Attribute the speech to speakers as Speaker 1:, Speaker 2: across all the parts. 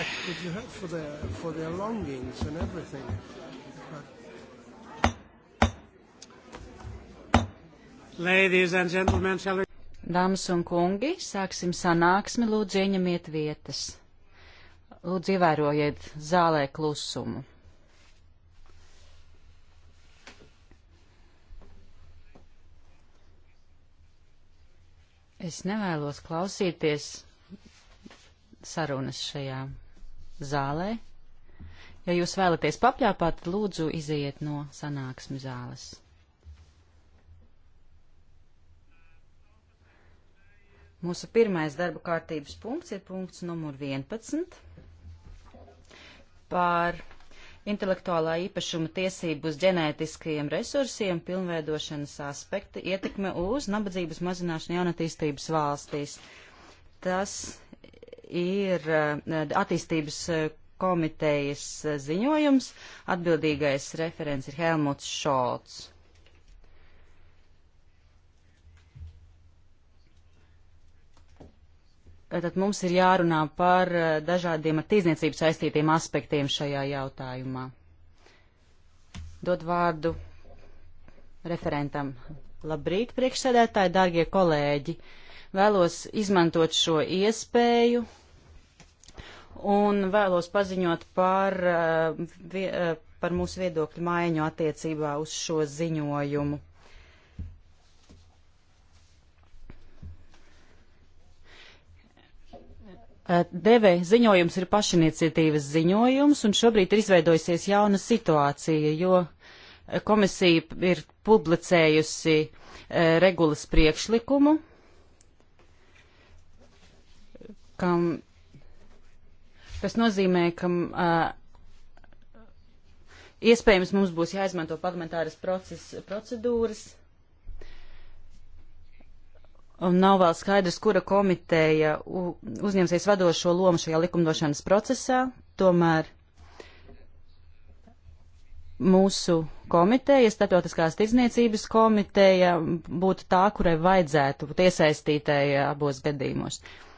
Speaker 1: respect that you have for their, for their longings and everything. But... Ladies and gentlemen, shall we...
Speaker 2: Dāmas un kungi, sāksim sanāksmi, lūdzu ieņemiet vietas. Lūdzu ievērojiet zālē klusumu. Es nevēlos klausīties sarunas šajā zālē. Ja jūs vēlaties papļāpāt, lūdzu iziet no sanāksmi zāles. Mūsu pirmais darba kārtības punkts ir punkts numur 11 par intelektuālā īpašuma tiesību uz ģenētiskajiem resursiem, pilnveidošanas aspekti, ietekme uz nabadzības mazināšanu jaunatīstības valstīs. Tas ir eh, attīstības eh, komitejas eh, ziņojums. Atbildīgais referents ir Helmuts Šolts. Tad mums ir jārunā par dažādiem ar tīzniecību saistītiem aspektiem šajā jautājumā. Dod vārdu referentam. Labrīt, priekšsēdētāji, dārgie kolēģi! Vēlos izmantot šo iespēju un vēlos paziņot par, eh, eh, par mūsu viedokļu maiņu attiecībā uz šo ziņojumu. Eh, Deve ziņojums ir pašiniciatīvas ziņojums, un šobrīd ir izveidojusies jauna situācija, jo komisija ir publicējusi regulas priekšlikumu, kam Tas nozīmē, ka uh, iespējams mums būs jāizmanto parlamentāras proces, procedūras. Un nav vēl skaidrs, kura komiteja uzņemsies vadošo lomu šajā likumdošanas procesā. Tomēr mūsu komiteja, Startautiskās tirdzniecības komiteja, būtu tā, kurai vajadzētu būt iesaistītai abos gadījumos. Uh,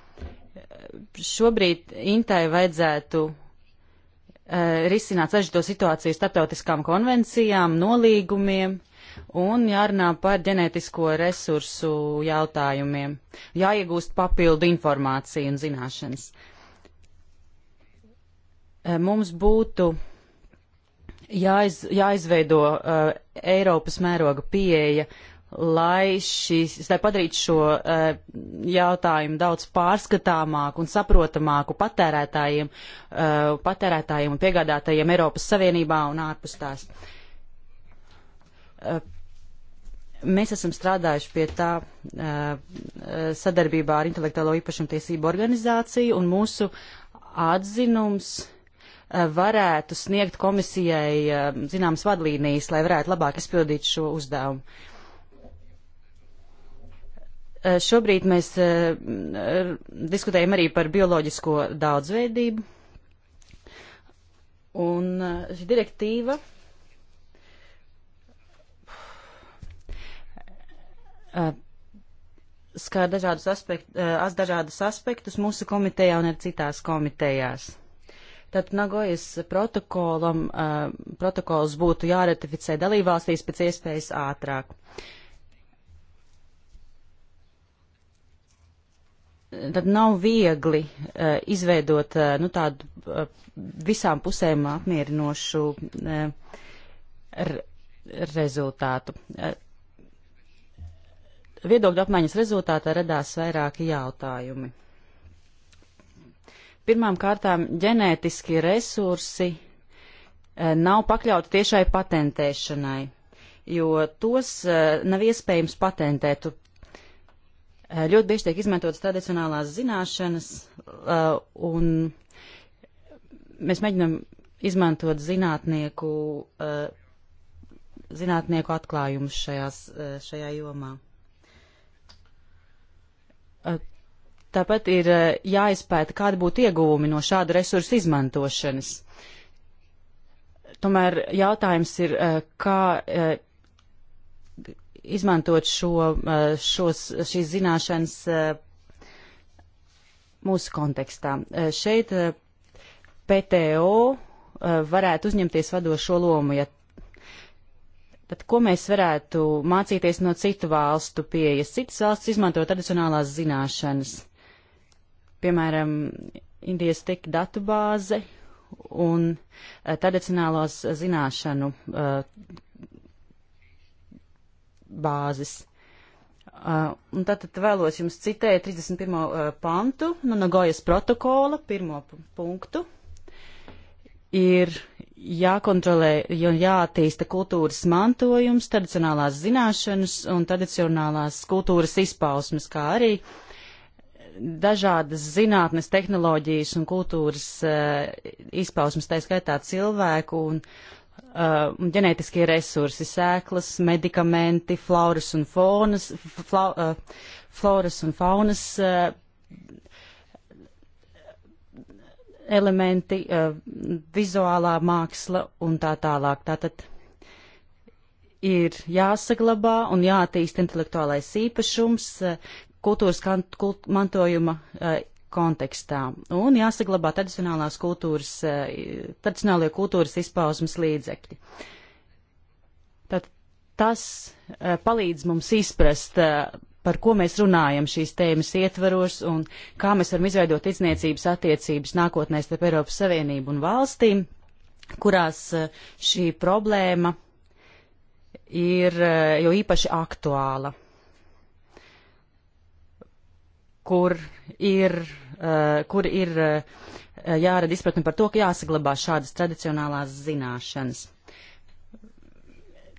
Speaker 2: šobrīd Intai vajadzētu eh, risināt sažģīto situāciju starptautiskām konvencijām, nolīgumiem un jārunā par ģenētisko resursu jautājumiem, jāiegūst papildu informāciju un zināšanas. Eh, mums būtu jāiz, jāizveido uh, Eiropas mēroga pieeja uh, lai, šis, lai padarītu šo e, jautājumu daudz pārskatāmāku un saprotamāku patērētājiem, e, patērētājiem un piegādātājiem Eiropas Savienībā un ārpus tās. E, mēs esam strādājuši pie tā sadarbībā ar Intelektuālo īpašumu tiesību organizāciju un mūsu atzinums varētu sniegt komisijai zināmas vadlīnijas, lai varētu labāk izpildīt šo uzdevumu. Eh, šobrīd mēs eh, diskutējam arī par bioloģisko daudzveidību. Un eh, šī direktīva skar dažādus, aspekt, dažādus aspektus mūsu komitejā un arī citās komitejās. Tātad Nagojas protokolam, protokols būtu jāratificē dalībvalstīs pēc iespējas ātrāk. Uh, tad nav viegli uh, izveidot uh, nu, tādu uh, visām pusēm apmierinošu uh, rezultātu. Uh, viedokļu apmaiņas rezultātā radās vairāki jautājumi. Pirmām kārtām ģenētiski resursi uh, nav pakļauti tiešai patentēšanai, jo tos uh, nav iespējams patentēt Eh, ļoti bieži tiek izmantotas tradicionālās zināšanas, eh, un mēs mēģinam izmantot zinātnieku, eh, zinātnieku atklājumus šajās, šajā jomā. Tāpat ir jāizpēta, kādi būtu ieguvumi no šāda resursa izmantošanas. Tomēr jautājums ir, kā izmantot šo, uh, šos, šīs zināšanas uh, mūsu kontekstā. Uh, šeit PTO varētu uzņemties vadošo lomu, ja Tad, ko mēs varētu mācīties no citu valstu pieejas? Citas valsts izmanto tradicionālās zināšanas. Piemēram, Indijas tika datubāze un eh, tradicionālās zināšanu uh, bāzes. Uh, un tātad vēlos jums citēt 31. Uh, pantu nu, no Nagojas protokola, pirmo punktu. Ir jākontrolē un jāattīsta kultūras mantojums, tradicionālās zināšanas un tradicionālās kultūras izpausmes, kā arī dažādas zinātnes, tehnoloģijas un kultūras uh, izpausmes, tā skaitā cilvēku un uh, ģenētiskie resursi, sēklas, medikamenti, floras un, fonas, fla, uh, floras un faunas uh, elementi, uh, vizuālā māksla un tā tālāk. Tātad ir jāsaglabā un jātīst intelektuālais īpašums, uh, kultūras kant, kult, mantojuma uh, kontekstā un jāsaglabā tradicionālās kultūras, eh, tradicionālie kultūras izpausmes līdzekļi. Tad tas eh, palīdz mums izprast, eh, par ko mēs runājam šīs tēmas ietvaros un kā mēs varam izveidot izniecības attiecības nākotnē starp Eiropas Savienību un valstīm, kurās šī problēma ir jau īpaši aktuāla kur ir, eh, kur ir eh, jārada izpratni par to, ka jāsaglabā šādas tradicionālās zināšanas.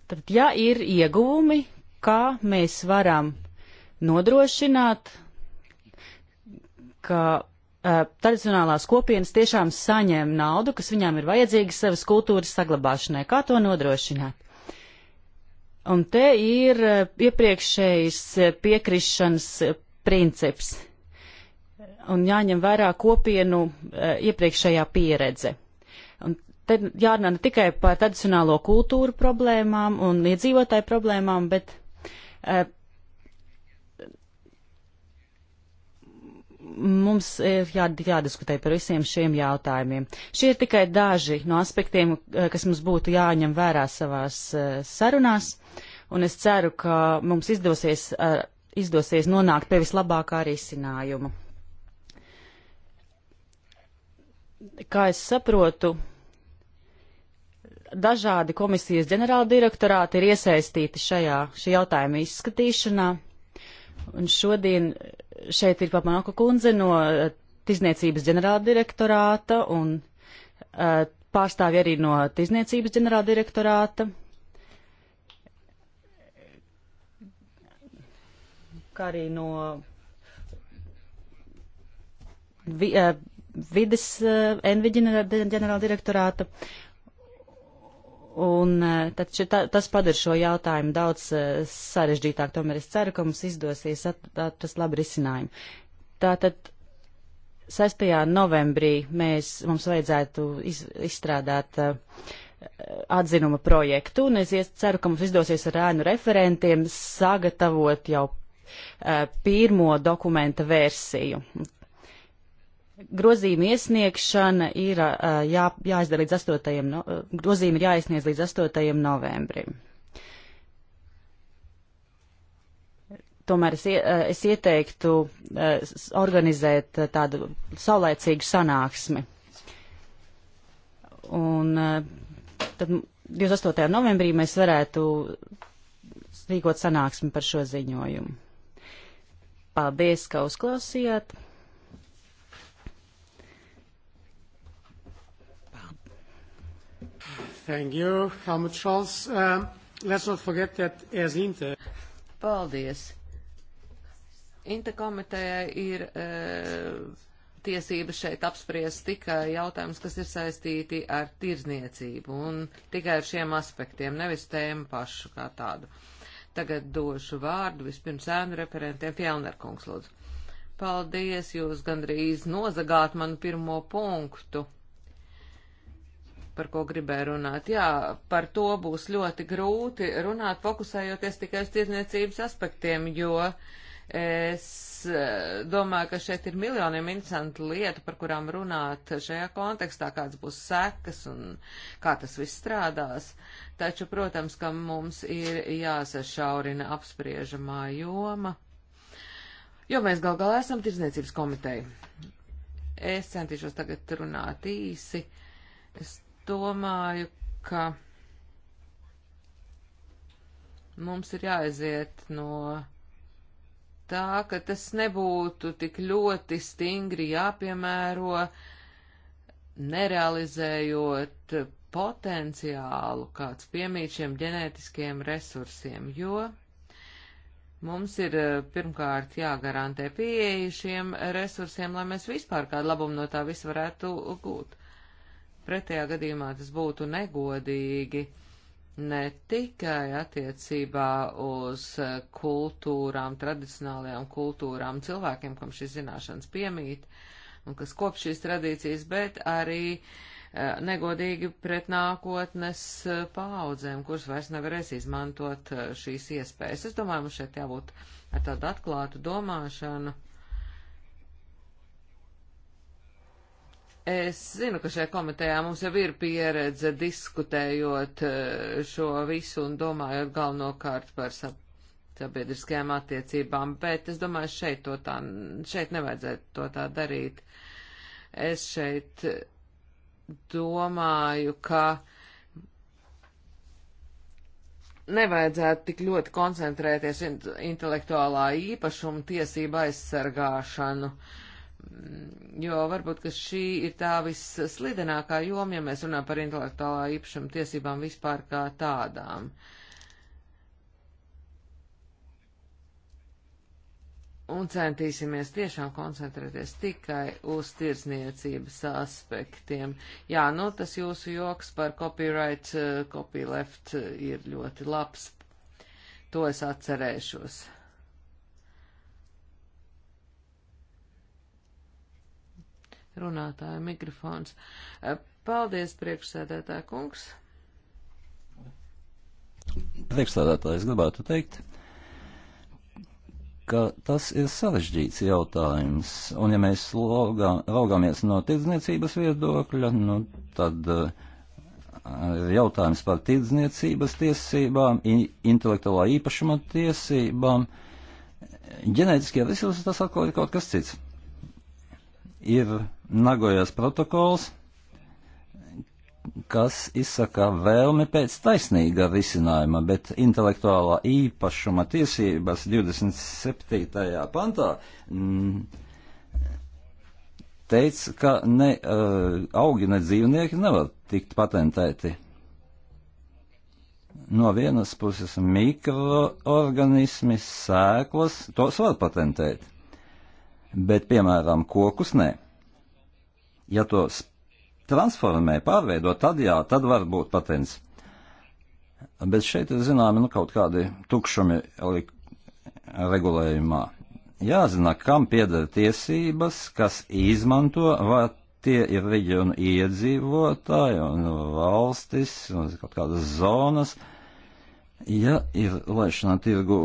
Speaker 2: Tad, ja ir ieguvumi, kā mēs varam nodrošināt, ka uh, tradicionālās kopienas tiešām saņem naudu, kas viņām ir vajadzīga savas kultūras saglabāšanai. Kā to nodrošināt? Un te ir iepriekšējas piekrišanas princips un jāņem vērā kopienu e, iepriekšējā pieredze. Un te jārunā ne tikai par tradicionālo kultūru problēmām un iedzīvotāju problēmām, bet e, mums ir jā, jādiskutē par visiem šiem jautājumiem. Šie ir tikai daži no aspektiem, e, kas mums būtu jāņem vērā savās e, sarunās, un es ceru, ka mums izdosies ar, izdosies nonākt pie vislabākā risinājuma. Kā es saprotu, dažādi komisijas ģenerāldirektorāti ir iesaistīti šajā šī jautājuma izskatīšanā. Un šodien šeit ir Papānaka kundze no eh, Tirzniecības ģenerāldirektorāta un uh, pārstāvi arī no Tirzniecības ģenerāldirektorāta. kā arī no vi, eh, vides eh, ģenerāla direktorāta. Un eh, tad šita, tas padara šo jautājumu daudz sarežģītāk. Tomēr es ceru, ka mums izdosies atrast labu risinājumu. Tātad 6. novembrī mēs, mums vajadzētu iz, izstrādāt uh, atzinuma projektu, un es ceru, ka mums izdosies ar ēnu referentiem sagatavot jau Eh, pirmo dokumenta versiju. Grozījuma iesniegšana ir eh, jā, jāizdara līdz 8. No, eh, grozījuma ir jāiesniedz līdz 8. novembrim. tomēr es, es ieteiktu organizēt tādu saulēcīgu sanāksmi. Un tad 28. novembrī mēs varētu rīkot sanāksmi par šo ziņojumu. Paldies, ka uzklausījāt.
Speaker 1: Thank you, Helmut Scholz. Um, let's not forget that as Inter. Paldies.
Speaker 3: Inta komitejai ir uh, tiesības šeit apspriest tikai jautājums, kas ir saistīti ar tirzniecību un tikai ar šiem aspektiem, nevis tēmu pašu kā tādu. Uh, Tagad došu vārdu vispirms ēnu referentiem Fjellnerkungs, lūdzu. Paldies, jūs gandrīz nozagāt manu pirmo punktu, par ko gribēju runāt. Jā, par to būs ļoti grūti runāt, fokusējoties tikai uz tirdzniecības aspektiem, jo uh, Es eh, domāju, ka šeit ir miljoniem interesantu lietu, par kurām runāt šajā kontekstā, kādas būs sekas un kā tas viss strādās. Taču, protams, ka mums ir jāsašaurina apspriežamā joma, jo mēs gal galā esam tirdzniecības komiteja. Es centīšos tagad runāt īsi. Es domāju, ka mums ir jāaiziet no tā, ka tas nebūtu tik ļoti stingri jāpiemēro, nerealizējot potenciālu, kāds piemīt šiem ģenētiskiem resursiem, jo mums ir eh, pirmkārt jāgarantē pieeja šiem resursiem, lai mēs vispār kādu labumu no tā visu varētu gūt. Pretējā gadījumā tas būtu negodīgi ne tikai attiecībā uz kultūrām, tradicionālajām kultūrām, cilvēkiem, kam šīs zināšanas piemīt un kas kop šīs tradīcijas, bet arī eh, negodīgi pret nākotnes eh, paaudzēm, kuras vairs nevarēs izmantot eh, šīs iespējas. Es domāju, mums šeit jābūt ar tādu atklātu domāšanu Es zinu, ka šajā komitejā mums jau ir pieredze diskutējot eh, šo visu un domājot galvenokārt par sabiedriskajām attiecībām, bet es domāju, šeit, to tā, šeit nevajadzētu to tā darīt. Es šeit domāju, ka nevajadzētu tik ļoti koncentrēties intelektuālā īpašuma tiesība aizsargāšanu. Uh, jo varbūt, ka šī ir tā visslidenākā joma, ja mēs runājam par intelektuālā īpašuma tiesībām vispār kā tādām. Un centīsimies tiešām koncentrēties tikai uz tirsniecības aspektiem. Jā, nu tas jūsu joks par copyright, copyleft ir ļoti labs. To es atcerēšos. runātāja mikrofons. Eh, paldies, priekšsēdētāja kungs.
Speaker 4: Priekšsēdētājs gribētu teikt, ka tas ir sarežģīts jautājums, un ja mēs logā, raugāmies no tirdzniecības viedokļa, nu, tad uh, jautājums par tirdzniecības tiesībām, intelektuālā īpašuma tiesībām. Ģenētiskie resursi tas atkal ir kaut kas cits ir Nagojas protokols, kas izsaka vēlmi pēc taisnīga risinājuma, bet intelektuālā īpašuma tiesības 27. pantā mm, teica, ka ne uh, augi, ne dzīvnieki nevar tikt patentēti. No vienas puses mikroorganismi, sēklas, tos var patentēt bet, piemēram, kokus nē. Ja tos transformē, pārveido, tad jā, tad var būt patents. Bet šeit ir zināmi nu, kaut kādi tukšumi regulējumā. Jāzina, kam pieder tiesības, kas izmanto, vai tie ir reģionu iedzīvotāji un valstis un kaut kādas zonas. Ja ir laišana tirgu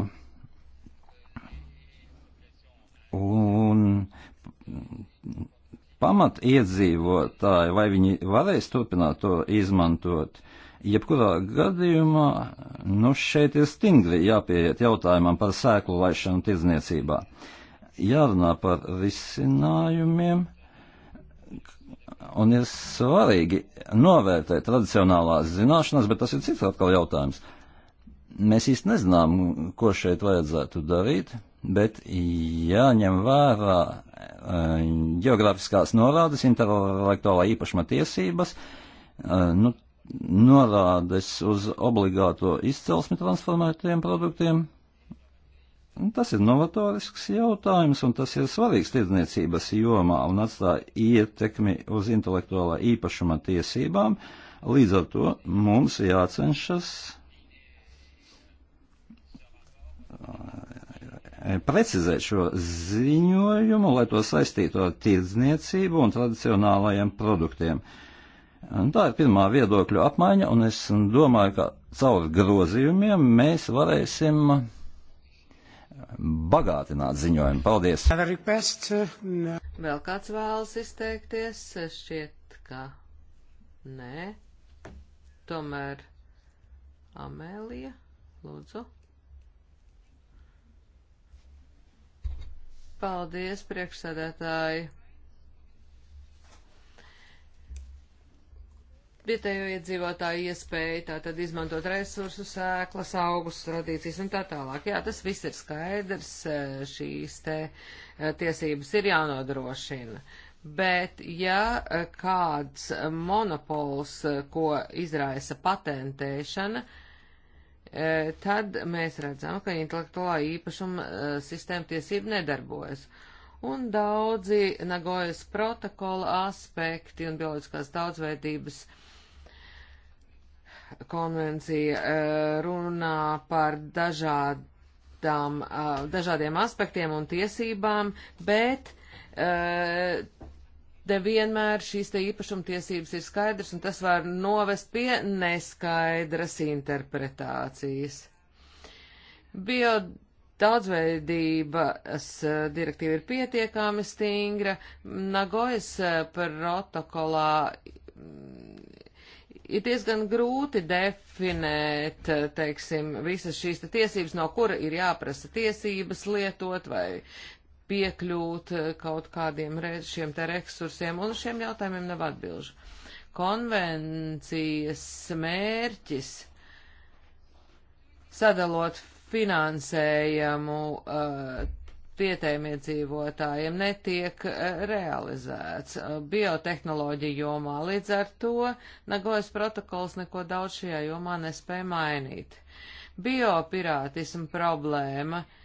Speaker 4: Un pamat iedzīvotāji, vai viņi varēs turpināt to izmantot, jebkurā gadījumā, nu šeit ir stingri jāpieiet jautājumam par sēklu laišanu tirdzniecībā. Jārunā par risinājumiem, un ir svarīgi novērtēt tradicionālās zināšanas, bet tas ir cits atkal jautājums. Mēs īsti nezinām, ko šeit vajadzētu darīt bet jāņem vērā eh, geogrāfiskās norādes, intelektuālā īpašuma tiesības, eh, nu, norādes uz obligāto izcelsmi transformētiem produktiem. Tas ir novatorisks jautājums, un tas ir svarīgs tirdzniecības jomā un atstāja ietekmi uz intelektuālā īpašuma tiesībām. Līdz ar to mums jācenšas Eh, precizēt šo ziņojumu, lai to saistītu ar tirdzniecību un tradicionālajiem produktiem. Un tā ir pirmā viedokļu apmaiņa, un es domāju, ka caur grozījumiem mēs varēsim bagātināt ziņojumu. Paldies! Uh,
Speaker 3: Vēl kāds vēlas izteikties? Šķiet, ka nē. Tomēr Amēlija, lūdzu. Paldies, priekšsēdētāji. vietējo iedzīvotāju iespēju tātad izmantot resursus, sēklas, augus, tradīcijas un tā tālāk. Jā, tas viss ir skaidrs, šīs te eh, tiesības ir jānodrošina. Bet ja eh, kāds monopols, eh, ko izraisa patentēšana, uh, E, tad mēs redzam, ka intelektuālā īpašuma e, sistēma tiesība nedarbojas. Un daudzi Nagojas protokola aspekti un bioloģiskās daudzveidības konvencija e, runā par dažādām, dažādiem aspektiem un tiesībām, bet nevienmēr šīs te īpašumtiesības ir skaidrs, un tas var novest pie neskaidras interpretācijas. Bio daudzveidības eh, direktīva ir pietiekami stingra. Nagojas eh, protokolā mm, ir diezgan grūti definēt, eh, teiksim, visas šīs tiesības, no kura ir jāprasa tiesības lietot vai piekļūt eh, kaut kādiem šiem te resursiem, un šiem jautājumiem nav atbilžu. Konvencijas mērķis sadalot finansējumu uh, vietējiem netiek uh, realizēts uh, biotehnoloģija jomā. Līdz ar to Nagojas protokols neko daudz šajā jomā nespēja mainīt. Biopirātismu problēma uh,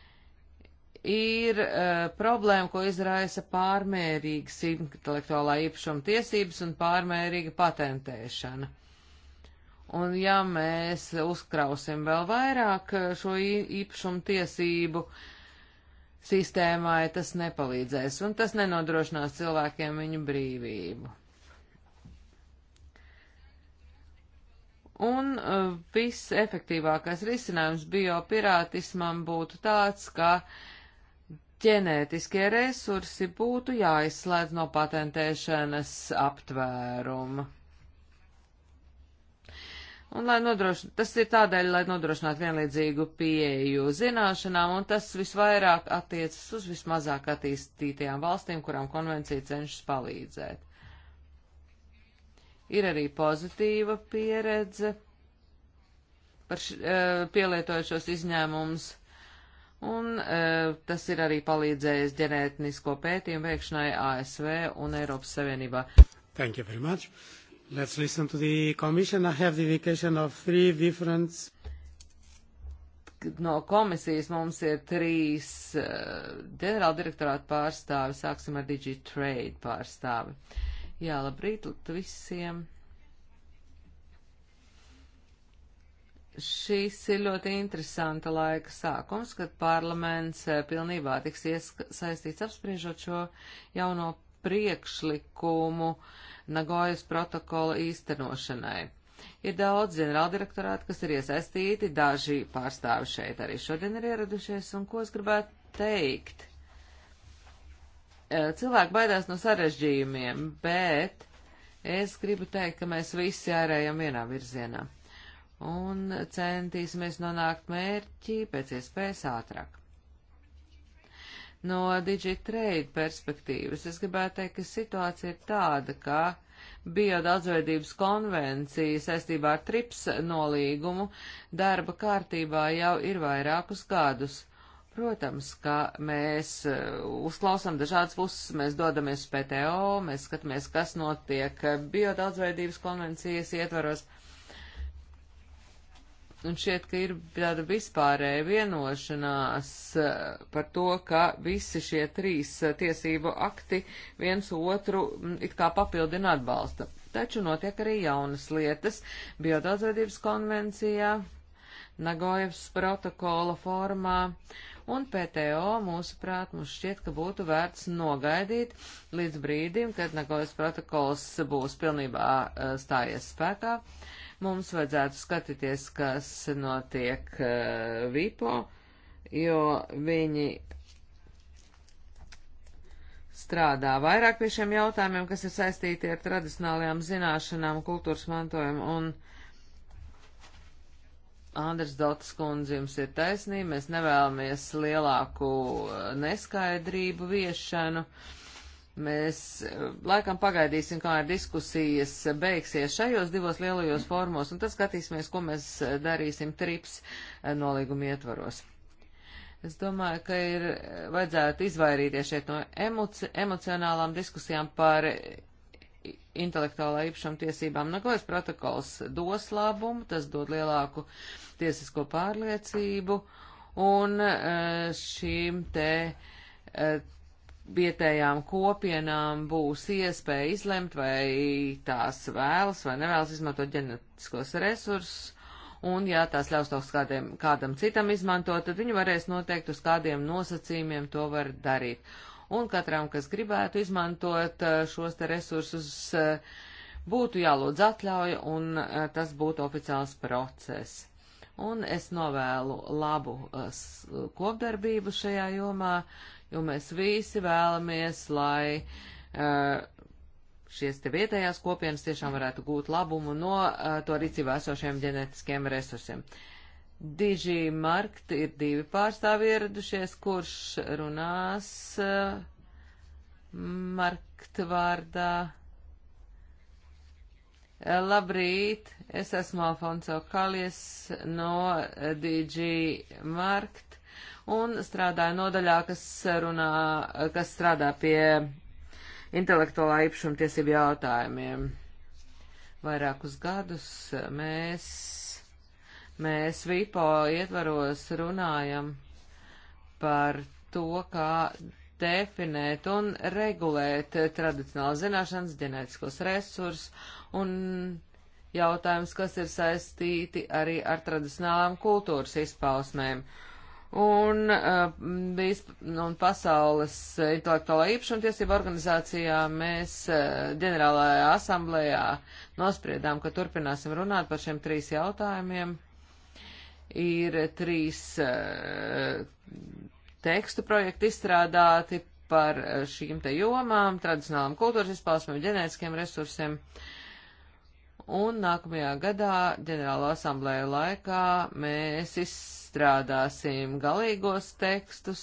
Speaker 3: ir uh, problēma, ko izraisa pārmērīgas intelektuālā īpašuma tiesības un pārmērīga patentēšana. Un ja mēs uzkrausim vēl vairāk eh, šo īpašumu tiesību sistēmai, tas nepalīdzēs un tas nenodrošinās cilvēkiem viņu brīvību. Un uh, eh, viss efektīvākais risinājums biopirātismam būtu tāds, ka uh, ģenētiskie resursi būtu jāizslēdz no patentēšanas aptvēruma. Un, lai nodrošin... Tas ir tādēļ, lai nodrošinātu vienlīdzīgu pieeju zināšanām, un tas visvairāk attiecas uz vismazāk attīstītajām valstīm, kurām konvencija cenšas palīdzēt. Ir arī pozitīva pieredze par š... Eh, pielietojušos izņēmumus un e, tas ir arī palīdzējis ģenētnisko pētījumu veikšanai ASV un Eiropas Savienībā. Thank you very much.
Speaker 1: Let's listen to the commission. I have the indication of three different
Speaker 3: no komisijas mums ir trīs uh, e, ģenerāla direktorāta pārstāvi. Sāksim ar DigiTrade pārstāvi. Jā, labrīt visiem! Šis ir ļoti interesanta laika sākums, kad parlaments eh, pilnībā tiks iesaistīts apspriežot šo jauno priekšlikumu Nagojas protokola īstenošanai. Ir daudz ģenerāldirektorāti, kas ir iesaistīti, daži pārstāvi šeit arī šodien ir ieradušies, un ko es gribētu teikt? Eh, cilvēki baidās no sarežģījumiem, bet es gribu teikt, ka mēs visi ārējam vienā virzienā un centīsimies nonākt mērķī pēc iespējas ātrāk. No Digitrade perspektīvas es gribētu teikt, ka situācija ir tāda, ka biodaudzveidības konvencija saistībā ar trips nolīgumu darba kārtībā jau ir vairākus gadus. Protams, ka mēs uh, uzklausām dažādas puses, mēs dodamies uz PTO, mēs skatāmies, kas notiek biodaudzveidības konvencijas ietvaros. Uh, Un šķiet, ka ir tāda vispārēja vienošanās eh, par to, ka visi šie trīs eh, tiesību akti viens otru mm, it kā papildina atbalsta. Taču notiek arī jaunas lietas biodaudzveidības konvencijā, Nagojevs protokola formā, un PTO mūsuprāt mums šķiet, ka būtu vērts nogaidīt līdz brīdim, kad Nagojevs protokols būs pilnībā eh, stājies spēkā. Uh, Mums vajadzētu skatīties, kas notiek uh, VIPO, jo viņi strādā vairāk pie šiem jautājumiem, kas ir saistīti ar tradicionālajām zināšanām, kultūras mantojumu un Andrs Dotas kundze jums ir taisnība, mēs nevēlamies lielāku eh, neskaidrību viešanu. Uh, Mēs eh, laikam pagaidīsim, kā ir diskusijas beigsies šajos divos lielajos formos, un tad skatīsimies, ko mēs eh, darīsim trips eh, nolīguma ietvaros. Es domāju, ka ir vajadzētu izvairīties šeit no emoci emocionālām diskusijām par intelektuālā īpašuma tiesībām. Nagojas nu, protokols dos labumu, tas dod lielāku tiesisko pārliecību, un šīm te vietējām kopienām būs iespēja izlemt, vai tās vēlas vai nevēlas izmantot ģenetiskos resursus, un ja tās ļaus tos kādiem, kādam citam izmantot, tad viņi varēs noteikt, uz kādiem nosacījumiem to var darīt. Un katram, kas gribētu izmantot eh, šos te resursus, eh, būtu jālūdz atļauja, un eh, tas būtu oficiāls process. Un es novēlu labu kopdarbību šajā jomā, jo mēs visi vēlamies, lai uh, šies te vietējās kopienas tiešām varētu gūt labumu no uh, to rīcībā esošiem ģenetiskiem resursiem. Digimarkt ir divi pārstāvi ieradušies, kurš runās uh, markt vārdā. Labrīt, es esmu Alfonso Kalies no DG Markt un strādāju nodaļā, kas, runā, kas strādā pie intelektuālā īpašuma tiesību jautājumiem. Vairākus gadus mēs, mēs VIPO ietvaros runājam par to, kā definēt un regulēt tradicionālas zināšanas, ģenētiskos resursus un jautājums, kas ir saistīti arī ar tradicionālām kultūras izpausmēm. Uh, un, eh, bijis, un Pasaules intelektuālā īpašuma tiesība organizācijā mēs eh, ģenerālajā asamblējā nospriedām, ka turpināsim runāt par šiem trīs jautājumiem. Ir trīs eh, tekstu projekti izstrādāti par šīm te jomām, tradicionālām kultūras izpausmēm, ģenētiskiem resursiem. Un nākamajā gadā ģenerālo asamblēju laikā mēs izstrādājam izstrādāsim galīgos tekstus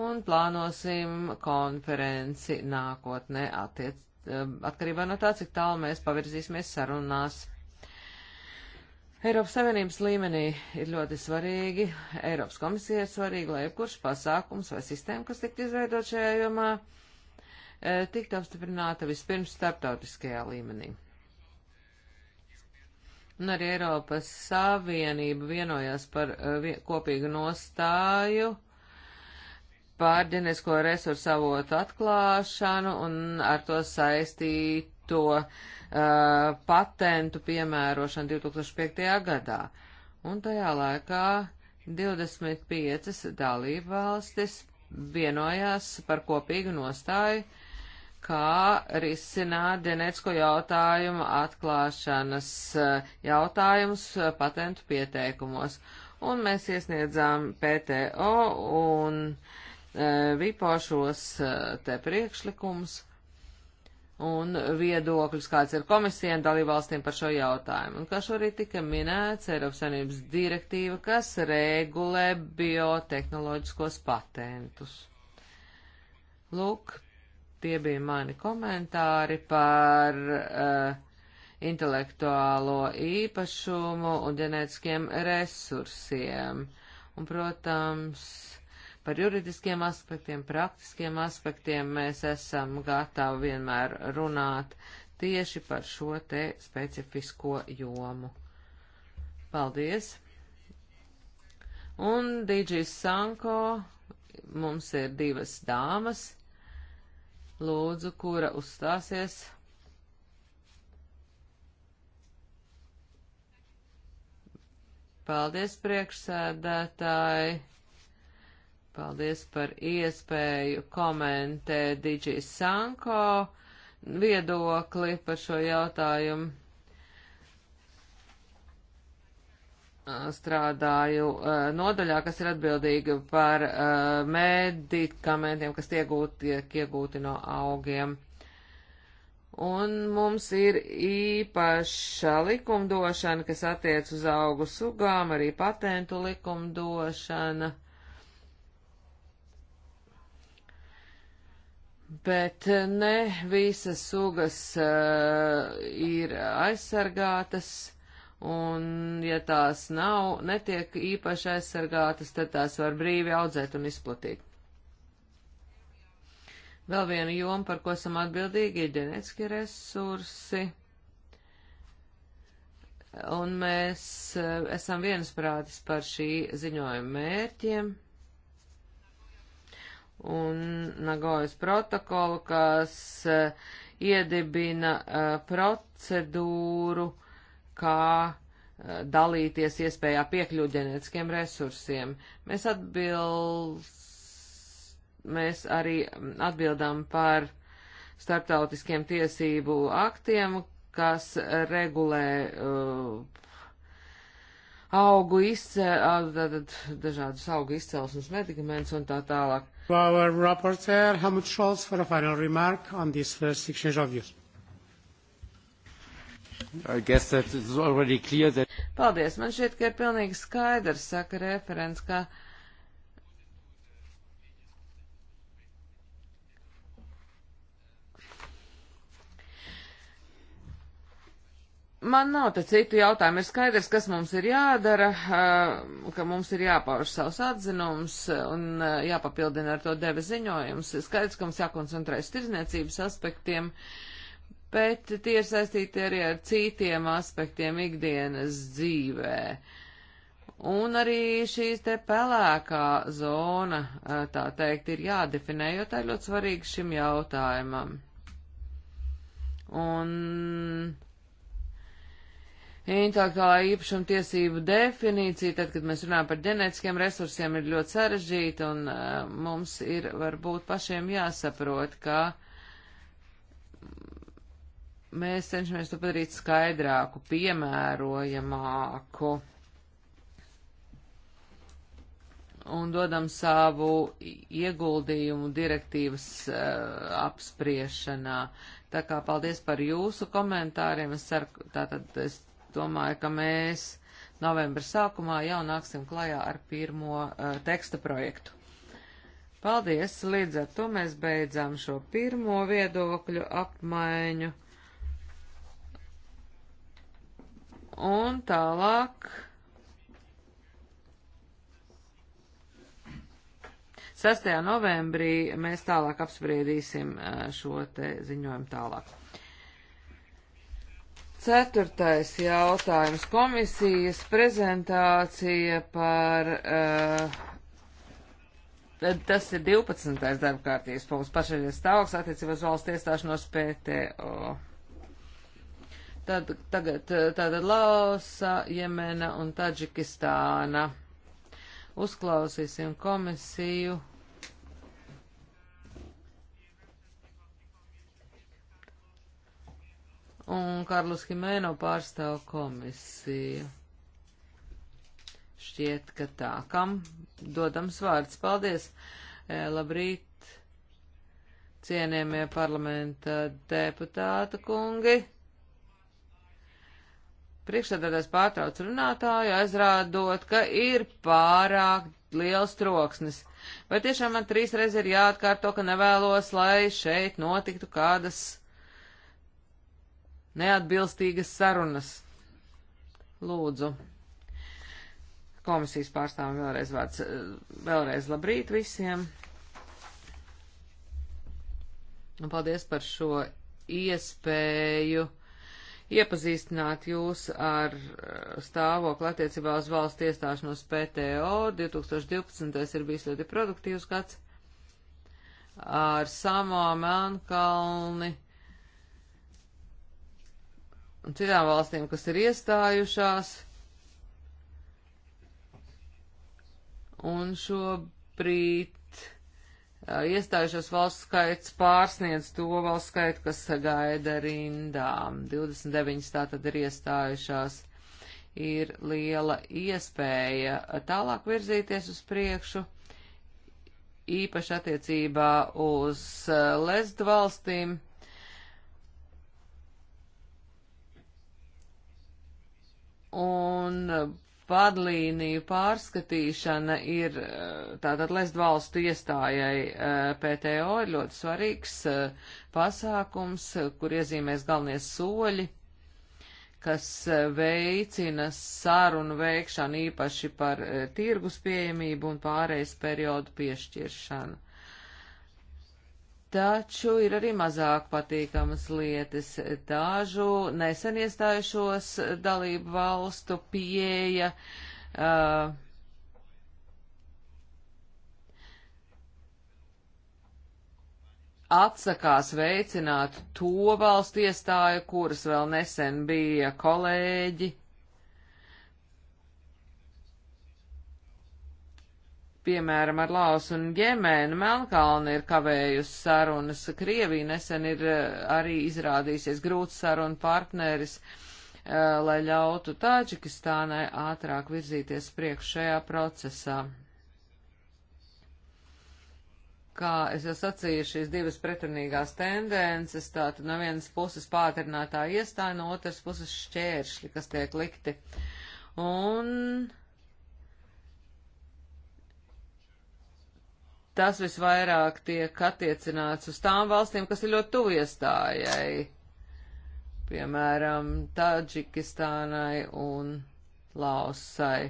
Speaker 3: un plānosim konferenci nākotnē attiec, eh, atkarībā no tā, cik tālu mēs pavirzīsimies sarunās. Eiropas Savienības līmenī ir ļoti svarīgi, Eiropas komisija ir svarīga, lai jebkurš pasākums vai sistēma, kas tiktu izveidot šajā jomā, eh, tiktu apstiprināta vispirms starptautiskajā līmenī un arī Eiropas Savienība vienojās par eh, vien, kopīgu nostāju par ģenerisko resursu avotu atklāšanu un ar to saistīto uh, patentu piemērošanu 2005. gadā. Un tajā laikā 25 dalību valstis vienojās par kopīgu nostāju uh, kā risināt ģenētisko jautājumu atklāšanas eh, jautājumus eh, patentu pieteikumos. Un mēs iesniedzām PTO un eh, VIPO šos te priekšlikumus un viedokļus, kāds ir komisijām dalībvalstīm par šo jautājumu. Un kā šorīt tika minēts, Eiropas Savienības direktīva, kas regulē biotehnoloģiskos patentus. Lūk, tie bija mani komentāri par uh, intelektuālo īpašumu un ģenētiskiem resursiem. Un, protams, par juridiskiem aspektiem, praktiskiem aspektiem mēs esam gatavi vienmēr runāt tieši par šo te specifisko jomu. Paldies! Un Dīdžīs Sanko, mums ir divas dāmas Lūdzu, kura uzstāsies? Paldies, priekšsēdētāji! Paldies par iespēju komentēt Digi Sanko viedokli par šo jautājumu. strādāju nodaļā, kas ir atbildīga par medikamentiem, kas iegūti, tiek iegūti no augiem. Un mums ir īpaša likumdošana, kas attiec uz augu sugām, arī patentu likumdošana. Bet ne visas sugas uh, ir aizsargātas un ja tās nav, netiek īpaši aizsargātas, tad tās var brīvi audzēt un izplatīt. Vēl viena joma, par ko esam atbildīgi, ir ģenētiskie resursi. Un mēs eh, esam viensprātis par šī ziņojuma mērķiem. Un Nagojas protokolu, kas eh, iedibina eh, procedūru, uh, kā eh, dalīties iespējā piekļūt ģenētiskiem resursiem. Mēs, atbilst, mēs arī mm, atbildam par starptautiskiem tiesību aktiem, kas regulē uh, augu izcelsmes,
Speaker 1: uh, dažādus augu izcelsmes medikamentus un tā tālāk. Our rapporteur Helmut Scholz for a final remark on this first exchange of views. That...
Speaker 3: Paldies, man šķiet, ka ir pilnīgi skaidrs, saka referents, ka Man nav te citu jautājumu. Ir skaidrs, kas mums ir jādara, ka mums ir jāpauž savs atzinums un jāpapildina ar to deve ziņojums. Ir skaidrs, ka mums jākoncentrēs tirzniecības aspektiem. Uh, bet tie ir saistīti arī ar citiem aspektiem ikdienas dzīvē. Un arī šīs te pelēkā zona, eh, tā teikt, ir jādefinē, jo tā ir ļoti svarīga šim jautājumam. Un intelektuālā īpašuma tiesību definīcija, tad, kad mēs runājam par ģenētiskiem resursiem, ir ļoti sarežģīta, un eh, mums ir varbūt pašiem jāsaprot, ka uh, Mēs cenšamies to padarīt skaidrāku, piemērojamāku un dodam savu ieguldījumu direktīvas uh, apspriešanā. Tā kā paldies par jūsu komentāriem. Es, ceru, tātad, es domāju, ka mēs novembra sākumā jau nāksim klajā ar pirmo uh, teksta projektu. Paldies! Līdz ar to mēs beidzām šo pirmo viedokļu apmaiņu. Un tālāk. Sestajā novembrī mēs tālāk apspriedīsim eh, šo te ziņojumu tālāk. Ceturtais jautājums. Komisijas prezentācija par. Uh, tas ir 12. darbkārtības punkts. Pašreizies stāvoklis attiecībā uz valsts iestāšanos PTO. Tad, tagad eh, tāda Laosa, Jemena un Taģikistāna. Uzklausīsim komisiju. Un Karlus Himēno pārstāv komisiju. Šķiet, ka tā, kam dodams vārds. Paldies! Eh, labrīt, cienījamie parlamenta deputāta kungi! Priekšsēdētājs pārtrauc runātāju, aizrādot, ka ir pārāk liels troksnis. Vai tiešām man trīsreiz ir jāatkārto, ka nevēlos, lai šeit notiktu kādas neatbilstīgas sarunas? Lūdzu. Komisijas pārstāvam vēlreiz vārds. Vēlreiz labrīt visiem. Un paldies par šo iespēju iepazīstināt jūs ar eh, stāvokli attiecībā uz valsts iestāšanos PTO. 2012. ir bijis ļoti produktīvs gads ar Samo Melnkalni un citām valstīm, kas ir iestājušās. Un šobrīd iestājušos valsts skaits pārsniedz to valsts skaitu, kas gaida rindām. 29 tātad ir iestājušās. Ir liela iespēja tālāk virzīties uz priekšu, īpaši attiecībā uz lezdu valstīm. Un vadlīniju pārskatīšana ir eh, tātad lest valstu iestājai eh, PTO ir ļoti svarīgs eh, pasākums, kur iezīmēs galvenie soļi, kas veicina sarunu veikšanu īpaši par tirgus pieejamību un pārējais periodu piešķiršanu. Taču ir arī mazāk patīkamas lietas. Dažu nesen iestājušos dalību valstu pieeja. Uh, atsakās veicināt to valstu iestāju, kuras vēl nesen bija kolēģi piemēram, ar Laos un Jemēnu Melkalni ir kavējusi sarunas. Krievija nesen ir eh, arī izrādīsies grūts sarunu partneris, eh, lai ļautu Tāģikistānai ātrāk virzīties priekš šajā procesā. Kā es jau sacīju, šīs divas pretrunīgās tendences, tātad no vienas puses pātrinātā iestāja, no otras puses šķēršļi, kas tiek likti. Un uh, tas visvairāk tiek attiecināts uz tām valstīm, kas ir ļoti tuvu iestājai, piemēram, Tadžikistānai un Laosai.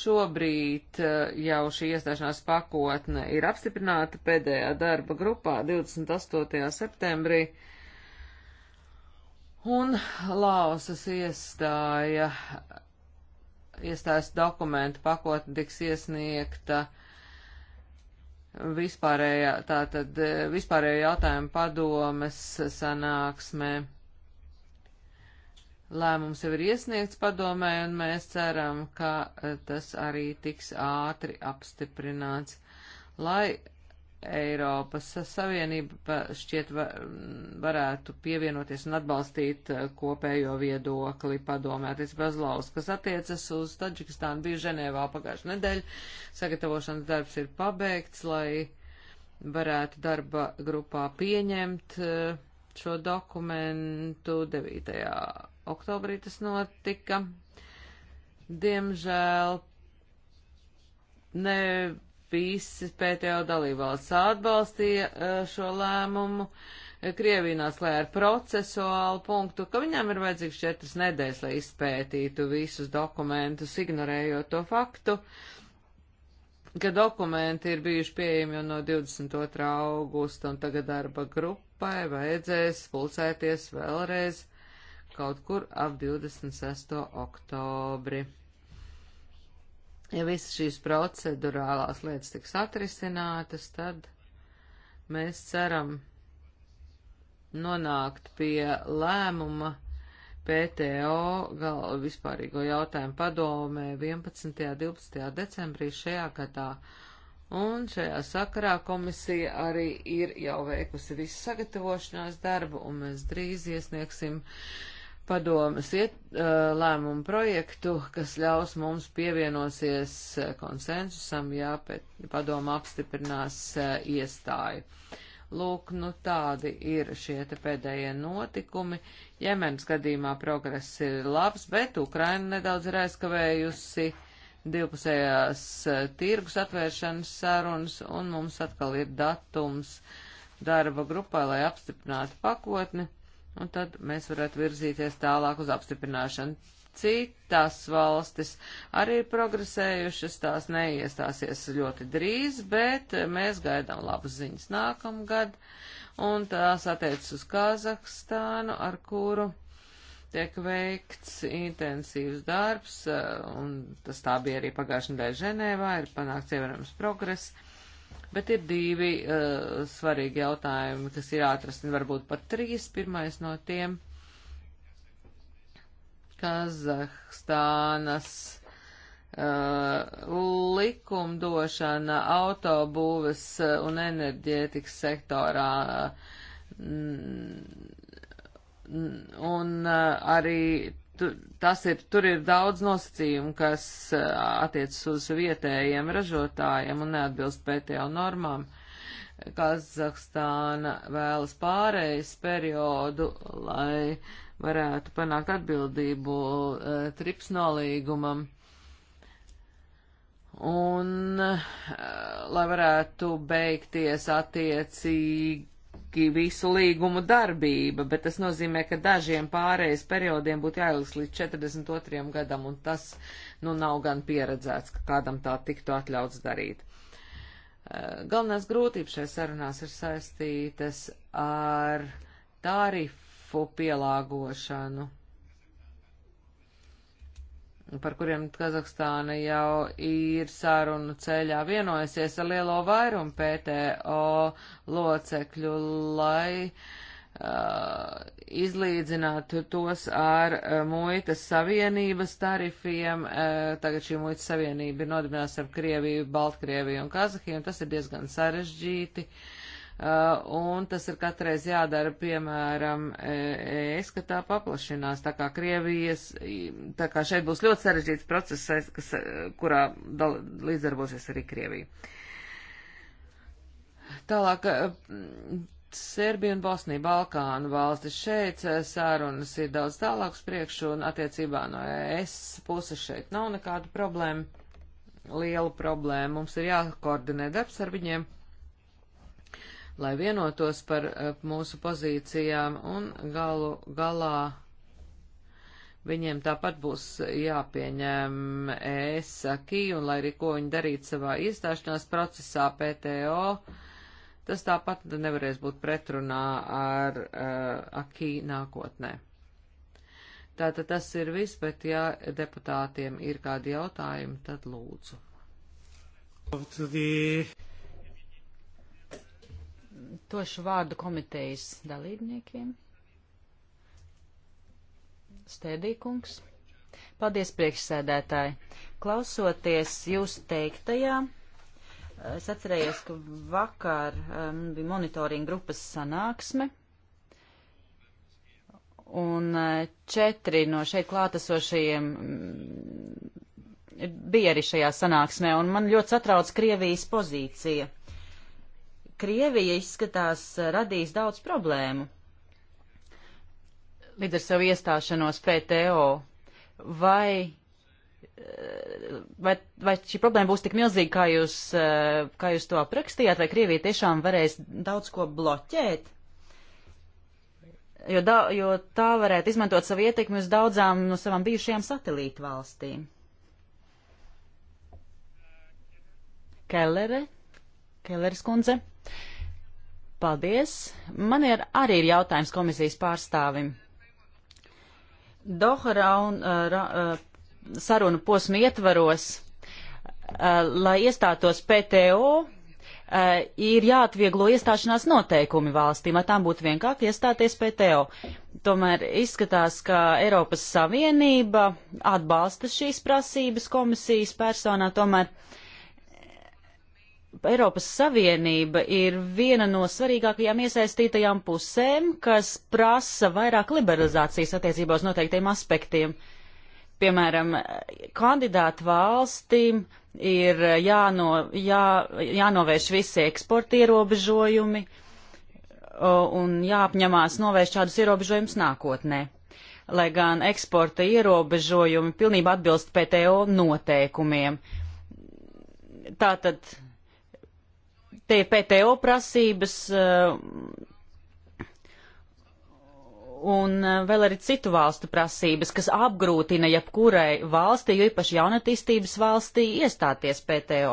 Speaker 3: Šobrīd eh, jau šī iestāšanās pakotne ir apstiprināta pēdējā darba grupā 28. septembrī, un Laosas iestāja, iestājas dokumentu pakotne tiks iesniegta uh, vispārējā, tātad e, vispārējā jautājuma padomes sanāksmē. Lēmums jau ir iesniegts padomē, un mēs ceram, ka e, tas arī tiks ātri apstiprināts, lai Eiropas Savienība šķiet varētu pievienoties un atbalstīt eh, kopējo viedokli padomēties Bazlaus, kas attiecas uz Taģikistānu, bija Ženēvā pagājušajā nedēļa. Sagatavošanas darbs ir pabeigts, lai varētu darba grupā pieņemt eh, šo dokumentu 9. oktobrī tas notika. Diemžēl ne visas PTO dalībvalsts atbalstīja eh, šo lēmumu. Eh, Krievija noslēja ar procesuālu punktu, ka viņām ir vajadzīgs četras nedēļas, lai izpētītu visus dokumentus, ignorējot to faktu, ka dokumenti ir bijuši pieejami jau no 22. augusta, un tagad darba grupai vajadzēs pulcēties vēlreiz kaut kur ap 26. oktobri ja visas šīs procedurālās lietas tiks atrisinātas, tad mēs ceram nonākt pie lēmuma PTO gal, vispārīgo jautājumu padomē 11. un 12. decembrī šajā gadā. Un šajā sakarā komisija arī ir jau veikusi visu sagatavošanās darbu, un mēs drīz iesniegsim uh, padomas iet, lēmumu projektu, kas ļaus mums pievienosies konsensusam, ja padoma apstiprinās iestāju. Lūk, nu tādi ir šie te pēdējie notikumi. Jemenas gadījumā progress ir labs, bet Ukraina nedaudz ir aizkavējusi divpusējās tirgus atvēršanas sarunas, un mums atkal ir datums darba grupai, lai apstiprinātu pakotni un tad mēs varētu virzīties tālāk uz apstiprināšanu. Citas valstis arī ir progresējušas, tās neiestāsies ļoti drīz, bet mēs gaidām labas ziņas nākamgad, un tās attiecas uz Kazahstānu, ar kuru tiek veikts intensīvs darbs, un tas tā bija arī pagājušajā nedēļā Ženēvā, ir panākts ievērojams progress bet ir divi uh, svarīgi jautājumi, kas ir atrasti, varbūt pat trīs. Pirmais no tiem - Kazahstānas uh, likumdošana autobūves eh, un enerģētikas sektorā. Uh, un uh, arī tur, tas ir, tur ir daudz nosacījumu, kas attiecas uz vietējiem ražotājiem un neatbilst PTO normām. Kazahstāna vēlas pārējais periodu, lai varētu panākt atbildību trips nolīgumam. Un, lai varētu beigties attiecīgi loģiski visu līgumu darbība, bet tas nozīmē, ka dažiem pārējais periodiem būtu jāieliks līdz 42. gadam, un tas nu nav gan pieredzēts, ka kādam tā tiktu atļauts darīt. Eh, galvenās grūtības šai sarunās ir saistītas ar tarifu pielāgošanu par kuriem Kazahstāna jau ir sarunu ceļā vienojusies ar lielo vairumu PTO locekļu, lai uh, izlīdzinātu tos ar uh, muitas savienības tarifiem. Uh, tagad šī muitas savienība ir nodibināta ar Krieviju, Baltkrieviju un Kazahiju, un tas ir diezgan sarežģīti. Uh, Uh, un tas ir katreiz jādara, piemēram, e, es, ka tā paplašinās, tā kā Krievijas, tā kā šeit būs ļoti sarežģīts process, kas, e, kurā dal, līdzdarbosies arī Krievija. Tālāk, e, Serbija un Bosnija, Balkānu valstis šeit sārunas ir daudz tālākas priekšu un attiecībā no ES puses šeit nav nekāda problēma, liela problēma. Mums ir jākoordinē darbs ar viņiem lai vienotos par eh, mūsu pozīcijām un galu galā viņiem tāpat būs jāpieņem ES akī un lai arī ko viņi darītu savā iestāšanās procesā PTO, tas tāpat nevarēs būt pretrunā ar uh, eh, akī nākotnē. Tātad tas ir viss, bet ja deputātiem ir kādi jautājumi, tad lūdzu.
Speaker 2: Of the došu vārdu komitejas dalībniekiem. Stēdīkungs. Paldies, priekšsēdētāji. Klausoties jūsu teiktajā, es atcerējos, ka vakar um, bija monitoringa grupas sanāksme, un uh, četri no šeit klātesošajiem mm, bija arī šajā sanāksmē, un man ļoti satrauc Krievijas pozīcija Krievija izskatās eh, radīs daudz problēmu. Līdz ar savu iestāšanos PTO, vai, eh, vai, vai šī problēma būs tik milzīga, kā jūs, eh, kā jūs to aprakstījāt, vai Krievija tiešām varēs daudz ko bloķēt? Jo, da, jo tā varētu izmantot savu ietekmi uz daudzām no savām bijušajām satelītu valstīm. Kellere? Kelleres kundze? Paldies. Man ir arī ir jautājums komisijas pārstāvim. Doha raun, uh, ra, uh, sarunu posmu ietvaros, uh, lai iestātos PTO, ir jāatvieglo iestāšanās noteikumi valstīm, lai tām būtu vienkārši iestāties PTO. Tomēr izskatās, ka Eiropas Savienība atbalsta šīs prasības komisijas personā, tomēr uh, Eiropas Savienība ir viena no svarīgākajām iesaistītajām pusēm, kas prasa vairāk liberalizācijas attiecībā uz noteiktiem aspektiem. Piemēram, kandidātu valstīm ir jāno, jā, jānovērš visi eksporta ierobežojumi un jāapņemās novērst šādus ierobežojumus nākotnē lai gan eksporta ierobežojumi pilnībā atbilst PTO noteikumiem. Tātad Te ir PTO prasības eh, un eh, vēl arī citu valstu prasības, kas apgrūtina jebkurai valstī, jo īpaši jaunatīstības valstī, iestāties PTO.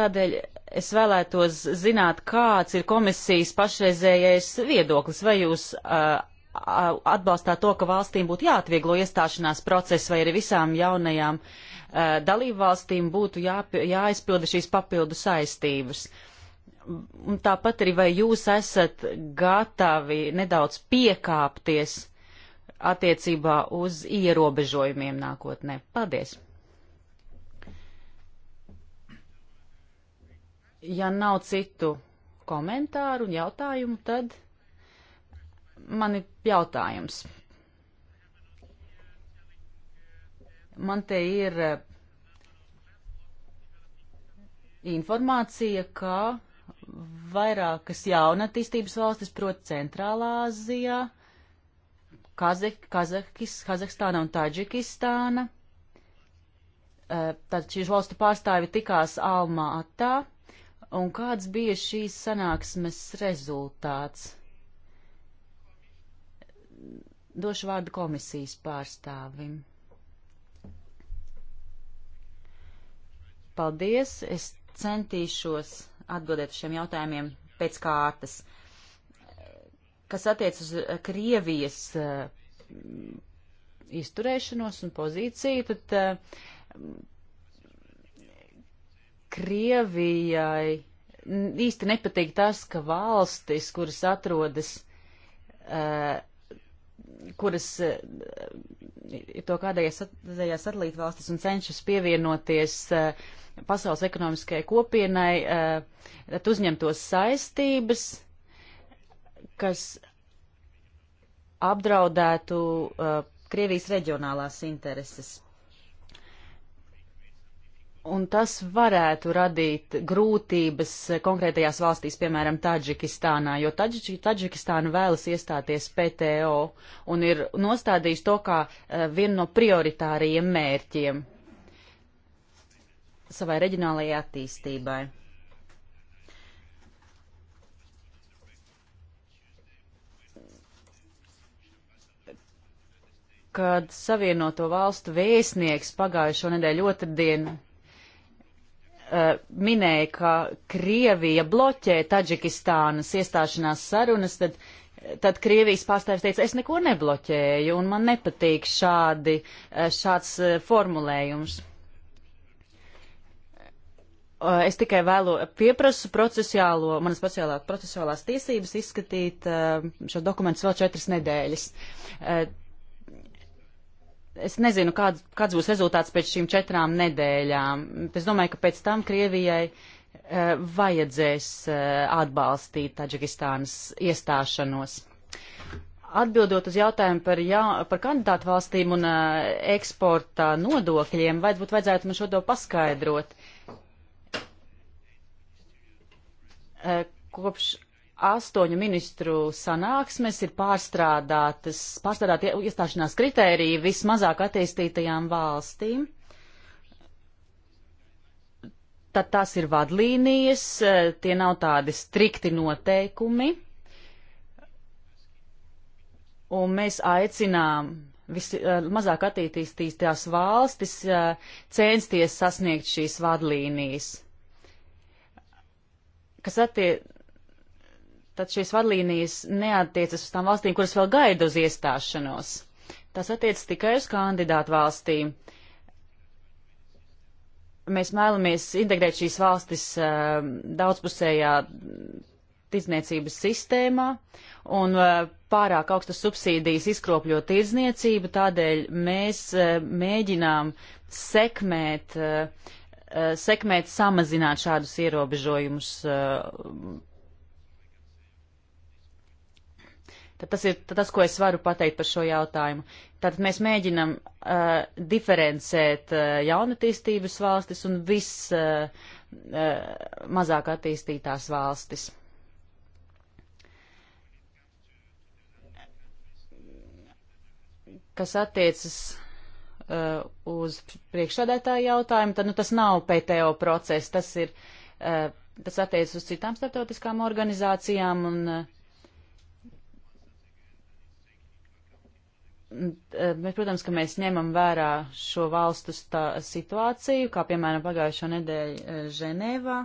Speaker 2: Tādēļ es vēlētos zināt, kāds ir komisijas pašreizējais viedoklis, vai jūs uh, atbalstāt to, ka valstīm būtu jāatvieglo iestāšanās process vai arī visām jaunajām uh, Eh, dalībvalstīm būtu jā, jāaizpilda šīs papildu saistības. Un tāpat arī vai jūs esat gatavi nedaudz piekāpties attiecībā uz ierobežojumiem nākotnē? Paldies! ja nav citu komentāru un jautājumu, tad man ir jautājums. man te ir eh, informācija, ka vairākas jaunatīstības valstis, proti Centrālā Azijā, Kazah Kazahis, Kazahstāna un Taģikistāna, eh, tad šīs valstu pārstāvi tikās Almā Atā, un kāds bija šīs sanāksmes rezultāts? Došu vārdu komisijas pārstāvim. Paldies! Es centīšos atbildēt uz šiem jautājumiem pēc kārtas. Kas attiec uz eh, Krievijas eh, izturēšanos un pozīciju, tad eh, Krievijai īsti nepatīk tas, ka valstis, kuras atrodas kuras ir eh, to kādējās satelīta valstis un cenšas pievienoties eh, pasaules ekonomiskajai kopienai, eh, tad uzņemtos saistības, kas apdraudētu Krievijas reģionālās intereses un tas varētu radīt grūtības konkrētajās valstīs, piemēram, Taģikistānā, jo Taģi Taģikistāna vēlas iestāties PTO un ir nostādījis to kā eh, vienu no prioritārajiem mērķiem savai reģionālajai attīstībai. Kad Savienoto valstu vēstnieks pagājušo nedēļu otrdienu Eh, minēja, ka Krievija bloķē Taģikistānas iestāšanās sarunas, tad, tad Krievijas pārstāvis teica, es neko nebloķēju un man nepatīk šādi, eh, šāds eh, formulējums. Es tikai vēlu pieprasu procesuālo, manas procesuālās tiesības izskatīt šo dokumentu vēl četras nedēļas. Es nezinu, kāds, kāds būs rezultāts pēc šīm četrām nedēļām. Es domāju, ka pēc tam Krievijai eh, vajadzēs eh, atbalstīt Taģikistānas iestāšanos. Atbildot uz jautājumu par, ja, par kandidātu valstīm un eh, eksporta nodokļiem, varbūt vajadzētu man šo to paskaidrot. Kopš astoņu ministru sanāksmes ir pārstrādātas, pārstrādāti iestāšanās kritēriji vismazāk attīstītajām valstīm. Tad tās ir vadlīnijas, e, tie nav tādi strikti noteikumi. Un mēs aicinām vismazāk e, attīstītās valstis e, censties sasniegt šīs vadlīnijas. Kas attiecas tad šīs vadlīnijas neattiecas uz tām valstīm, kuras vēl gaida uz iestāšanos. Tas attiecas tikai uz kandidātu valstīm. Mēs mēlamies integrēt šīs valstis uh, daudzpusējā tirdzniecības sistēmā, un uh, pārāk augstas subsīdijas izkropļo tirdzniecību, tādēļ mēs uh, mēģinām sekmēt, sekmēt, samazināt šādus ierobežojumus Tad tas ir tas, ko es varu pateikt par šo jautājumu. Tātad mēs mēģinam uh, diferencēt uh, jaunatīstības valstis un viss uh, uh, mazāk attīstītās valstis. Kas attiecas uh, uz priekšsādētāju jautājumu, tad nu, tas nav PTO process, tas ir, uh, tas attiecas uz citām starptautiskām organizācijām un uh, Eh, bet, protams, ka mēs ņemam vērā šo valstu situāciju, kā piemēram pagājušo nedēļu eh, Ženēvā.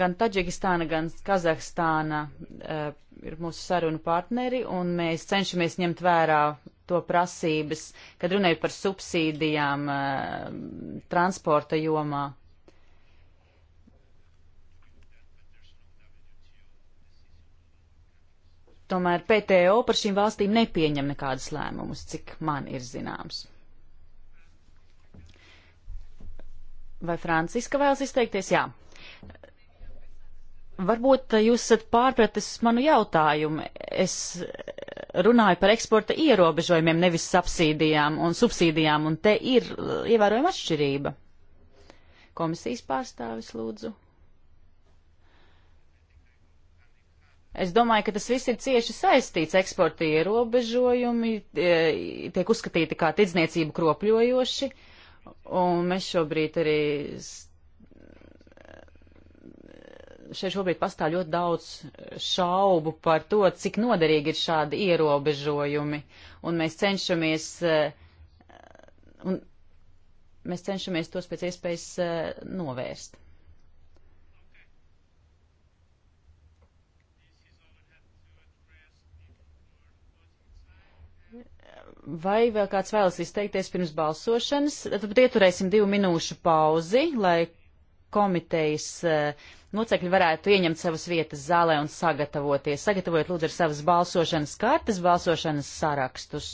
Speaker 2: Gan Taģikistāna, gan Kazahstāna uh, ir mūsu sarunu partneri, un mēs cenšamies ņemt vērā to prasības, kad runēju par subsīdijām uh, transporta jomā. Tomēr PTO par šīm valstīm nepieņem nekādus lēmumus, cik man ir zināms. Vai Franciska vēlas izteikties? Jā. Varbūt jūs esat pārpratis manu jautājumu. Es runāju par eksporta ierobežojumiem, nevis subsīdijām un subsīdijām, un te ir uh, ievērojama atšķirība. Komisijas pārstāvis lūdzu. Es domāju, ka tas viss ir cieši saistīts. Eksporta ierobežojumi e, tiek uzskatīti kā ticniecību kropļojoši, un mēs šobrīd arī šeit šobrīd pastāv ļoti daudz šaubu par to, cik noderīgi ir šādi ierobežojumi. Un mēs cenšamies, e, un mēs cenšamies tos pēc iespējas e, novērst. Vai vēl kāds vēlas izteikties pirms balsošanas? Tad ieturēsim divu minūšu pauzi, lai komitejas uh, locekļi varētu ieņemt savas vietas zālē un sagatavoties. Sagatavojiet lūdzu ar savas balsošanas kartes, balsošanas sarakstus.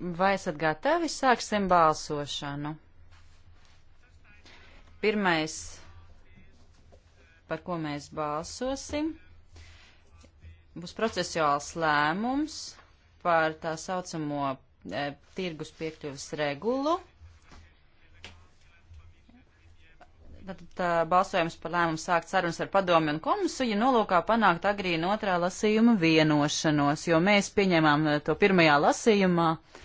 Speaker 2: Vai esat gatavi? Sāksim balsošanu. Pirmais, par ko mēs balsosim, būs procesuāls lēmums par tā saucamo e, tirgus piekļuvis regulu. Tad tā, balsojums par lēmumu sākt sarunas ar padomi un komisiju nolūkā panākt agrīna otrā lasījuma vienošanos, jo mēs pieņēmām e, to pirmajā lasījumā. Uh,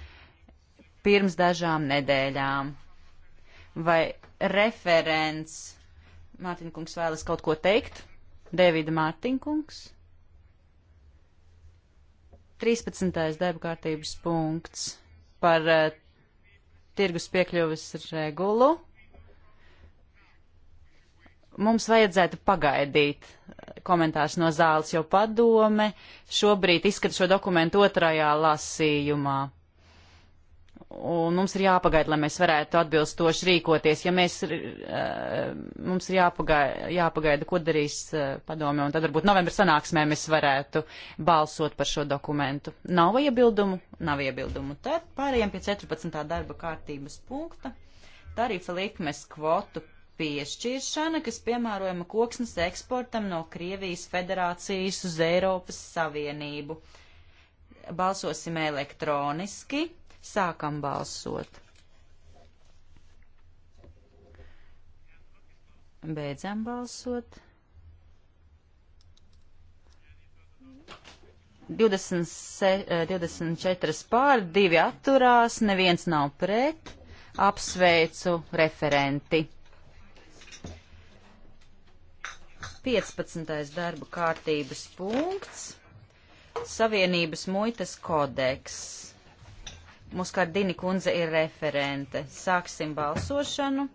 Speaker 2: pirms dažām nedēļām. Vai referents Mārtiņkungs vēlas kaut ko teikt? Davida Mārtiņkungs. 13. darba kārtības punkts par uh, tirgus piekļuvis regulu. Mums vajadzētu pagaidīt eh, komentārs no zāles, jo padome šobrīd izskata šo dokumentu otrajā lasījumā un mums ir jāpagaida, lai mēs varētu atbilstoši rīkoties. Ja mēs, eh, mums ir jāpagaida, jāpagaida ko darīs eh, padome, un tad varbūt novembra sanāksmē mēs varētu balsot par šo dokumentu. Nav iebildumu? Nav iebildumu. Tad pārējām pie 14. darba kārtības punkta. Tarifa likmes kvotu piešķiršana, kas piemērojama koksnes eksportam no Krievijas federācijas uz Eiropas Savienību. Balsosim elektroniski. Sākam balsot. Beidzam balsot. 26, 24 eh, pār, 2 atturās, neviens nav pret. Apsveicu referenti. 15. darba kārtības punkts - Savienības muitas kodeks. Muskardini kundze ir referente. Sāksim balsošanu.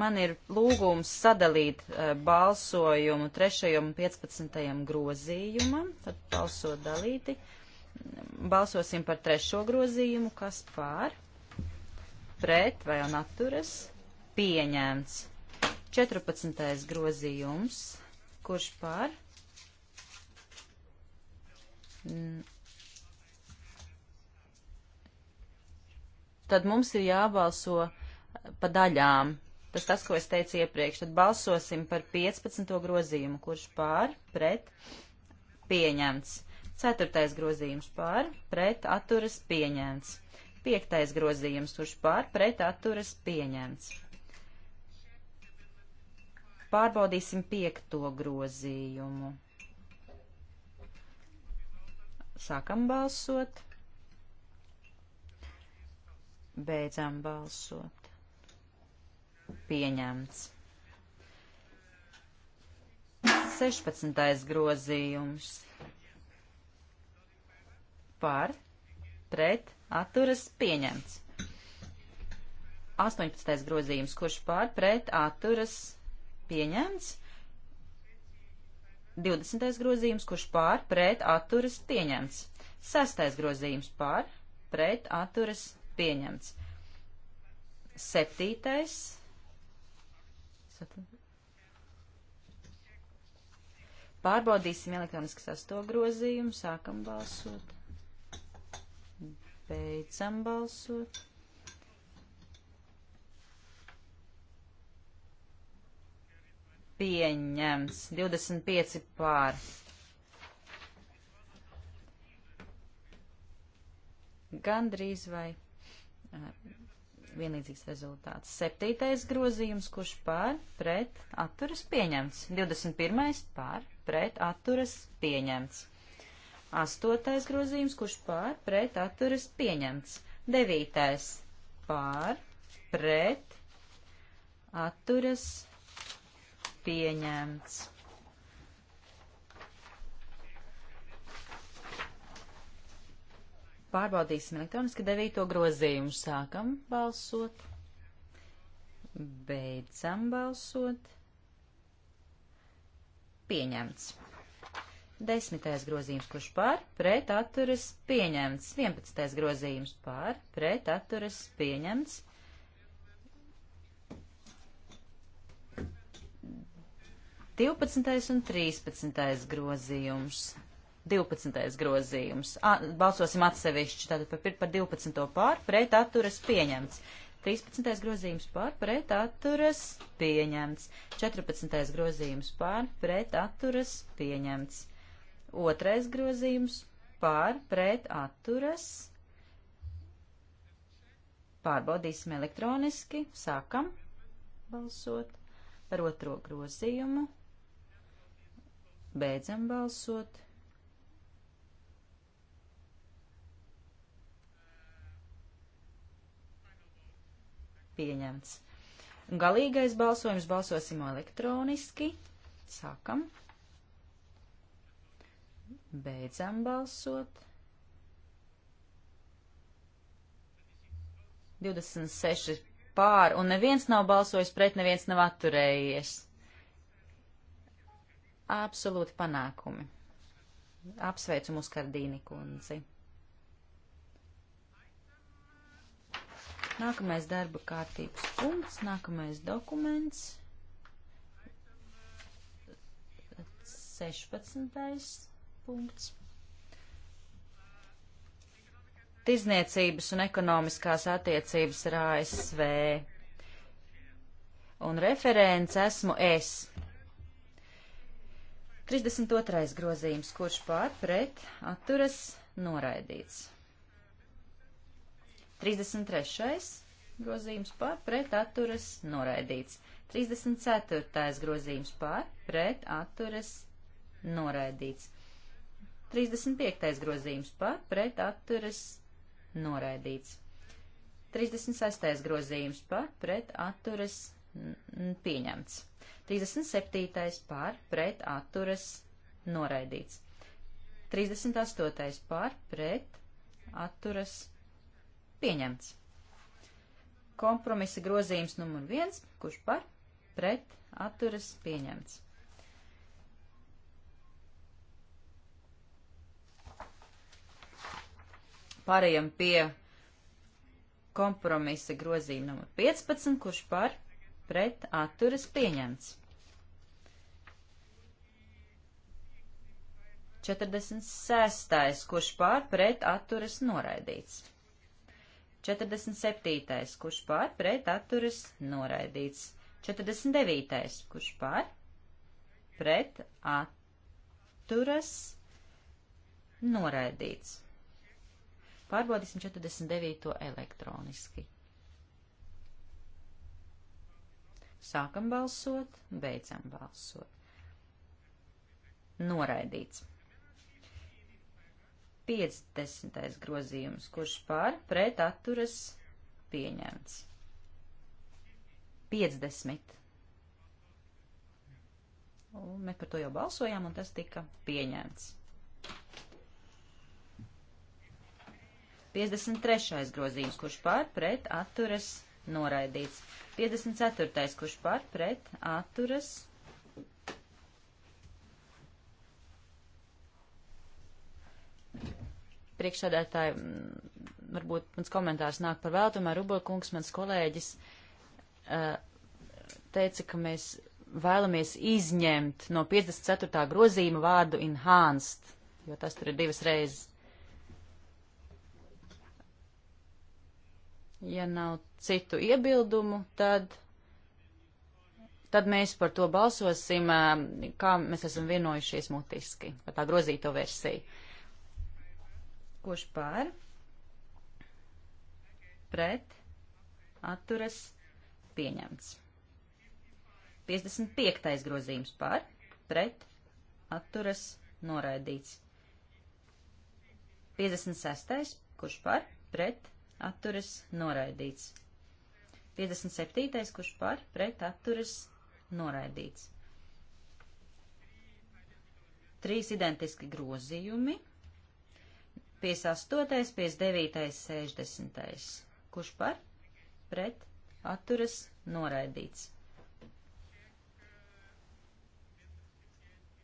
Speaker 2: Man ir lūgums sadalīt uh, balsojumu 3. un 15. grozījumam, tad balsot dalīti. Balsosim par trešo grozījumu, kas pār, pret vai un atturas, pieņemts. 14. grozījums, kurš pār? N tad mums ir jābalso pa daļām. Tas tas, ko es teicu iepriekš. Tad balsosim par 15. grozījumu, kurš pār, pret, pieņemts. 4. grozījums pār, pret, atturas, pieņemts. 5. grozījums, kurš pār, pret, atturas, pieņemts. Pārbaudīsim 5. grozījumu. Sākam balsot. Beidzam balsot. Pieņemts. 16. grozījums par, pret, atturas pieņemts. 18. grozījums, kurš pār, pret, atturas pieņemts. 20. grozījums, kurš pār, pret, atturas pieņemts. 6. grozījums pār, pret, atturas pieņemts. Septītais. Pārbaudīsim elektroniski sasto grozījumu, sākam balsot, beidzam balsot. Pieņemts 25 pār. Gandrīz vai vienlīdzīgs rezultāts. Septītais grozījums, kurš pār pret atturas pieņemts. 21. pār pret atturas pieņemts. Astotais grozījums, kurš pār pret atturas pieņemts. Devītais pār pret atturas pieņemts. Pārbaudīsim elektroniski devīto grozījumu. Sākam balsot. Beidzam balsot. Pieņemts. Desmitais grozījums, kurš pār, pret atturas pieņemts. Vienpadsmitais grozījums pār, pret atturas pieņemts. Divpadsmitais un trīspadsmitais grozījums 12. grozījums. A, balsosim atsevišķi, tātad par, par 12. pār, pret atturas pieņemts. 13. grozījums pār, pret atturas pieņemts. 14. grozījums pār, pret atturas pieņemts. Otrais grozījums pār, pret atturas. Pārbaudīsim elektroniski, sākam balsot par otro grozījumu. Beidzam balsot. pieņemts. Galīgais balsojums balsosim elektroniski. Sākam. Beidzam balsot. 26 pār, un neviens nav balsojis pret, neviens nav atturējies. Absolūti panākumi. Apsveicu Muskardīni kundzi. Nākamais darba kārtības punkts, nākamais dokuments. 16. punkts. Tirzniecības un ekonomiskās attiecības ar ASV. Un referents esmu es. 32. grozījums, kurš pār pret atturas noraidīts. 33. grozījums par pret atturas noraidīts. 34. grozījums par pret atturas noraidīts. 35. grozījums par pret atturas noraidīts. 36. grozījums par pret atturas pieņemts. 37. par pret atturas noraidīts. 38. par pret atturas Pieņemts. Kompromisa grozījums numur viens, kurš par, pret, atturas, pieņemts. Pārējiem pie kompromisa grozījuma numur 15, kurš par, pret, atturas, pieņemts. 46. kurš pār pret atturas noraidīts. 47. kurš pār pret atturas noraidīts. 49. kurš pār pret atturas noraidīts. Pārbaudīsim 49. elektroniski. Sākam balsot, beidzam balsot. Noraidīts. 50. grozījums, kurš par pret atturas pieņemts. 50. Un mēs par to jau balsojām, un tas tika pieņemts. 53. grozījums, kurš par pret atturas noraidīts. 54. kurš par pret atturas priekšsēdētāji, varbūt mans komentārs nāk par vēl, tomēr Rubokungs, mans kolēģis, teica, ka mēs vēlamies izņemt no 54. grozījuma vārdu enhanced, jo tas tur ir divas reizes. Ja nav citu iebildumu, tad, tad mēs par to balsosim, kā mēs esam vienojušies mutiski, par tā grozīto versiju. Kurš par? Pret. Atturas. Pieņemts. 55. grozījums par. Pret. Atturas. Noraidīts. 56. Kurš par? Pret. Atturas. Noraidīts. 57. Kurš par? Pret. Atturas. Noraidīts trīs identiski grozījumi 58, 59, 60. Kurš par? Pret. Atturas noraidīts.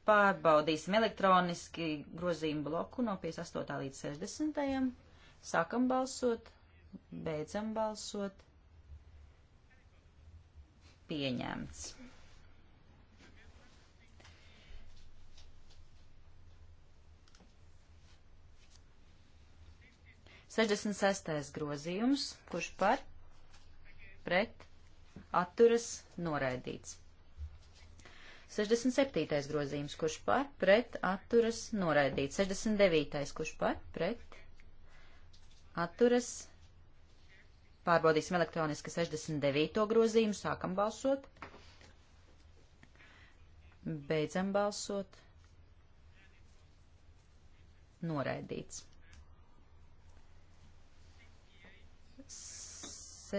Speaker 2: Pārbaudīsim elektroniski grozījumu bloku no 58 līdz 60. Sākam balsot, beidzam balsot. Pieņemts. 66. grozījums, kurš par pret atturas noraidīts. 67. grozījums, kurš par pret atturas noraidīts. 69. kurš par pret atturas pārbaudīsim elektroniski 69. grozījumu, sākam balsot, beidzam balsot, noraidīts.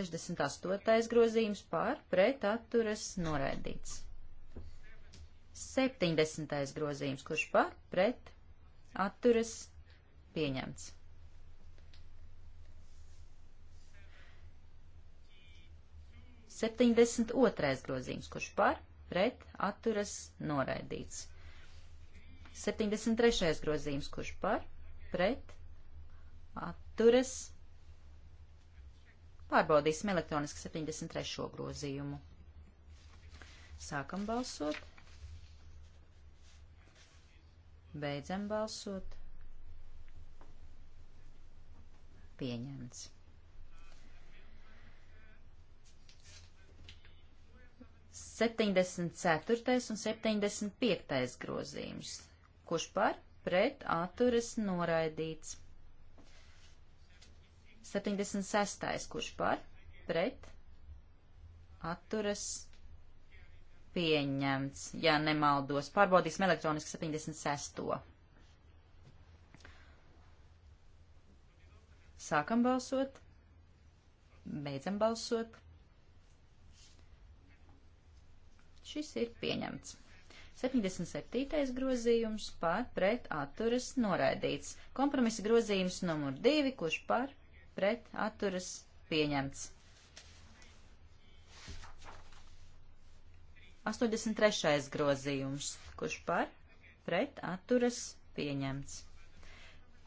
Speaker 2: 68. grozījums par pret atturas noraidīts. 70. grozījums, kurš par pret atturas pieņemts. 72. grozījums, kurš par, pret, atturas, noraidīts. 73. grozījums, kurš par, pret, atturas, Pārbaudīsim elektroniski 73. grozījumu. Sākam balsot. Beidzam balsot. Pieņemts. Septiņdesmit ceturtais un septiņdesmit piektais grozījums. Kurš par? Pret atturas noraidīts. 76. kurš par, pret, atturas, pieņemts, ja nemaldos. Pārbaudīsim elektroniski 76. Sākam balsot, beidzam balsot. Šis ir pieņemts. 77. grozījums par pret atturas noraidīts. Kompromisa grozījums numur 2, kurš par pret atturas pieņemts. 83. grozījums, kurš par pret atturas pieņemts.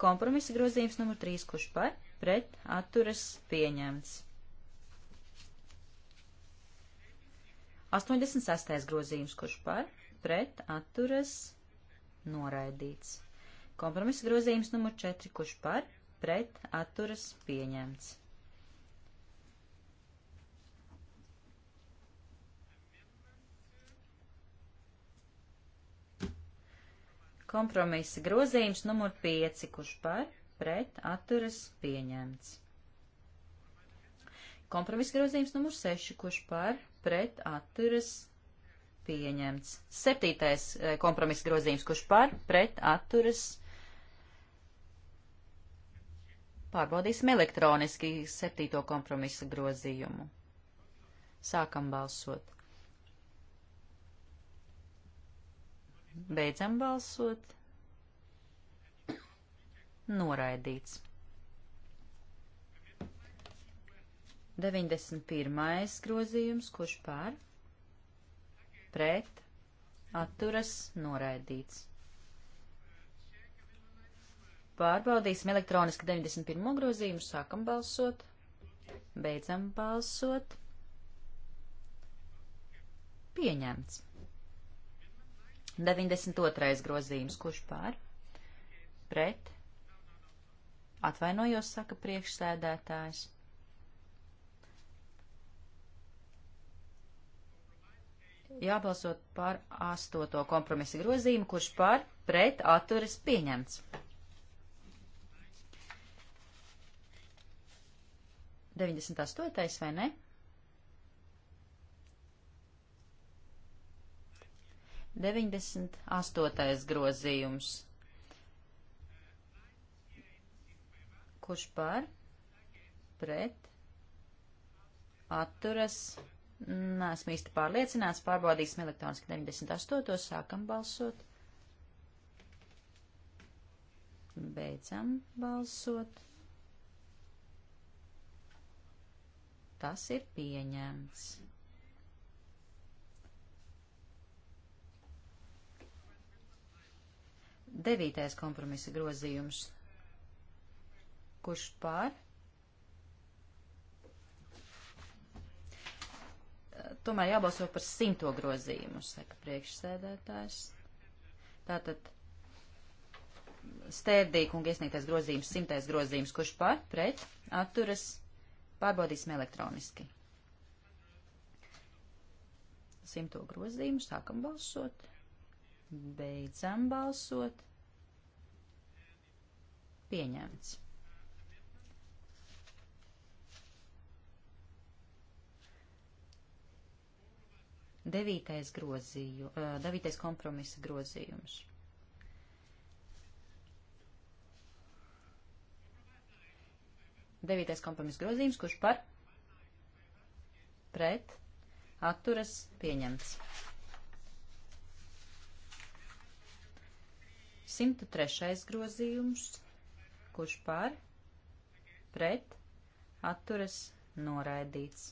Speaker 2: Kompromisa grozījums numur 3, kurš par pret atturas pieņemts. 86. grozījums, kurš par pret atturas noraidīts. Kompromisa grozījums numur 4, kurš par pret atturas pieņemts. Kompromisa grozījums numur 5, kurš par pret atturas pieņemts. Kompromisa grozījums numur 6, kurš par pret atturas pieņemts. Septītais eh, kompromisa grozījums, kurš par pret atturas pieņemts Pārbaudīsim elektroniski septīto kompromisa grozījumu. Sākam balsot. Beidzam balsot. Noraidīts. 91. grozījums, kurš pār, pret, atturas, noraidīts. Pārbaudīsim elektroniski 91. grozījumu, sākam balsot, beidzam balsot. Pieņemts. 92. grozījums, kurš pār? Pret. Atvainojos, saka priekšsēdētājs. Jābalsot par astoto kompromisa grozījumu, kurš par pret atturas pieņemts. 98. vai ne? 98. grozījums. Kurš par? Pret? Atturas? Nesmu īsti pārliecināts. Pārbaudīsim elektroniski 98. Sākam balsot. Beidzam balsot. Tas ir pieņemts. Devītais kompromisa grozījums. Kurš pār? Tomēr jābalso par simto grozījumu, saka priekšsēdētājs. Tātad stērdīkunga iesniegtais grozījums, simtais grozījums, kurš pār, pret, atturas, Pārbaudīsim elektroniski. Simto grozījumu sākam balsot, beidzam balsot. Pieņemts. Devītais, grozīju, eh, devītais kompromisa grozījums. Devītais kompromiss grozījums, kurš par pret atturas pieņemts. 103. grozījums, kurš par pret atturas noraidīts.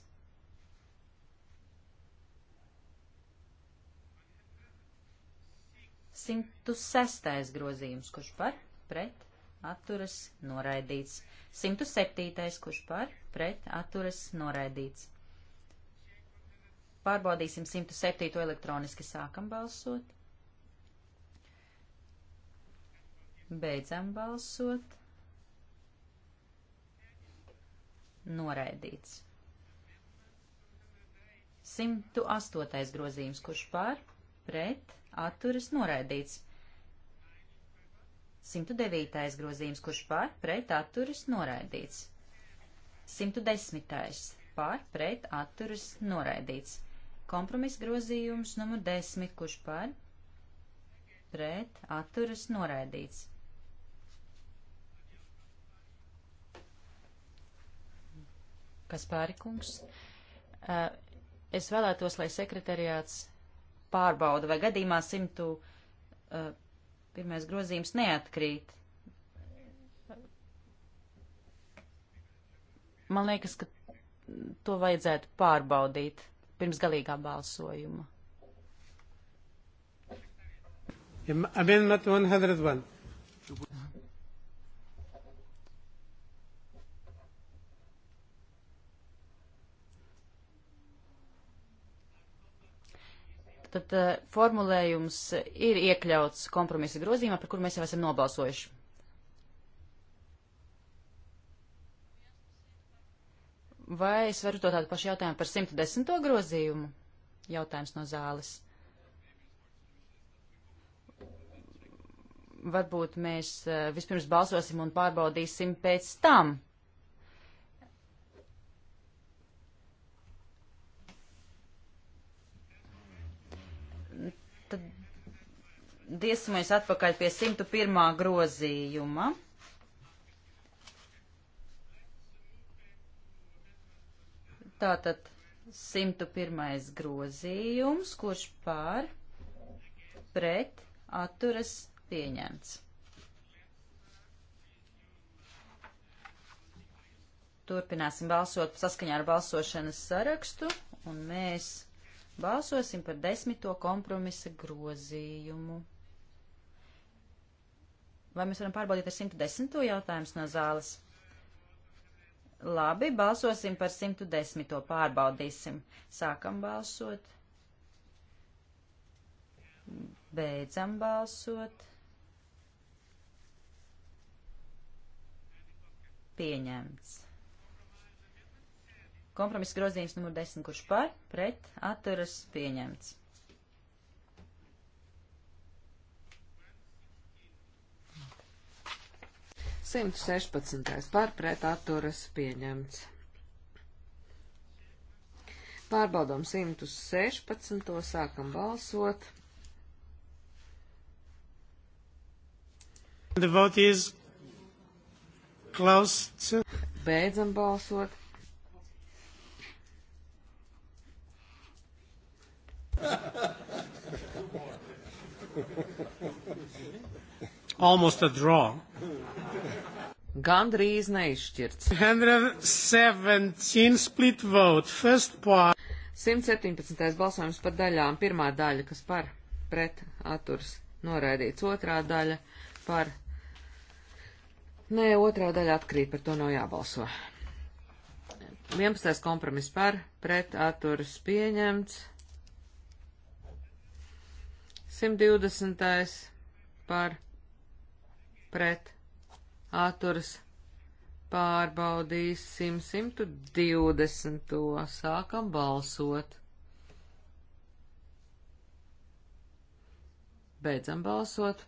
Speaker 2: Simtu sestais grozījums, kurš par pret atturas noraidīts. 107. kurš par pret atturas noraidīts. Pārbaudīsim 107. elektroniski sākam balsot. Beidzam balsot. Noraidīts. 108. grozījums, kurš par pret atturas noraidīts. 109. grozījums, kurš pār pret atturas noraidīts. 110. pār pret atturas noraidīts. Kompromiss grozījums numur 10, kurš pār pret atturas noraidīts. Kas pārikungs? Uh, eh, es vēlētos, lai sekretariāts pārbauda, vai gadījumā 100. Uh, eh, Pirmais grozījums neatkrīt. Man liekas, ka to vajadzētu pārbaudīt pirms galīgā balsojuma.
Speaker 1: Amendment 101.
Speaker 2: Tad eh, formulējums ir iekļauts kompromisa grozījumā, par kur mēs jau esam nobalsojuši. Vai es varu to tādu pašu jautājumu par 110. grozījumu? Jautājums no zāles. Varbūt mēs eh, vispirms balsosim un pārbaudīsim pēc tam Diesimies atpakaļ pie 101. grozījuma. Tātad 101. grozījums, kurš pār pret atturas pieņemts. Turpināsim balsot saskaņā ar balsošanas sarakstu, un mēs balsosim par desmito kompromisa grozījumu. Vai mēs varam pārbaudīt ar 110. jautājumu no zāles? Labi, balsosim par 110. pārbaudīsim. Sākam balsot. Beidzam balsot. Pieņemts. Kompromiss grozījums numur 10, kurš par, pret, atturas, pieņemts.
Speaker 3: 116. par pret atturas pieņemts. Pārbaudām 116. sākam balsot.
Speaker 1: The vote is closed.
Speaker 3: Beidzam balsot.
Speaker 1: Almost a draw. Gandrīz neizšķirts. 117 split vote, first part. 117.
Speaker 3: balsojums par daļām. Pirmā daļa, kas par pret atturs noraidīts. Otrā daļa par. Nē, otrā daļa atkrīt, par to nav jābalso. 11. kompromiss par pret atturs pieņemts. 120. par pret atturas pārbaudīsim 120. Sākam balsot. Beidzam balsot.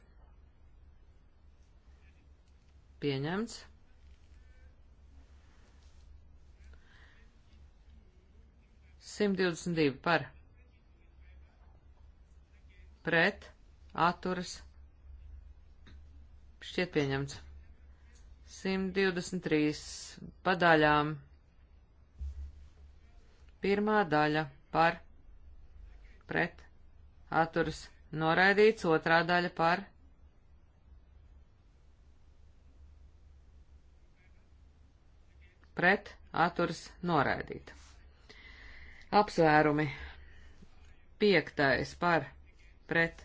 Speaker 3: Pieņemts. Simt divdesmit divi par. Pret. Atturas. Šķiet pieņemts. 123 padaļām. Pirmā daļa par pret atturas noraidīts, otrā daļa par pret atturas noraidīt. Apsvērumi. Piektais par pret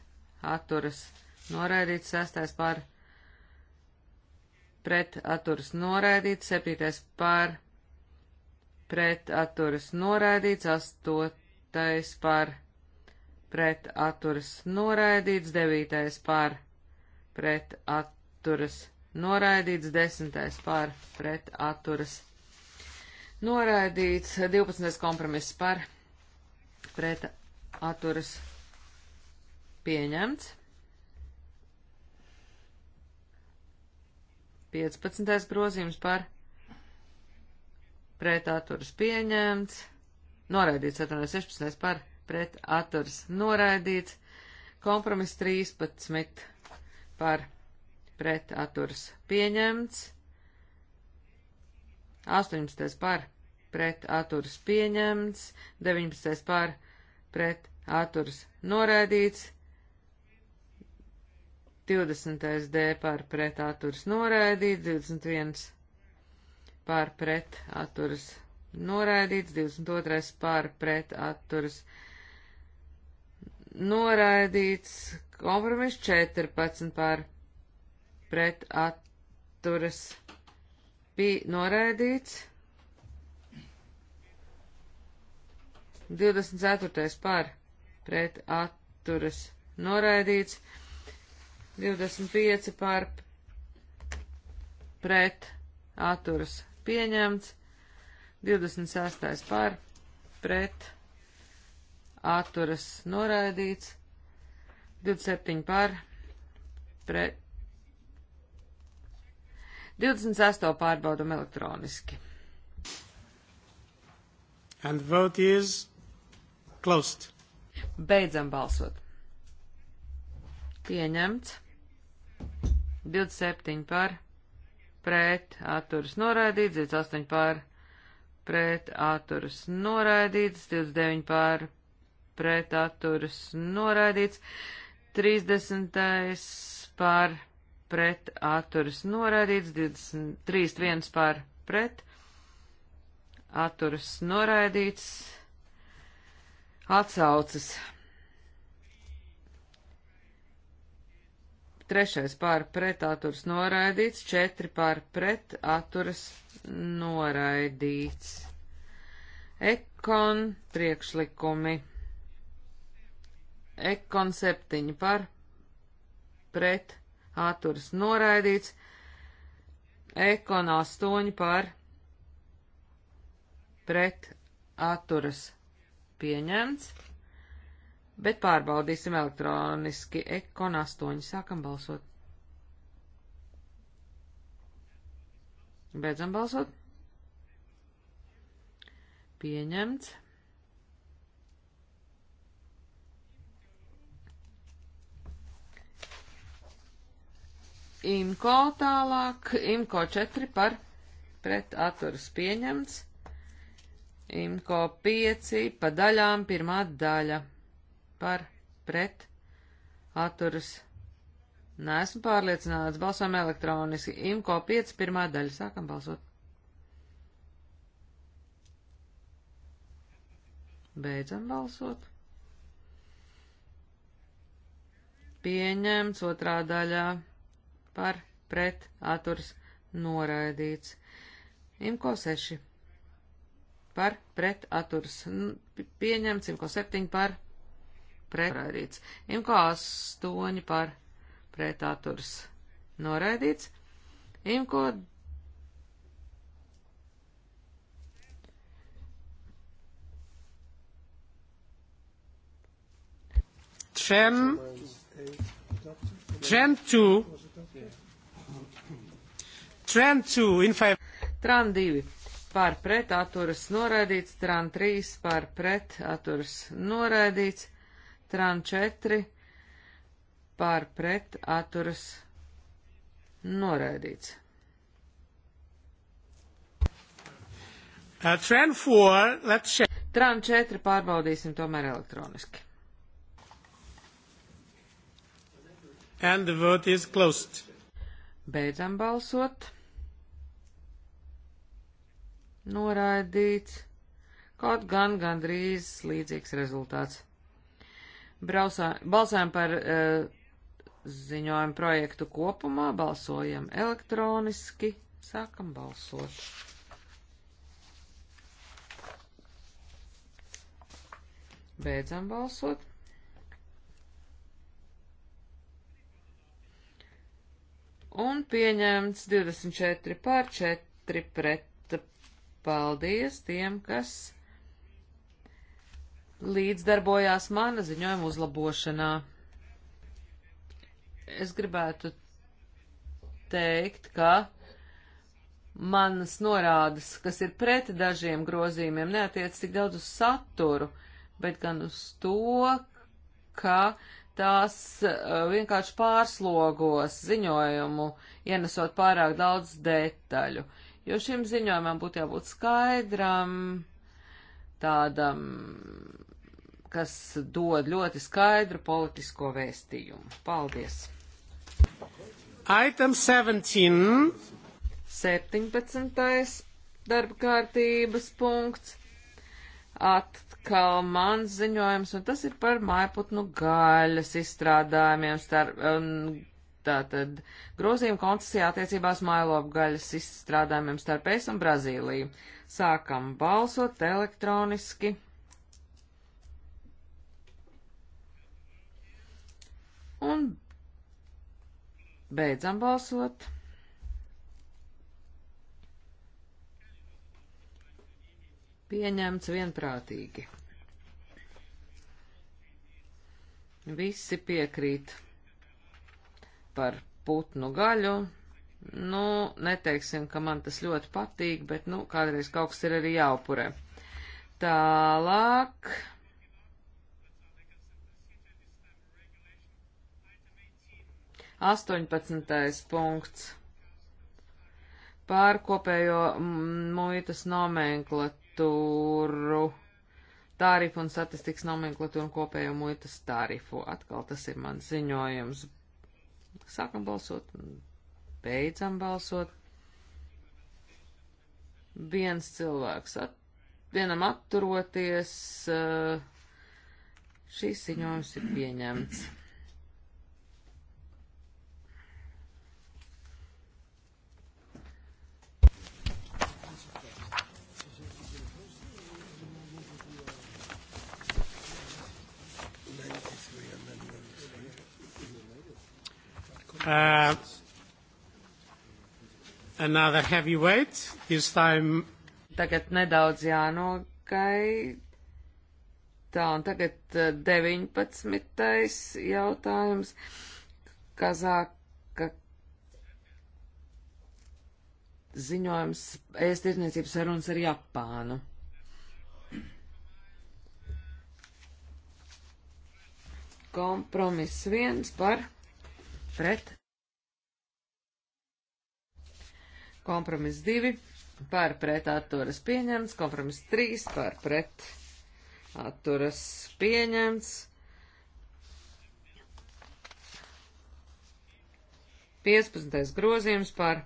Speaker 3: atturas noraidīts, sestais par pret pret atturas noraidīts, 7. par pret atturas noraidīts, 8. par pret atturas noraidīts, 9. par pret atturas noraidīts, 10. par pret atturas noraidīts, 12. kompromiss par pret atturas pieņemts. 15. grozījums par pretaturas pieņemts, noraidīts, 16. par pretaturas noraidīts, kompromiss 13 par pretaturas pieņemts, 18. par pretaturas pieņemts, 19. par pretaturas noraidīts, 20. D par pret atturas noraidīts, 21. par pret atturas noraidīts, 22. par pret atturas noraidīts, kompromiss 14 par pret atturas bija noraidīts, 24. par pret atturas noraidīts, 25 par pret atturas pieņemts, 26 par pret atturas noraidīts, 27 par pret. 28 pārbaudam elektroniski. And vote is closed. Beidzam balsot. Pieņemts. 27 par, pret atturas noraidīts, 28 par, pret atturas noraidīts, 29 par, pret atturas noraidīts, 30 par, pret atturas noraidīts, 31 par, pret atturas noraidīts, atsaucas Trešais pār pret atturas noraidīts, četri pār pret atturas noraidīts. Ekon priekšlikumi. Ekon septiņi par pret atturas noraidīts. Ekon astoņi par pret atturas pieņemts bet pārbaudīsim elektroniski. Ekon 8. Sākam balsot. Beidzam balsot. Pieņemts. Imko tālāk, Imko 4 par pret atturas pieņemts, Imko 5 pa daļām pirmā daļa par pret atturas. Neesmu pārliecināts. Balsojam elektroniski. Imko 5. pirmā daļa. Sākam balsot. Beidzam balsot. Pieņemts otrā daļā par pret atturs noraidīts. Imko 6 par pret atturs pieņemts, Imko 7 par pretnoraidīts. Imko 8 par pretāturs noraidīts. Imko
Speaker 1: Trem, trem 2, trem 2 in favor. Tran 2
Speaker 3: par pret atturas noraidīts, tran 3 par pret atturas noraidīts, tran 4 pār pret atturas noraidīts. Uh, tran 4, let's check. Tran 4 pārbaudīsim tomēr elektroniski.
Speaker 1: And the vote is closed. Beidzam balsot.
Speaker 3: Noraidīts. Kaut gan gandrīz līdzīgs rezultāts. Brausā, balsājam par uh, ziņojumu projektu kopumā, balsojam elektroniski, sākam balsot. Beidzam balsot. Un pieņemts 24 pār 4 pret. Paldies tiem, kas līdzdarbojās mana ziņojuma uzlabošanā. Es gribētu teikt, ka manas norādes, kas ir pret dažiem grozījumiem, neatiec tik daudz uz saturu, bet gan uz to, ka tās uh, vienkārši pārslogos ziņojumu, ienesot pārāk daudz detaļu, jo šim ziņojumam būtu jābūt skaidram, tādam kas dod ļoti skaidru politisko vēstījumu. Paldies!
Speaker 1: Item 17.
Speaker 3: 17. darba kārtības punkts. Atkal mans ziņojums, un tas ir par mājputnu gaļas izstrādājumiem starp, un tātad grozījuma koncesijā attiecībās mājlopgaļas izstrādājumiem starp es un Brazīliju. Sākam balsot elektroniski. Un beidzam balsot. Pieņemts vienprātīgi. Visi piekrīt par putnu gaļu. Nu, neteiksim, ka man tas ļoti patīk, bet, nu, kādreiz kaut kas ir arī jāupurē. Tālāk. 18. punkts par kopējo muitas nomenklatūru, tārifu un statistikas nomenklatūru un kopējo muitas tārifu. Atkal tas ir mans ziņojums. Sākam balsot, beidzam balsot. Viens cilvēks, at, vienam atturoties, eh, šīs ziņojums ir pieņemts.
Speaker 1: Uh, another heavyweight, this time.
Speaker 3: Tagad nedaudz jānogai. Tā, un tagad 19. Uh, jautājums. Kazāka ziņojums ēstirniecības sarunas ar Japānu. Kompromiss viens par pret. Kompromiss 2 par pret atturas pieņemts, kompromiss 3 par pret atturas pieņemts. 15. grozījums par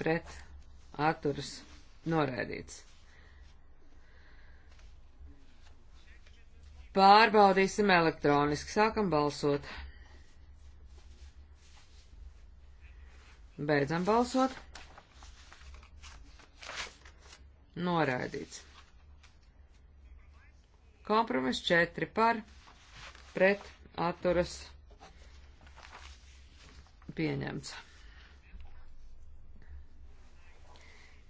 Speaker 3: pret atturas noraidīts. Pārbaudīsim elektroniski, sākam balsot. Beidzam balsot. Noraidīts. Kompromiss 4 par pret atturas pieņemts.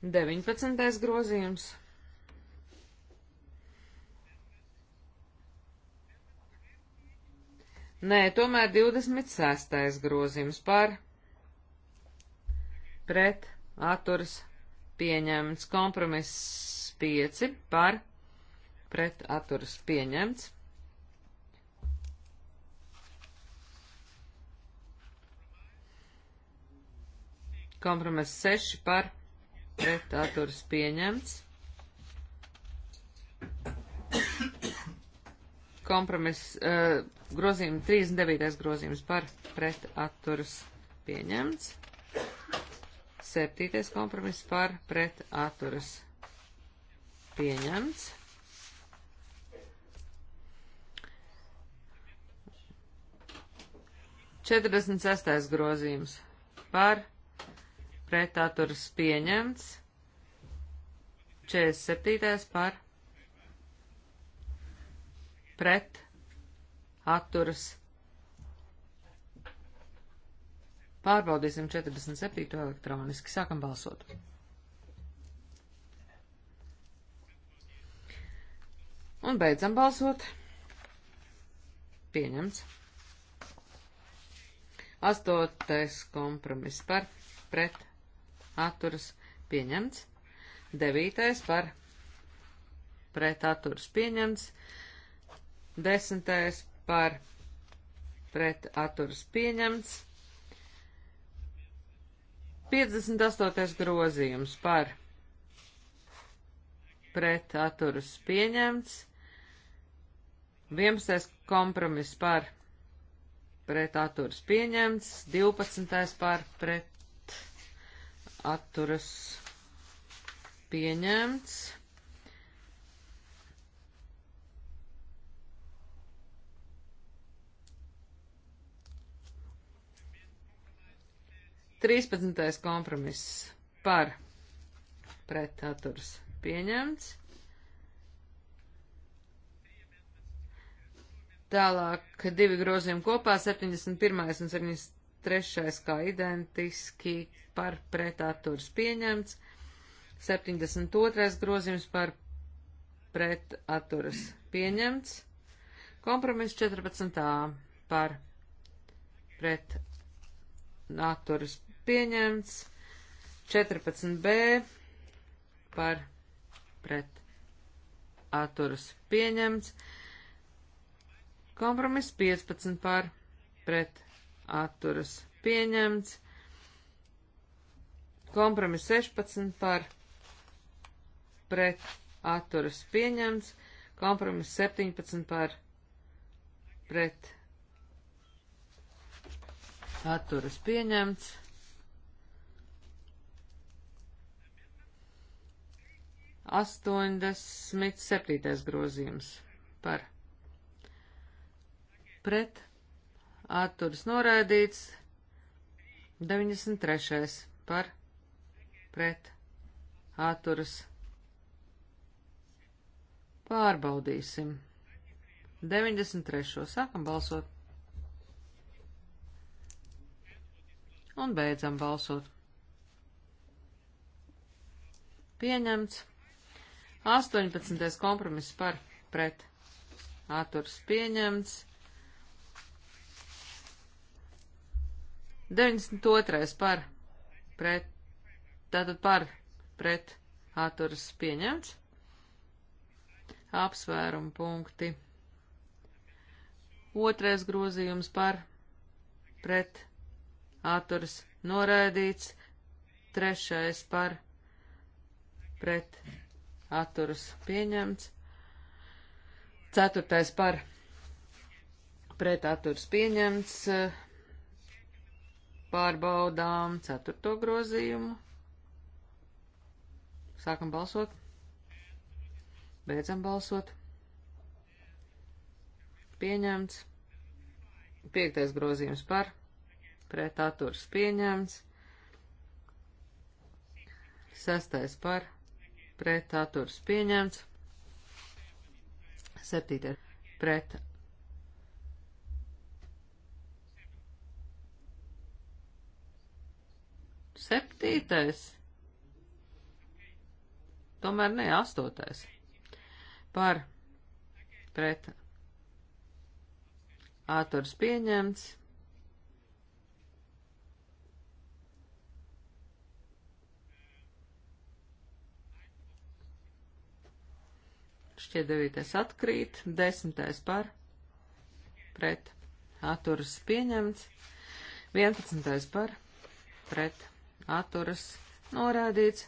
Speaker 3: 19. grozījums. Nē, tomēr 26. grozījums par pret atturas pieņemts. Kompromiss 5 par pret atturas pieņemts. Kompromiss 6 par pret atturas pieņemts. Kompromiss uh, grozījums 39. grozījums par pret atturas pieņemts. Septītais kompromiss par pret atturas pieņemts. Četrdesmit sestais grozījums par pret atturas pieņemts. Četrdesmit septītais par pret atturas pieņemts Pārbaudīsim 47. elektroniski. Sākam balsot. Un beidzam balsot. Pieņemts. Astotais kompromiss par pret atturas pieņemts. Devītais par pret atturas pieņemts. Desmitais par pret atturas pieņemts. 58. grozījums par pret atturas pieņemts, 11. kompromiss par pret atturas pieņemts, 12. par pret atturas pieņemts. 13. kompromiss par pretaturs pieņemts. Tālāk divi grozījumi kopā, 71. un 73. kā identiski par pretaturs pieņemts, 72. grozījums par pretaturs pieņemts, kompromiss 14. par pretaturs pieņemts. 14b par pret atturas pieņemts. Kompromiss 15 par pret atturas pieņemts. Kompromiss 16 par pret atturas pieņemts. Kompromiss 17 par pret atturas pieņemts. 87. grozījums par pret atturas noraidīts 93. par pret atturas pārbaudīsim 93. sākam balsot un beidzam balsot pieņemts 18. kompromiss par pret atturs pieņemts. 92. par pret, tātad par pret atturs pieņemts. Apsvērumu punkti. Otrais grozījums par pret atturs noraidīts. Trešais par pret atturs atturas pieņemts. Ceturtais par pret atturas pieņemts. Pārbaudām ceturto grozījumu. Sākam balsot. Beidzam balsot. Pieņemts. Piektais grozījums par pret atturas pieņemts. Sestais par pret atturs pieņemts. Septītais pret. Septītais. Tomēr ne astotais. Par pret. Atturs pieņemts. šķiet devītais atkrīt, desmitais par, pret, atturas pieņemts, vienpadsmitais par, pret, atturas norādīts,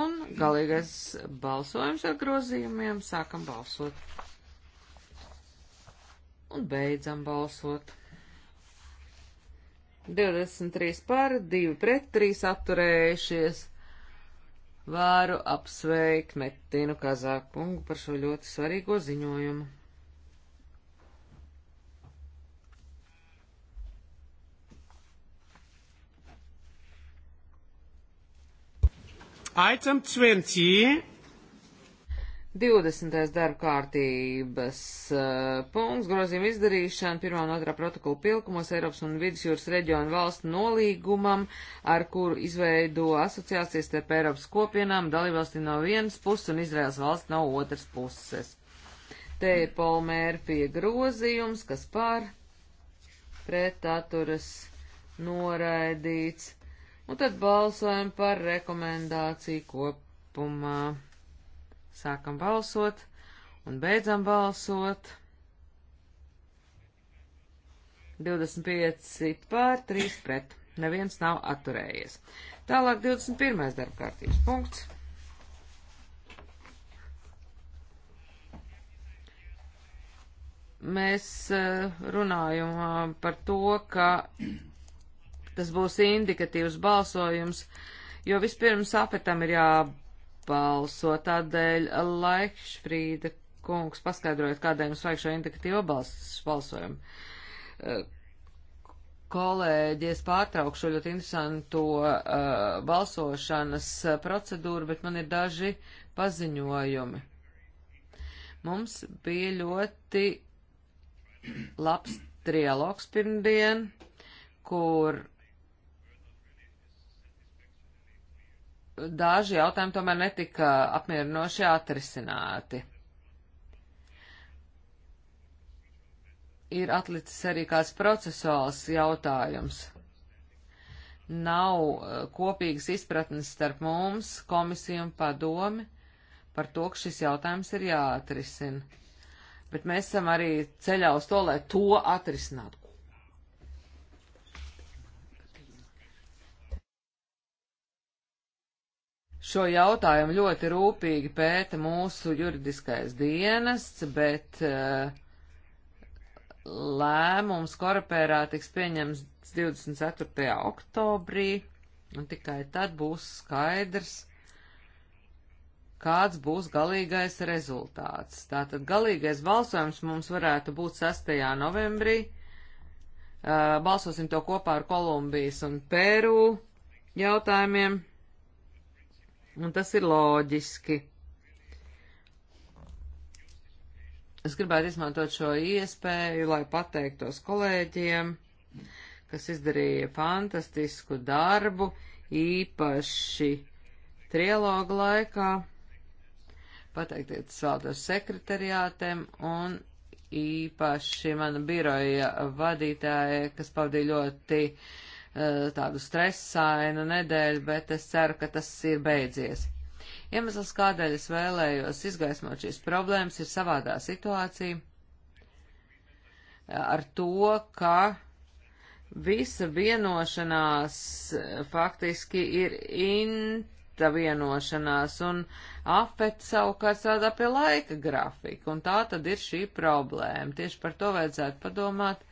Speaker 3: un galīgais balsojums ar grozījumiem sākam balsot. Un beidzam balsot. 23 par, 2 pret, 3 atturējušies. Vāru apsveikt Metinu Kazākungu par šo ļoti svarīgo ziņojumu.
Speaker 1: Item 20. 20.
Speaker 3: darba kārtības uh, punkts grozījuma izdarīšana pirmā un otrā protokola pilkumos Eiropas un Vidusjūras reģionu valstu nolīgumam, ar kuru izveido asociācijas starp Eiropas kopienām, dalībvalstīm no vienas puses un Izraels valsts no otras puses. Te ir Polmērpie grozījums, kas pār pretaturas noraidīts, un tad balsojam par rekomendāciju kopumā. Sākam balsot un beidzam balsot. 25 pār 3 pret. Neviens nav atturējies. Tālāk 21. darba kārtības punkts. Mēs eh, runājam eh, par to, ka tas būs indikatīvs balsojums, jo vispirms apetam ir jā balso. Tādēļ Laikšfrīda kungs paskaidrojot, kādēļ mums vajag šo indikatīvo balsojumu. Eh, kolēģi, es pārtraukšu ļoti interesantu uh, eh, balsošanas procedūru, bet man ir daži paziņojumi. Mums bija ļoti labs trialogs pirmdien, kur daži jautājumi tomēr netika apmierinoši atrisināti. Ir atlicis arī kāds procesuāls jautājums. Nav eh, kopīgas izpratnes starp mums, komisiju un padomi par to, ka šis jautājums ir jāatrisina. Bet mēs esam arī ceļā uz to, lai to atrisinātu. Šo jautājumu ļoti rūpīgi pēta mūsu juridiskais dienests, bet uh, lēmums korporā tiks pieņems 24. oktobrī, un tikai tad būs skaidrs, kāds būs galīgais rezultāts. Tātad galīgais balsojums mums varētu būt 6. novembrī. Uh, balsosim to kopā ar Kolumbijas un Peru jautājumiem. Un tas ir loģiski. Es gribētu izmantot šo iespēju, lai pateiktos kolēģiem, kas izdarīja fantastisku darbu, īpaši trialogu laikā. Pateikties valdes sekretariātiem un īpaši mana biroja vadītāja, kas pavadīja ļoti uh, Eh, tādu stresainu nedēļu, bet es ceru, ka tas ir beidzies. Iemesls, kādēļ es vēlējos izgaismot šīs problēmas, ir savādā situācija eh, ar to, ka visa vienošanās eh, faktiski ir inta vienošanās, un afet savukārt strādā pie laika grafika, un tā tad ir šī problēma. Tieši par to vajadzētu padomāt,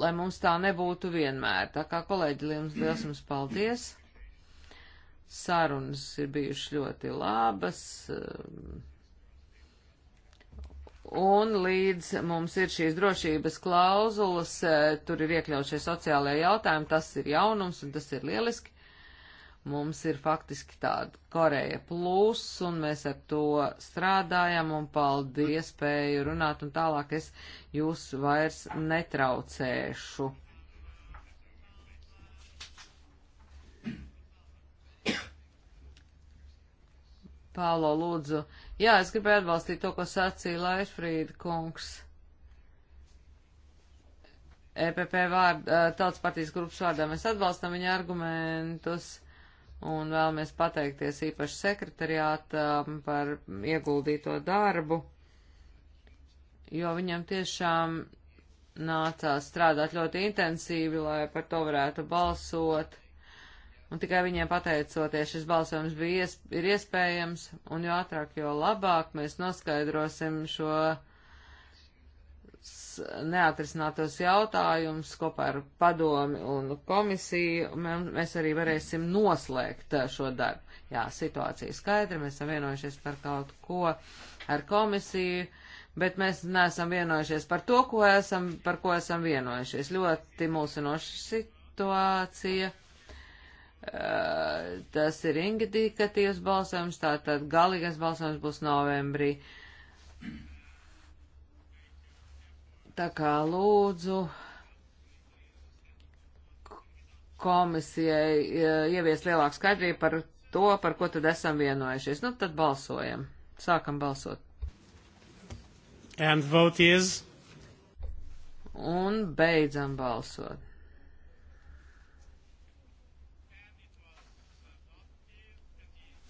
Speaker 3: lai mums tā nebūtu vienmēr. Tā kā kolēģi, liels, liels jums paldies! Sarunas ir bijušas ļoti labas. Um, un līdz mums ir šīs drošības klauzulas, eh, tur ir iekļaut šie sociālajie jautājumi, tas ir jaunums un tas ir lieliski. Mums ir faktiski tāda Koreja plus, un mēs ar to strādājam, un paldies spēju runāt, un tālāk es jūs vairs netraucēšu. Pālo, lūdzu. Jā, es gribēju atbalstīt to, ko sacīja Laisfrīda kungs. EPP vārdu, eh, tautas partijas grupas vārdā mēs atbalstam viņa argumentus un vēlamies pateikties īpaši sekretariātam par ieguldīto darbu, jo viņam tiešām nācās strādāt ļoti intensīvi, lai par to varētu balsot. Un tikai viņiem pateicoties, šis balsojums bija iesp ir iespējams, un jo ātrāk, jo labāk mēs noskaidrosim šo uh, neatrisinātos jautājumus kopā ar padomi un komisiju, mēs arī varēsim noslēgt uh, šo darbu. Jā, situācija skaidra, mēs esam vienojušies par kaut ko ar komisiju, bet mēs neesam vienojušies par to, ko esam, par ko esam vienojušies. Ļoti mulsinoša situācija. Uh, tas ir indikatīvs balsojums, tātad galīgais balsojums būs novembrī. Uh, Tā kā lūdzu komisijai e, ievies lielāku skaidrību par to, par ko tad esam vienojušies. Nu, tad balsojam. Sākam balsot. And vote is. Un beidzam balsot.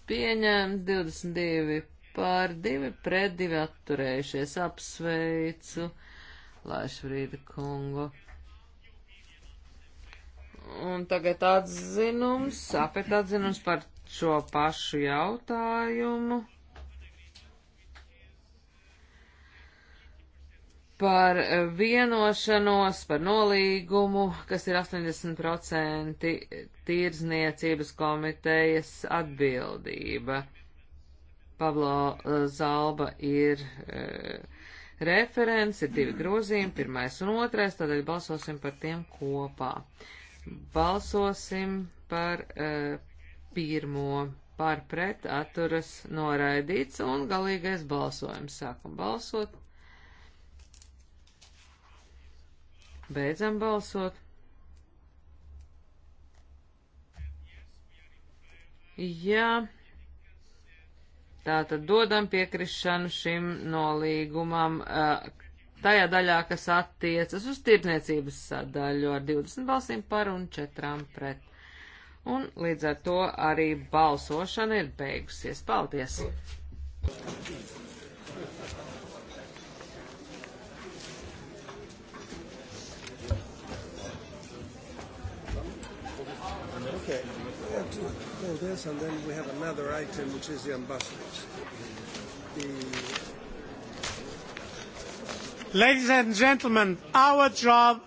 Speaker 3: Pieņemts 22 pār 2 pret 2 atturējušies. Apsveicu Laišvrīda kungu. Un tagad atzinums, apet atzinums par šo pašu jautājumu. Par vienošanos, par nolīgumu, kas ir 80% tirzniecības komitejas atbildība. Pablo Zalba ir uh, referents, ir divi grozījumi, pirmais un otrais, tādēļ balsosim par tiem kopā. Balsosim par uh, pirmo, par pret atturas noraidīts un galīgais balsojums. Sākam balsot. Beidzam balsot. Jā. Ja Tātad dodam piekrišanu šim nolīgumam tajā daļā, kas attiecas uz tirdzniecības sadaļu ar 20 balsīm par un 4 pret. Un līdz ar to arī balsošana ir beigusies. Paldies!
Speaker 1: Thank you.
Speaker 5: Okay. We have to do this, and then we have another item, which is the ambassadors. The...
Speaker 2: Ladies and gentlemen, our job.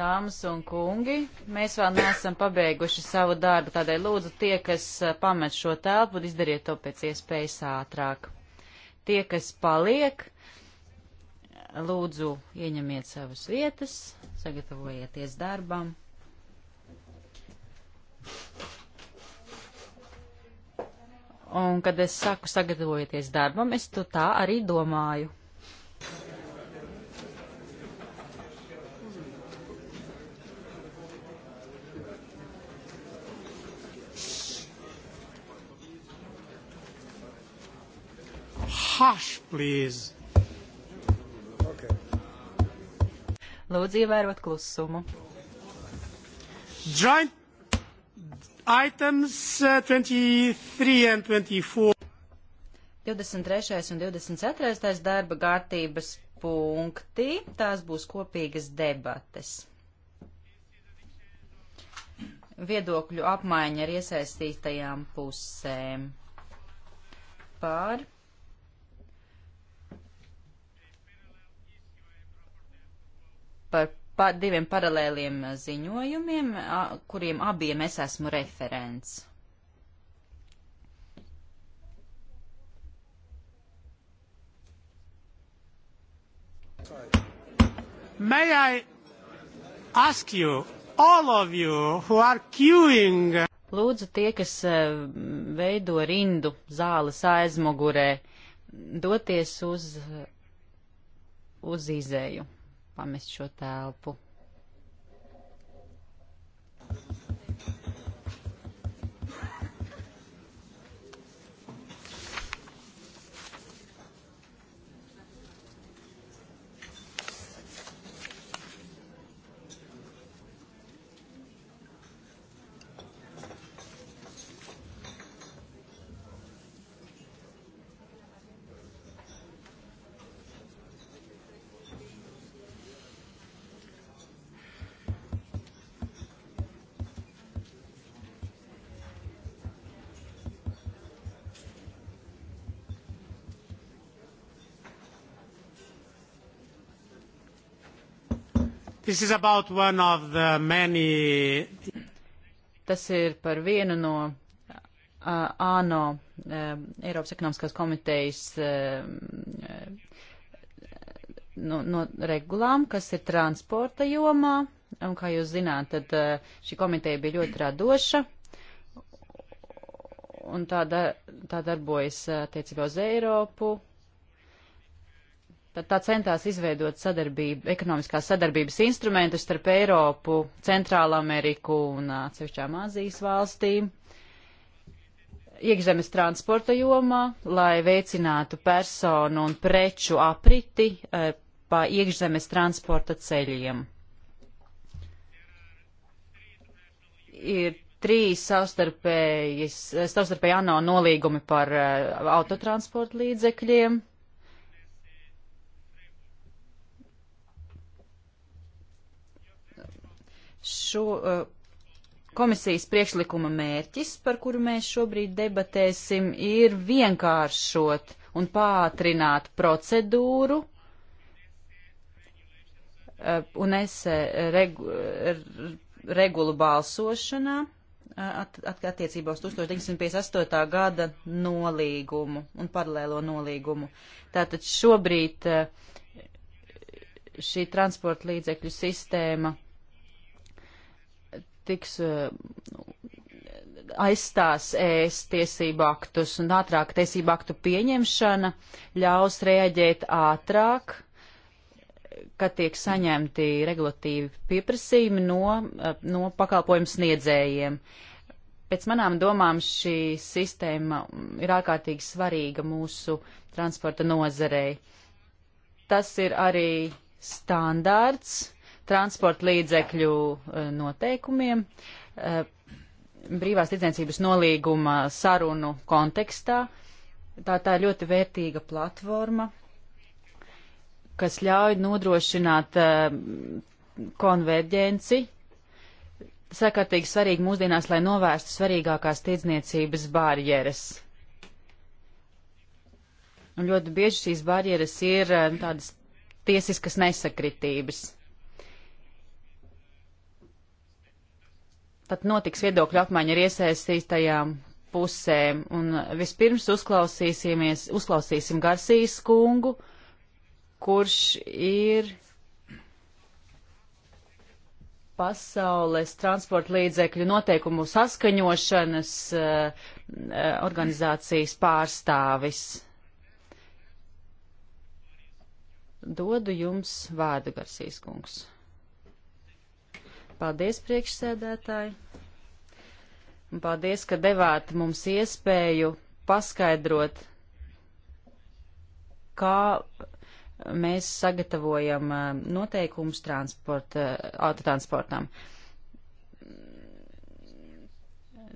Speaker 2: Dāmas un kungi, mēs vēl neesam pabeiguši savu darbu, tādēļ lūdzu tie, kas pamet šo telpu, izdariet to pēc iespējas ātrāk. Tie, kas paliek, lūdzu ieņemiet savas vietas, sagatavojieties darbam. Un, kad es saku sagatavojieties darbam, es to tā arī domāju.
Speaker 1: Hush, please. Okay.
Speaker 2: Lūdzu, ievērot klusumu. Joint Items 23 uh, and 24. 23. un 24. darba kārtības punkti, tās būs kopīgas debates. Viedokļu apmaiņa ar iesaistītajām pusēm par par par diviem paralēliem eh, ziņojumiem, kuriem abiem es esmu referents. May I ask you, all of you who are queuing? Lūdzu, tie, kas eh, veido rindu zāles aizmugurē, doties uz, eh, uz izēju pamest šo telpu.
Speaker 1: This is about one of the many.
Speaker 2: Tas ir par vienu no uh, ANO uh, Eiropas ekonomiskās komitejas uh, no, no regulām, kas ir transporta jomā. Un, kā jūs zināt, tad uh, šī komiteja bija ļoti radoša un tā, dar, tā darbojas attiecībā uz Eiropu Tad tā centās izveidot sadarbību, ekonomiskās sadarbības instrumentus starp Eiropu, Centrālā Ameriku un atsevišķām Azijas valstīm, iekšzemes transporta jomā, lai veicinātu personu un preču apriti e, pa iekšzemes transporta ceļiem. Ir trīs savstarpēji ANO nolīgumi par e, autotransporta līdzekļiem šo uh, komisijas priekšlikuma mērķis, par kuru mēs šobrīd debatēsim, ir vienkāršot un pātrināt procedūru uh, un es eh, regu, regulu balsošanā at, at, attiecībā uz 1958. gada nolīgumu un paralēlo nolīgumu. Tātad šobrīd šī transporta līdzekļu sistēma tiks eh, aizstās ēs tiesību aktus un ātrāk tiesību aktu pieņemšana ļaus rēģēt ātrāk, kad tiek saņemti regulatīvi pieprasījumi no, eh, no pakalpojumu sniedzējiem. Pēc manām domām šī sistēma ir ārkārtīgi svarīga mūsu transporta nozarei. Tas ir arī standārds transporta līdzekļu eh, noteikumiem eh, brīvās tirdzniecības nolīguma sarunu kontekstā. Tā, tā ir ļoti vērtīga platforma, kas ļauj nodrošināt eh, konverģenci. Sakārtīgi svarīgi mūsdienās, lai novērstu svarīgākās tirdzniecības barjeras. Un ļoti bieži šīs barjeras ir tādas tiesiskas nesakritības. pat notiks viedokļu apmaiņa ar iesaistītajām pusēm. Un vispirms uzklausīsimies, uzklausīsim Garsīs kungu, kurš ir pasaules transporta līdzekļu noteikumu saskaņošanas uh, organizācijas pārstāvis. Dodu jums vārdu, Garsīs kungs. Paldies, priekšsēdētāji. Un paldies, ka devāt mums iespēju paskaidrot, kā mēs sagatavojam uh, noteikumus transporta, uh, autotransportam.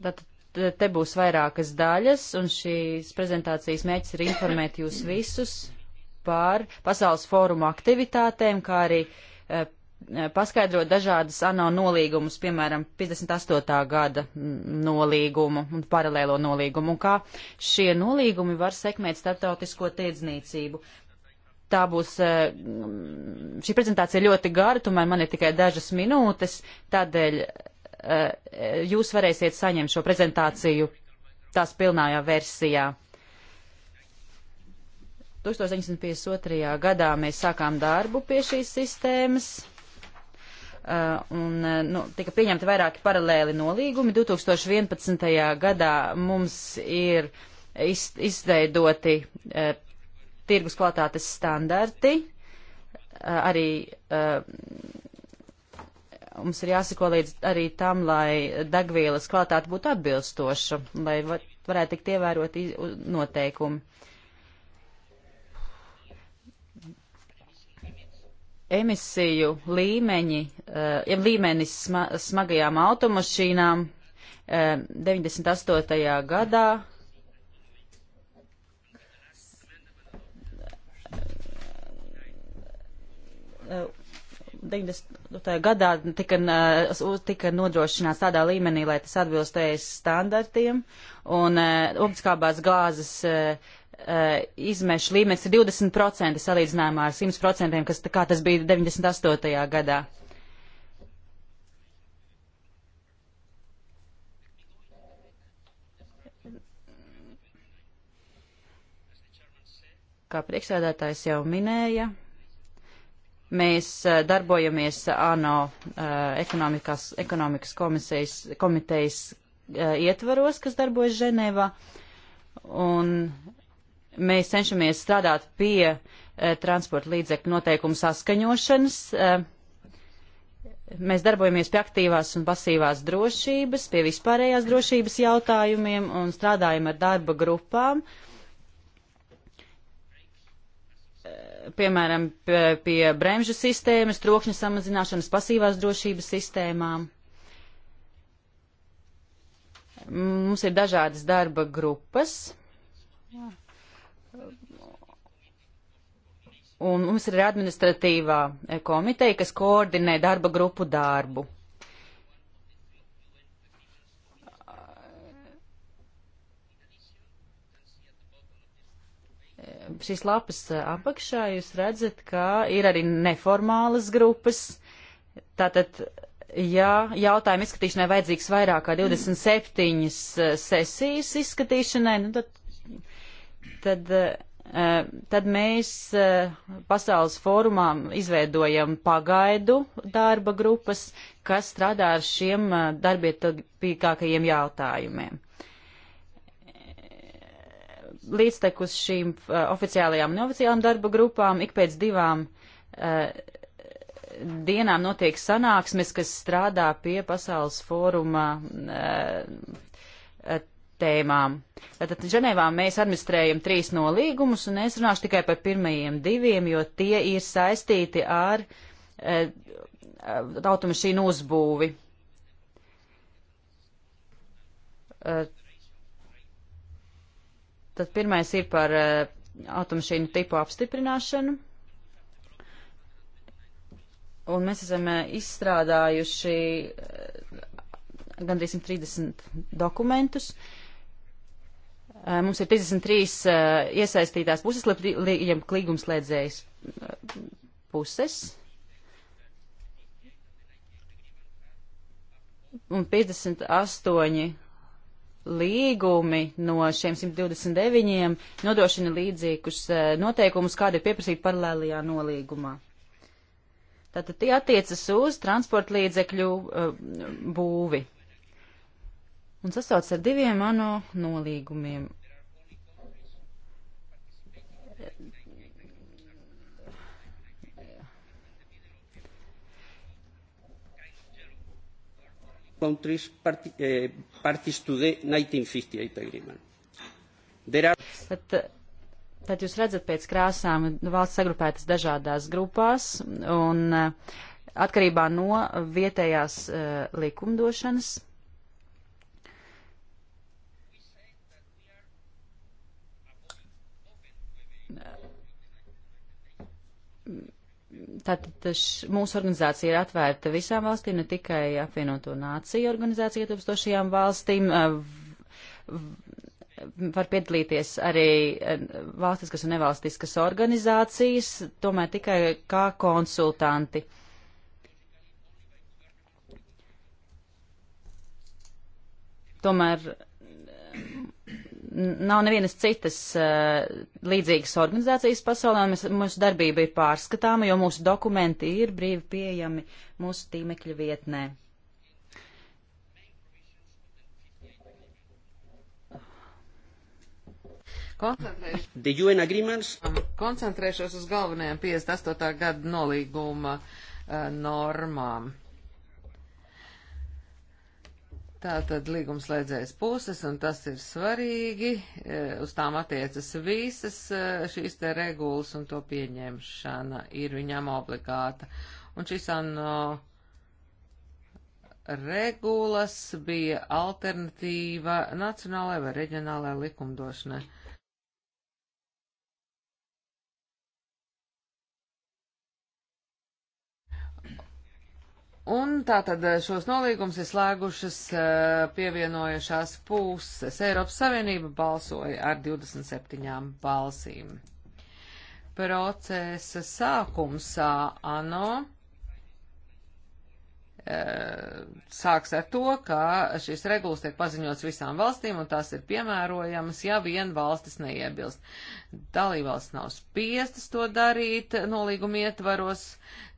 Speaker 2: Tātad te būs vairākas daļas, un šīs prezentācijas mēģis ir informēt jūs visus par pasaules fórumu aktivitātēm, kā arī uh, Eh, paskaidrot dažādas ANO nolīgumus, piemēram, 58. gada nolīgumu un paralēlo nolīgumu, un kā šie nolīgumi var sekmēt starptautisko tiedzniecību. Tā būs, eh, šī prezentācija ļoti gara, tomēr man ir tikai dažas minūtes, tādēļ eh, jūs varēsiet saņemt šo prezentāciju tās pilnājā versijā. 1952. gadā mēs sākām darbu pie šīs sistēmas. Uh, un uh, nu, tika pieņemti vairāki paralēli nolīgumi. 2011. gadā mums ir iz, izveidoti uh, tirgus kvalitātes standarti. Uh, arī uh, mums ir jāsako līdz arī tam, lai degvielas kvalitāte būtu atbilstoša, lai var, varētu tikt ievēroti noteikumi. emisiju līmeņi, eh, ja līmenis sma, smagajām automašīnām 98. Eh, gadā Uh, eh, 90. gadā tika, tika nodrošināts tādā līmenī, lai tas atbilst ES standartiem, un uh, ogliskābās gāzes uh, Eh, izmešu līmenis ir 20% salīdzinājumā ar 100%, kas kā tas bija 98. gadā. Kā priekšsēdētājs jau minēja, mēs eh, darbojamies ANO eh, ekonomikas, ekonomikas komisijas, komitejas ietvaros, kas darbojas Ženēvā. Un mēs cenšamies strādāt pie eh, transporta līdzekļu noteikumu saskaņošanas. Eh, mēs darbojamies pie aktīvās un pasīvās drošības, pie vispārējās drošības jautājumiem un strādājam ar darba grupām. Eh, piemēram, pie, pie bremžu sistēmas, trokšņa samazināšanas pasīvās drošības sistēmām. Mums ir dažādas darba grupas. Jā Un mums ir administratīvā eh, komiteja, kas koordinē darba grupu darbu. Eh, šīs lapas eh, apakšā jūs redzat, ka ir arī neformālas grupas. Tātad, ja jautājumu izskatīšanai vajadzīgs vairāk kā 27 sesijas izskatīšanai, nu tad tad, eh, tad mēs eh, pasaules fórumā izveidojam pagaidu darba grupas, kas strādā ar šiem eh, darbietilpīgākajiem jautājumiem. Līdztekus šīm oficiālajām un neoficiālām darba grupām ik pēc divām dienām notiek sanāksmes, kas strādā pie pasaules fóruma tēmām. Tātad Ženēvā mēs administrējam trīs nolīgumus, un es runāšu tikai par pirmajiem diviem, jo tie ir saistīti ar e, automašīnu uzbūvi. E, tad pirmais ir par e, automašīnu tipu apstiprināšanu. Un mēs esam e, izstrādājuši e, gandrīz 130 dokumentus. E, Eh, mums ir 53 eh, iesaistītās puses, līgumslēdzējas eh, puses. Un 58 līgumi no šiem 129 nodošana līdzīgus noteikumus, kāda ir pieprasīta paralēlajā nolīgumā. Tātad tie attiecas uz transporta līdzekļu būvi un sasauc ar diviem ANO nolīgumiem.
Speaker 4: countries party, eh, parties to the 1958 agreement. There
Speaker 2: are... Tad, eh, tad jūs redzat pēc krāsām valsts sagrupētas dažādās grupās un eh, atkarībā no vietējās uh, likumdošanas. Tātad š, mūsu organizācija ir atvērta visām valstīm, ne tikai apvienoto nāciju organizāciju ietilpstošajām valstīm. V, eh, v, var piedalīties arī eh, valstiskas un nevalstiskas organizācijas, tomēr tikai kā konsultanti. Tomēr nav nevienas citas uh, līdzīgas organizācijas pasaulē, un mēs, mūsu darbība ir pārskatāma, jo mūsu dokumenti ir brīvi pieejami mūsu tīmekļa vietnē.
Speaker 3: Koncentrēšos, koncentrēšos uz galvenajām 58. gada nolīguma uh, normām. Tā tad līgumslēdzējas puses, un tas ir svarīgi, e, uz tām attiecas visas e, šīs te regulas, un to pieņemšana ir viņām obligāta. Un šīs ANO regulas bija alternatīva nacionālajai vai reģionālajai likumdošanai. Un tātad eh, šos nolīgumus ir slēgušas eh, pievienojušās puses. Eiropas Savienība balsoja ar 27 balsīm. Procesa sākums ANO E, sāks ar to, ka šīs regulas tiek paziņots visām valstīm un tās ir piemērojamas, ja vien valstis neiebilst. Dalībvalsts nav spiestas to darīt nolīguma ietvaros,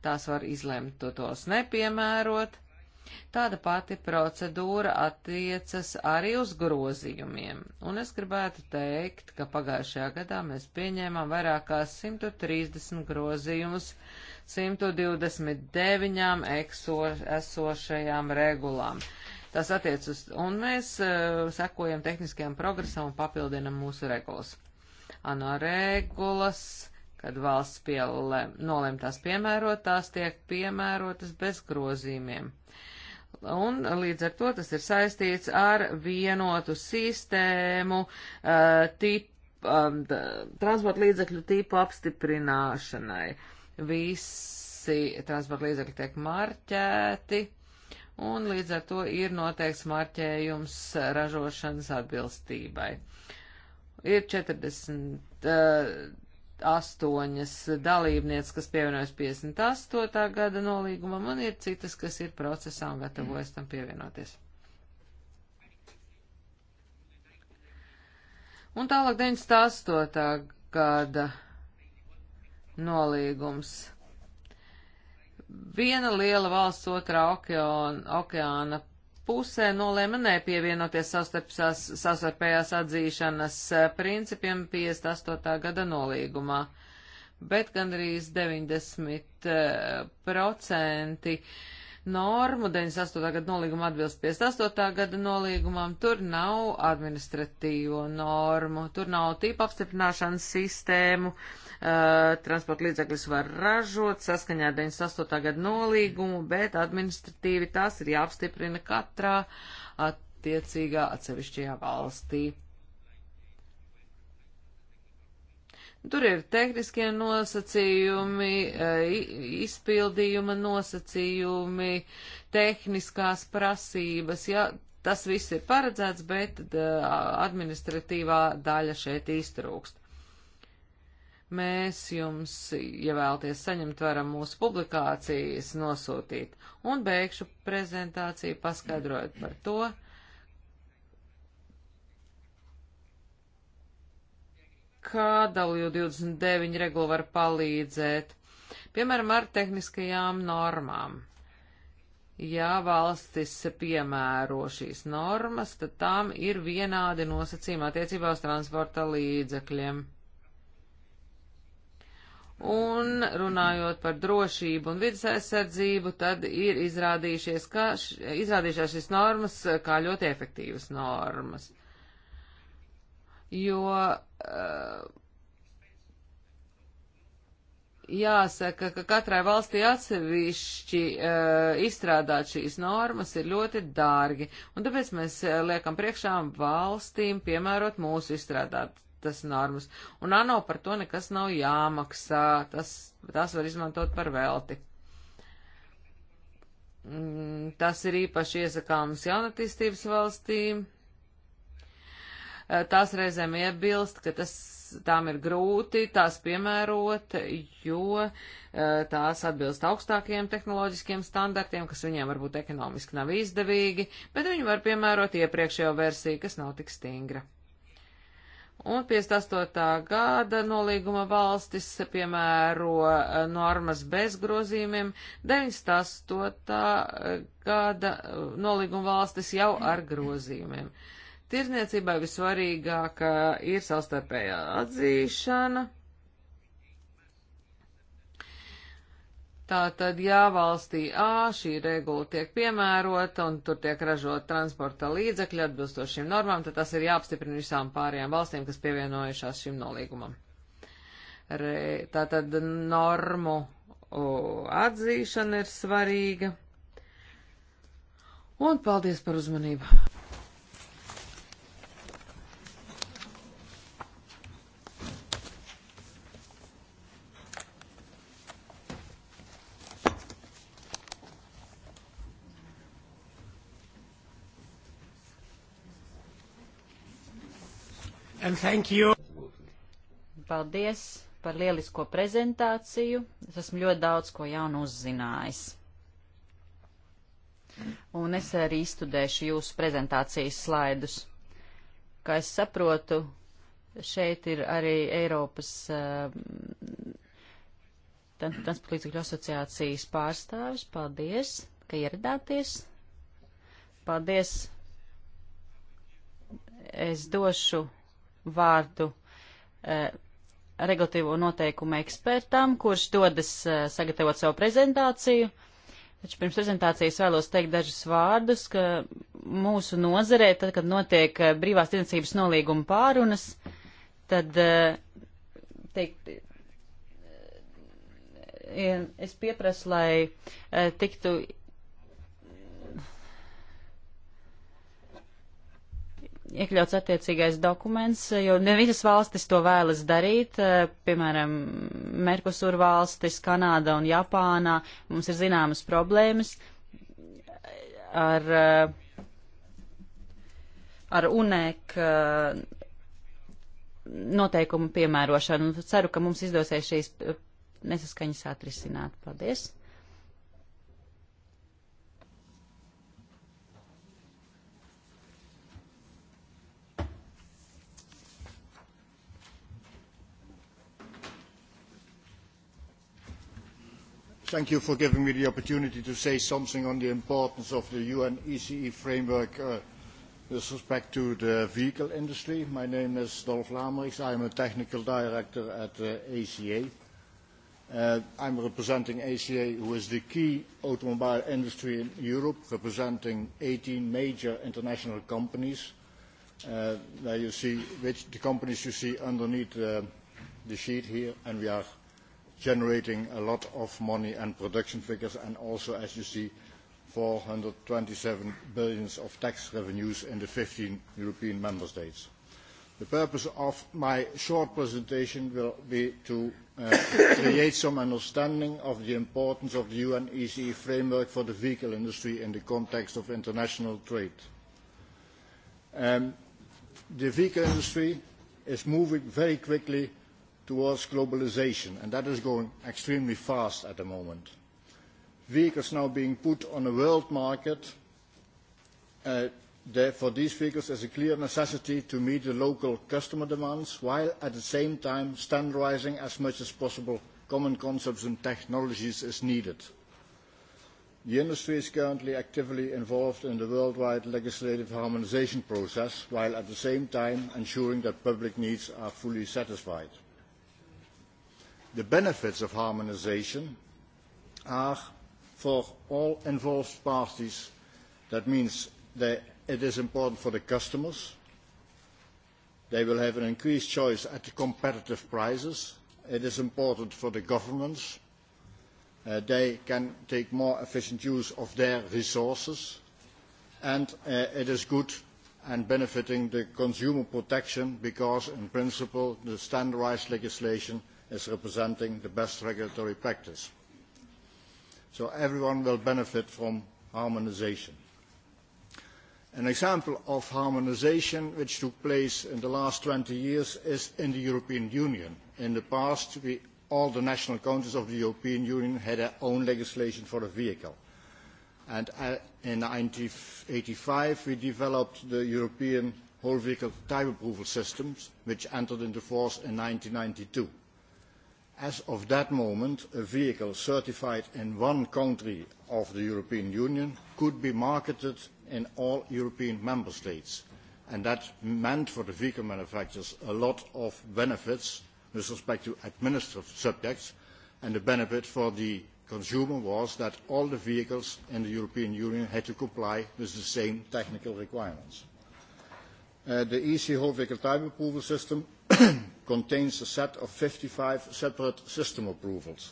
Speaker 3: tās var izlemt to tos nepiemērot. Tāda pati procedūra attiecas arī uz grozījumiem, un es gribētu teikt, ka pagājušajā gadā mēs pieņēmām vairāk kā 130 grozījumus uh, 129 ekso, esošajām regulām. Tas attiec uz, un mēs uh, sekojam tehniskajam progresam un papildinam mūsu regulas. Ano regulas, kad valsts pielē, nolem tās piemērot, tās tiek piemērotas bez grozīmiem. Un līdz ar to tas ir saistīts ar vienotu sistēmu uh, tipu um, transporta līdzekļu tīpu apstiprināšanai. Uh, visi transporta līdzekļi tiek marķēti, un līdz ar to ir noteikts marķējums ražošanas atbilstībai. Ir 48 eh, dalībnieces, kas pievienojas 58. gada nolīgumam, un ir citas, kas ir procesā un gatavojas tam pievienoties. Un tālāk 98. gada nolīgums. Viena liela valsts otrā okeāna, okeāna pusē nolēma nepievienoties savstarpējās atzīšanas eh, principiem 58. gada nolīgumā, bet gandrīz 90% normu. 98. gada nolīguma atbilst 58. gada nolīgumam. Tur nav administratīvo normu, tur nav tīpa apstiprināšanas sistēmu. Uh, transporta līdzeklis var ražot saskaņā 98. gada nolīgumu, bet administratīvi tās ir jāapstiprina katrā attiecīgā atsevišķajā valstī. Tur ir tehniskie nosacījumi, eh, izpildījuma nosacījumi, tehniskās prasības, ja tas viss ir paredzēts, bet eh, administratīvā daļa šeit iztrūkst. Mēs jums, ja vēlties saņemt, varam mūsu publikācijas nosūtīt, un beigšu prezentāciju paskaidrojot par to, kā W29 regula var palīdzēt, piemēram, ar tehniskajām normām. Ja valstis piemēro šīs normas, tad tām ir vienādi nosacījumi attiecībā uz transporta līdzekļiem. Un runājot par drošību un vidas aizsardzību, tad ir izrādījušies, ka, izrādījušās šīs normas kā ļoti efektīvas normas. Uh, jo uh, jāsaka, ka katrai valstī atsevišķi uh, izstrādāt šīs normas ir ļoti dārgi, un tāpēc mēs uh, liekam priekšām valstīm piemērot mūsu izstrādātas normas, un ANO par to nekas nav jāmaksā, tas, tas var izmantot par velti. Mm, tas ir īpaši iesakāms jaunatīstības valstīm Eh, tās reizēm iebilst, ka tas, tām ir grūti tās piemērot, jo eh, tās atbilst augstākiem tehnoloģiskiem standartiem, kas viņiem varbūt ekonomiski nav izdevīgi, bet viņi var piemērot iepriekšējo versiju, kas nav tik stingra. Un 58. gada nolīguma valstis piemēro eh, normas bez grozījumiem, 98. gada nolīguma valstis jau ar grozījumiem. Uh, Tirzniecībai visvarīgākā ir savstarpējā atzīšana. Tātad, ja valstī A šī regula tiek piemērota un tur tiek ražot transporta līdzekļi atbilstošiem normām, tad tas ir jāapstiprina visām pārējām valstīm, kas pievienojušās šim nolīgumam. Re, tātad normu o, atzīšana ir svarīga. Un paldies par uzmanību!
Speaker 4: thank you.
Speaker 2: Paldies par lielisko prezentāciju. Es esmu ļoti daudz ko jaunu uzzinājis. Un es arī studēšu jūsu prezentācijas slaidus. Kā es saprotu, šeit ir arī Eiropas uh, transporta līdzekļu asociācijas pārstāvis. Paldies, ka ieradāties. Paldies. Es došu vārdu eh, regulatīvo noteikumu ekspertam, kurš dodas eh, sagatavot savu prezentāciju. Taču pirms prezentācijas vēlos teikt dažus vārdus, ka mūsu nozarē, tad, kad notiek eh, brīvās tirdzniecības nolīguma pārunas, tad, e, teikt, e, e, es pieprasu, lai tiktu iekļauts attiecīgais dokuments, jo ne visas valstis to vēlas darīt, eh, piemēram, Merkusur valstis, Kanāda un Japānā. Mums ir zināmas problēmas ar, eh, ar UNEK eh, noteikumu piemērošanu. Ceru, ka mums izdosies šīs nesaskaņas atrisināt. Paldies!
Speaker 5: Thank you for giving me the opportunity to say something on the importance of the UN ECE framework uh, with respect to the vehicle industry. My name is Dolf Lamerichs. I am a technical director at uh, ACA. Uh, I'm representing ACA, who is the key automobile industry in Europe, representing 18 major international companies. Uh, there you see which the companies you see underneath uh, the sheet here, and we are generating a lot of money and production figures, and also, as you see, 427 billions of tax revenues in the 15 European member states. The purpose of my short presentation will be to uh, create some understanding of the importance of the UNECE e framework for the vehicle industry in the context of international trade. Um, the vehicle industry is moving very quickly towards globalisation, and that is going extremely fast at the moment. Vehicles now being put on the world market, uh, there, for these vehicles is a clear necessity to meet the local customer demands, while at the same time standardising as much as possible common concepts and technologies is needed. The industry is currently actively involved in the worldwide legislative harmonisation process, while at the same time ensuring that public needs are fully satisfied the benefits of harmonisation are for all involved parties. That means that it is important for the customers. They will have an increased choice at competitive prices. It is important for the governments. Uh, they can take more efficient use of their resources. And uh, it is good and benefiting the consumer protection because, in principle, the standardised legislation is representing the best regulatory practice. So everyone will benefit from harmonization. An example of harmonization which took place in the last 20 years is in the European Union. In the past, we, all the national countries of the European Union had their own legislation for the vehicle. And uh, in 1985, we developed the European whole vehicle type approval systems, which entered into force in 1992. As of that moment, a vehicle certified in one country of the European Union could be marketed in all European member states. And that meant for the vehicle manufacturers a lot of benefits with respect to administrative subjects. And the benefit for the consumer was that all the vehicles in the European Union had to comply with the same technical requirements. Uh, the EC whole vehicle type approval system contains a set of 55 separate system approvals.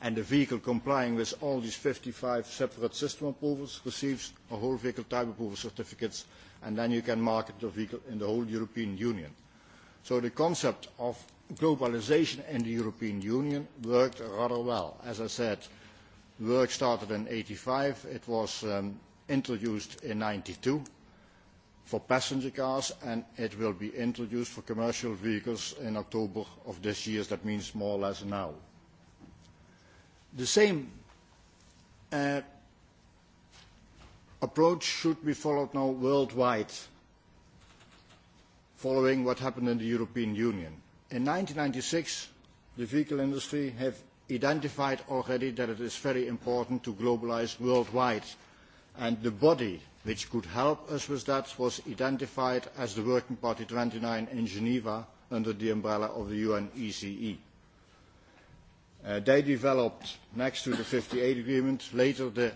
Speaker 5: And a vehicle complying with all these 55 separate system approvals receives a whole vehicle type approval certificates, and then you can market the vehicle in the whole European Union. So the concept of globalization in the European Union worked rather well. As I said, work started in 85. It was um, introduced in 92 for passenger cars, and it will be introduced for commercial vehicles in October of this year. That means more or less now. The same uh, approach should be followed now worldwide, following what happened in the European Union. In 1996, the vehicle industry have identified already that it is very important to globalize worldwide, and the body which could help us with that was identified as the Working Party 29 in Geneva under the umbrella of the UNECE. E. Uh, they developed, next to the 58 agreement, later the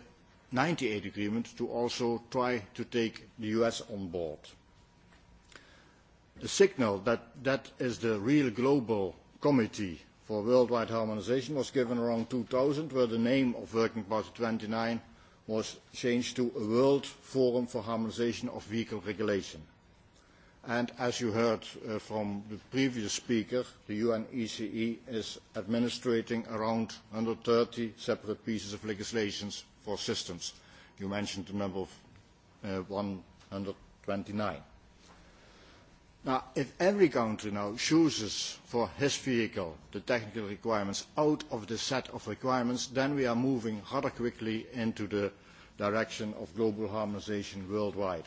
Speaker 5: 98 agreement to also try to take the US on board. The signal that that is the real global committee for worldwide harmonization was given around 2000, where the name of Working Party 29 was changed to a World Forum for Harmonization of Vehicle Regulation. And as you heard uh, from the previous speaker, the UNECE e is administrating around 130 separate pieces of legislation for systems. You mentioned the number of uh, 129. Now, if every country now chooses for his vehicle the technical requirements out of the set of requirements, then we are moving rather quickly into the direction of global harmonization worldwide.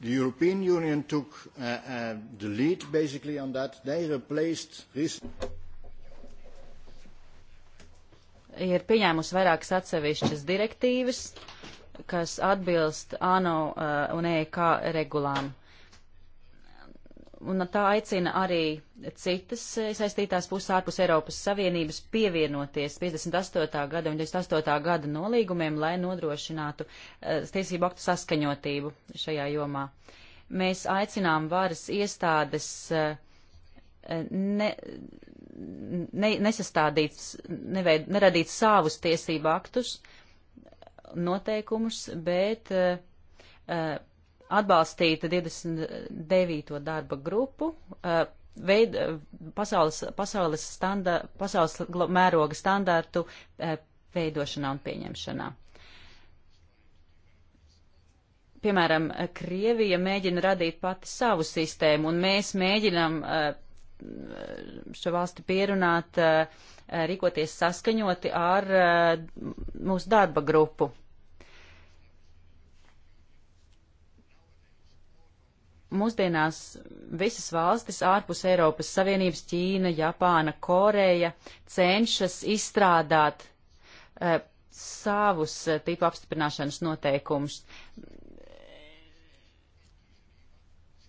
Speaker 5: The European Union took uh, uh, the lead basically on that. They replaced ir
Speaker 2: pieņēmusi vairākas atsevišķas direktīvas, kas atbilst ANO uh, un EK regulām. Uh, un tā aicina arī citas saistītās puses ārpus Eiropas Savienības pievienoties 58. gada un 28. gada nolīgumiem, lai nodrošinātu uh, tiesību aktu saskaņotību šajā jomā. Mēs aicinām varas iestādes uh, ne, ne, nesastādīt, neveid, neradīt savus tiesību aktus, noteikumus, bet uh, atbalstītu 29. darba grupu, eh, veid, eh, pasaules, pasaules, standa, pasaules mēroga standārtu eh, veidošanā un pieņemšanā. Piemēram, Krievija mēģina radīt pati savu sistēmu, un mēs mēģinam šo valsti pierunāt, rīkoties saskaņoti ar mūsu darba grupu Mūsdienās visas valstis ārpus Eiropas Savienības - Ķīna, Japāna, Koreja - cenšas izstrādāt e, savus eh, tipu apstiprināšanas noteikumus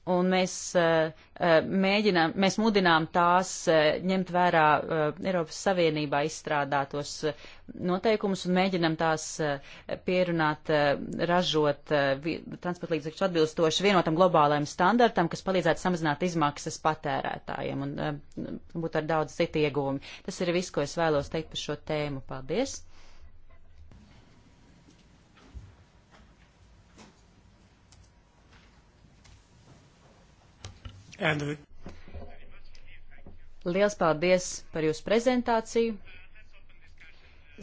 Speaker 2: un mēs eh, eh, mēģinām, mēs mudinām tās eh, ņemt vērā Eiropas Savienībā izstrādātos noteikumus un mēģinām tās pierunāt, ražot transportlīdzekļus atbilstoši vienotam globālajam standartam, kas palīdzētu samazināt izmaksas patērētājiem un būtu ar daudz citu ieguvumi. Tas ir viss, ko es vēlos teikt par šo tēmu. Paldies! And... Liels paldies par jūsu prezentāciju.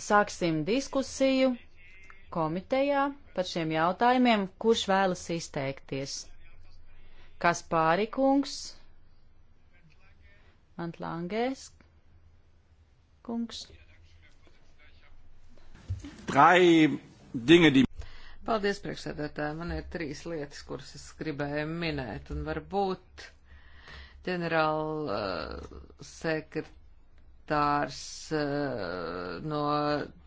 Speaker 2: Sāksim diskusiju komitejā par šiem jautājumiem, kurš vēlas izteikties. Kaspāri kungs, Antlangēs kungs.
Speaker 4: Trai dinge, die...
Speaker 2: Paldies, priekšsēdētāji.
Speaker 3: Man ir trīs lietas, kuras es gribēju minēt, un varbūt ģenerāla uh, sekretārs uh, eh, no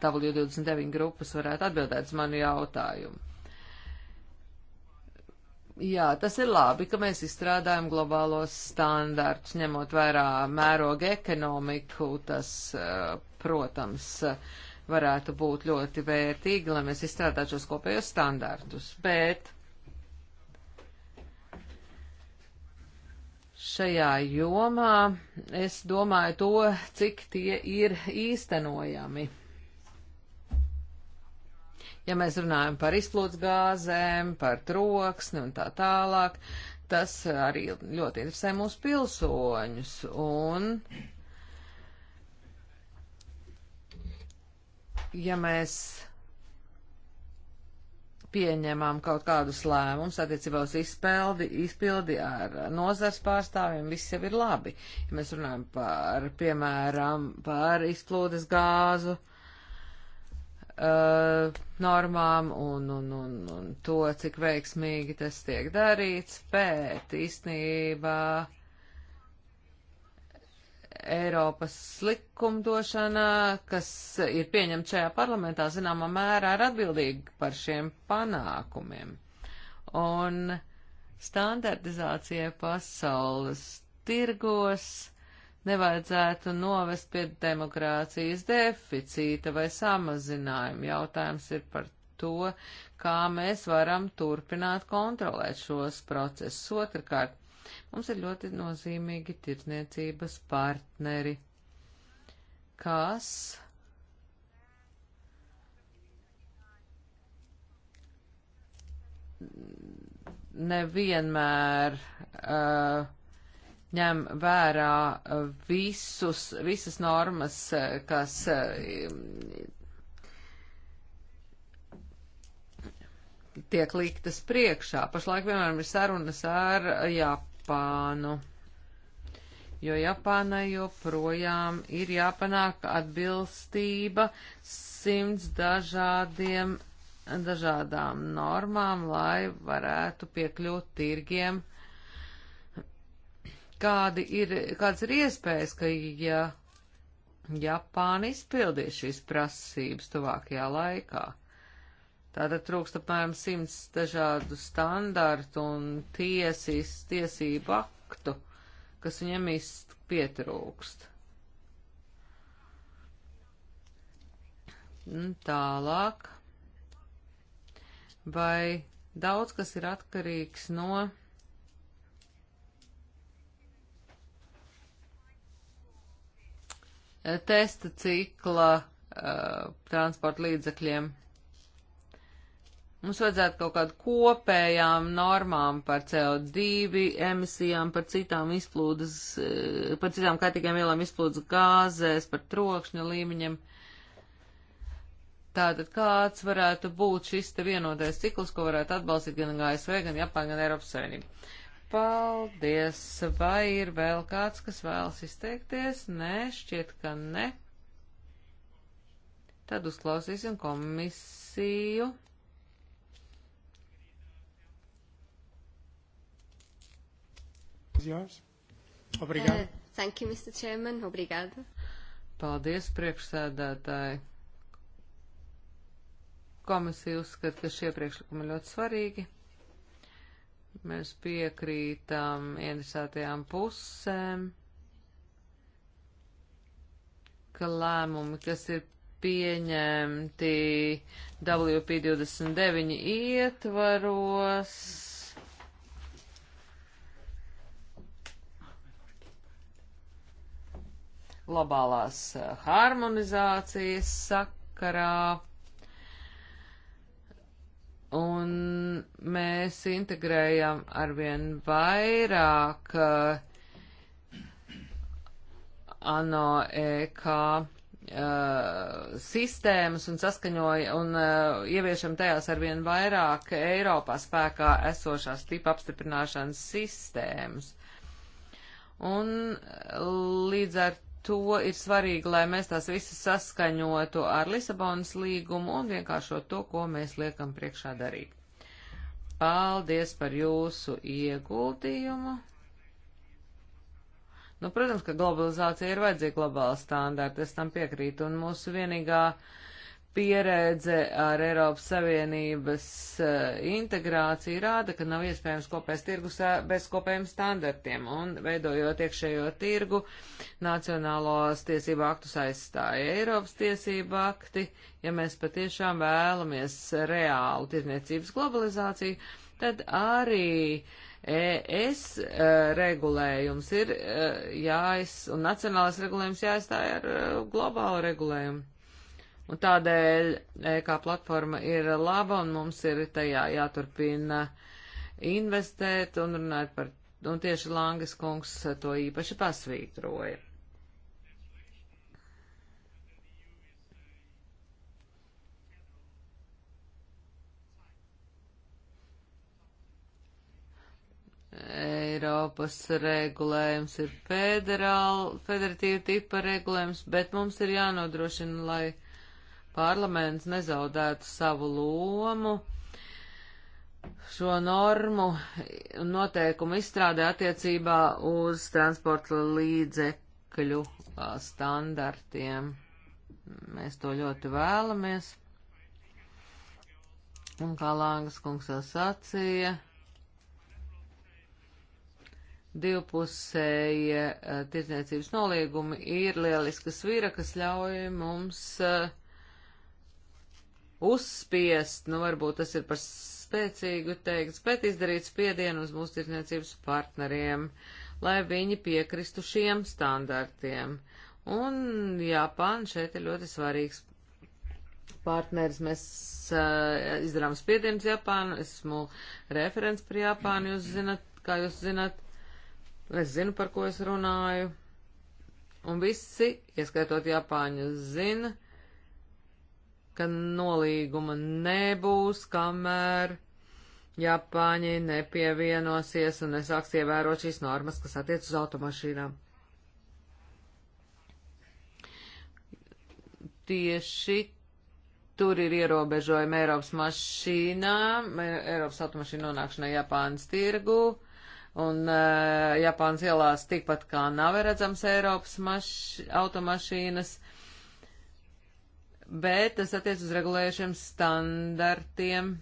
Speaker 3: W29 grupas varētu atbildēt uz manu jautājumu. Jā, tas ir labi, ka mēs izstrādājam globālos standārtus, ņemot vērā mēroga ekonomiku. Tas, uh, protams, varētu būt ļoti vērtīgi, lai mēs izstrādātu šos kopējos standārtus. Bet šajā jomā, es domāju to, cik tie ir īstenojami. Ja mēs runājam par izplūdsgāzēm, par troksni un tā tālāk, tas arī ļoti interesē mūsu pilsoņus. Un, ja mēs pieņemam kaut kādus lēmumus attiecībā uz izpildi, izpildi ar nozars pārstāvjiem, viss jau ir labi. Ja mēs runājam par, piemēram, par izplūdes gāzu uh, normām un, un, un, un to, cik veiksmīgi tas tiek darīts, bet īstenībā uh, Eiropas likumdošana, kas ir pieņemta šajā parlamentā, zināmā mērā ir atbildīga par šiem panākumiem. Un standartizācija pasaules tirgos nevajadzētu novest pie demokrācijas deficīta vai samazinājuma. Jautājums ir par to, kā mēs varam turpināt kontrolēt šos procesus. Otrakārt, Mums ir ļoti nozīmīgi tirdzniecības partneri, kas nevienmēr uh, ņem vērā visus, visas normas, uh, kas uh, tiek liktas priekšā. Pašlaik, piemēram, ir sarunas ar uh, Japānu Japānu, jo Japānai joprojām ir jāpanāk atbilstība simts dažādiem, dažādām normām, lai varētu piekļūt tirgiem. Kādi ir, kāds ir iespējas, ka ja Japāna izpildīs šīs prasības tuvākajā laikā? Tātad trūkst apmēram simts dažādu standartu un tiesīs, tiesību aktu, kas viņam īsti pietrūkst. Nu, tālāk. Vai daudz kas ir atkarīgs no testa cikla uh, transporta līdzekļiem? Mums vajadzētu kaut kādu kopējām normām par CO2 emisijām, par citām izplūdes, eh, par citām kaitīgām vielām izplūdes gāzēs, par trokšņa līmeņiem. Tātad kāds varētu būt šis te vienotais cikls, ko varētu atbalstīt gan ASV, gan Japāna, gan Eiropas Savienība? Paldies! Vai ir vēl kāds, kas vēlas izteikties? Nē, šķiet, ka ne. Tad uzklausīsim komisiju. Obrigado. Uh, thank you, Mr. Chairman. Obrigado. Paldies, priekšsēdētāji. Komisija uzskata, ka šie priekšlikumi ļoti svarīgi. Mēs piekrītam interesētajām pusēm, ka lēmumi, kas ir pieņemti WP29 ietvaros, globālās eh, harmonizācijas sakarā. Un mēs integrējam arvien vairāk uh, ANO EK Uh, eh, sistēmas un saskaņoja un uh, ieviešam tajās arvien vairāk Eiropā spēkā esošās tipa apstiprināšanas sistēmas. Un līdz ar to ir svarīgi, lai mēs tās visas saskaņotu ar Lisabonas līgumu un vienkāršot to, ko mēs liekam priekšā darīt. Paldies par jūsu ieguldījumu. Nu, protams, ka globalizācija ir vajadzīga globāla standarta, es tam piekrītu, un mūsu vienīgā uh, pieredze ar Eiropas Savienības eh, integrāciju rāda, ka nav iespējams kopējs tirgus eh, bez kopējiem standartiem, un veidojot iekšējo tirgu, nacionālos tiesību aktus aizstāja Eiropas tiesību akti, ja mēs patiešām vēlamies reālu tirniecības globalizāciju, tad arī ES eh, regulējums ir jāiz, un nacionālais regulējums jāizstāja ar globālu regulējumu. Un tādēļ e kā platforma ir laba un mums ir tajā jāturpina investēt un runāt par, un tieši Langas kungs to īpaši pasvītroja. Eiropas regulējums ir federāli, federatīva tipa regulējums, bet mums ir jānodrošina, lai parlaments nezaudētu savu lomu šo normu un noteikumu izstrādē attiecībā uz transporta līdzekļu standartiem. Mēs to ļoti vēlamies. Un kā Lāngas kungs jau sacīja, divpusēja tirdzniecības noliegumi ir lieliska svira, kas ļauj mums uh, uzspiest, nu varbūt tas ir par spēcīgu teikts, bet izdarīt spiedienu uz mūsu tirzniecības partneriem, lai viņi piekristu šiem standartiem. Un Japāna šeit ir ļoti svarīgs partneris. Mēs uh, izdarām spiedienu uz Japānu, esmu referents par Japānu, jūs zinat, kā jūs zinat, es zinu, par ko es runāju. Un visi, ieskaitot Japāņu, zina, uh, ka nolīguma nebūs, kamēr Japāņi nepievienosies un nesāks ievērot šīs normas, kas attiec uz automašīnām. Tieši tur ir ierobežojumi Eiropas mašīnām, Eiropas automašīnu nonākšanai Japānas tirgu, un uh, Japānas ielās tikpat kā nav redzams Eiropas maš, automašīnas, bet tas attiec uz regulējušiem standartiem.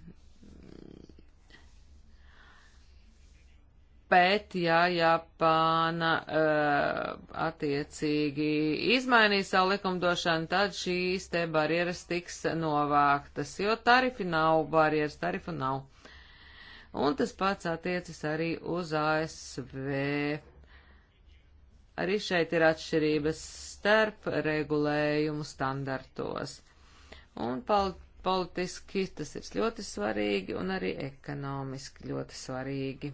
Speaker 3: Bet, ja Japāna uh, attiecīgi izmainīs savu likumdošanu, tad šīs te barjeras tiks novāktas, jo tarifi nav, barjeras tarifu nav. Un tas pats attiecas arī uz ASV. Arī šeit ir atšķirības starp regulējumu standartos. Un politiski tas ir ļoti svarīgi un arī ekonomiski ļoti svarīgi.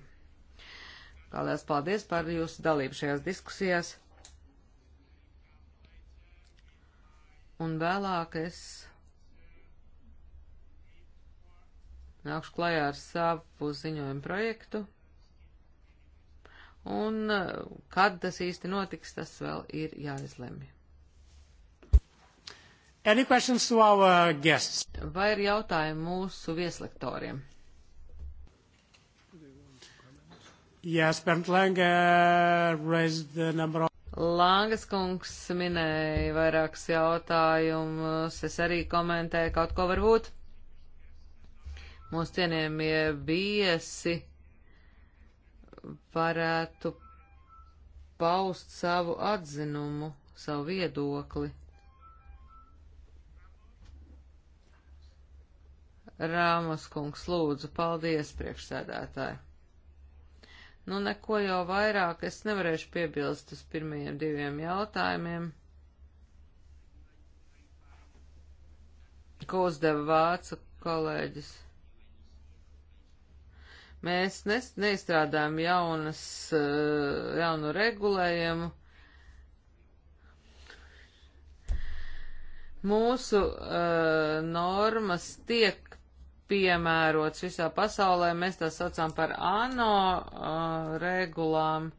Speaker 3: Paldies, paldies par jūsu dalību šajās diskusijās. Un vēlāk es nākšu klajā ar savu ziņojumu projektu un eh, kad tas īsti notiks, tas vēl ir jāizlemj. Any questions
Speaker 1: to our guests? Vai ir jautājumi mūsu vieslektoriem? Yes, Bernd Lange raised the
Speaker 3: number of. Langas kungs minēja vairākus jautājumus, es arī komentēju kaut ko varbūt. Mūsu cienījamie viesi varētu paust savu atzinumu, savu viedokli. Rāmas kungs, lūdzu, paldies, priekšsēdētāji. Nu, neko jau vairāk es nevarēšu piebilst uz pirmajiem diviem jautājumiem, ko uzdeva vācu kolēģis. Mēs nes, neizstrādājam jaunas, eh, jaunu regulējumu. Mūsu uh, normas tiek piemērots visā pasaulē, mēs tā saucam par ANO uh, regulām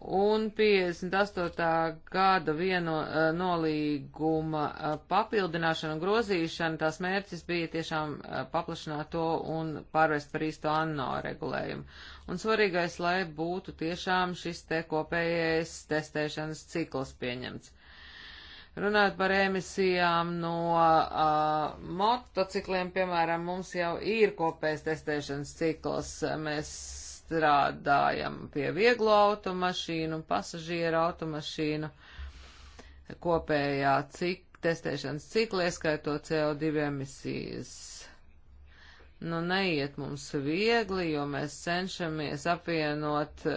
Speaker 3: un 58. gada vieno eh, nolīguma eh, papildināšana un grozīšana, tās mērķis bija tiešām eh, paplašināt to un pārvest par īsto anno regulējumu. Un svarīgais, lai būtu tiešām šis te kopējais testēšanas cikls pieņemts. Runājot par emisijām no uh, motocikliem, piemēram, mums jau ir kopējs testēšanas cikls. Mēs strādājam pie vieglo automašīnu, pasažieru automašīnu, kopējā cik, testēšanas cikla, ieskaitot CO2 emisijas. Nu, neiet mums viegli, jo mēs cenšamies apvienot uh,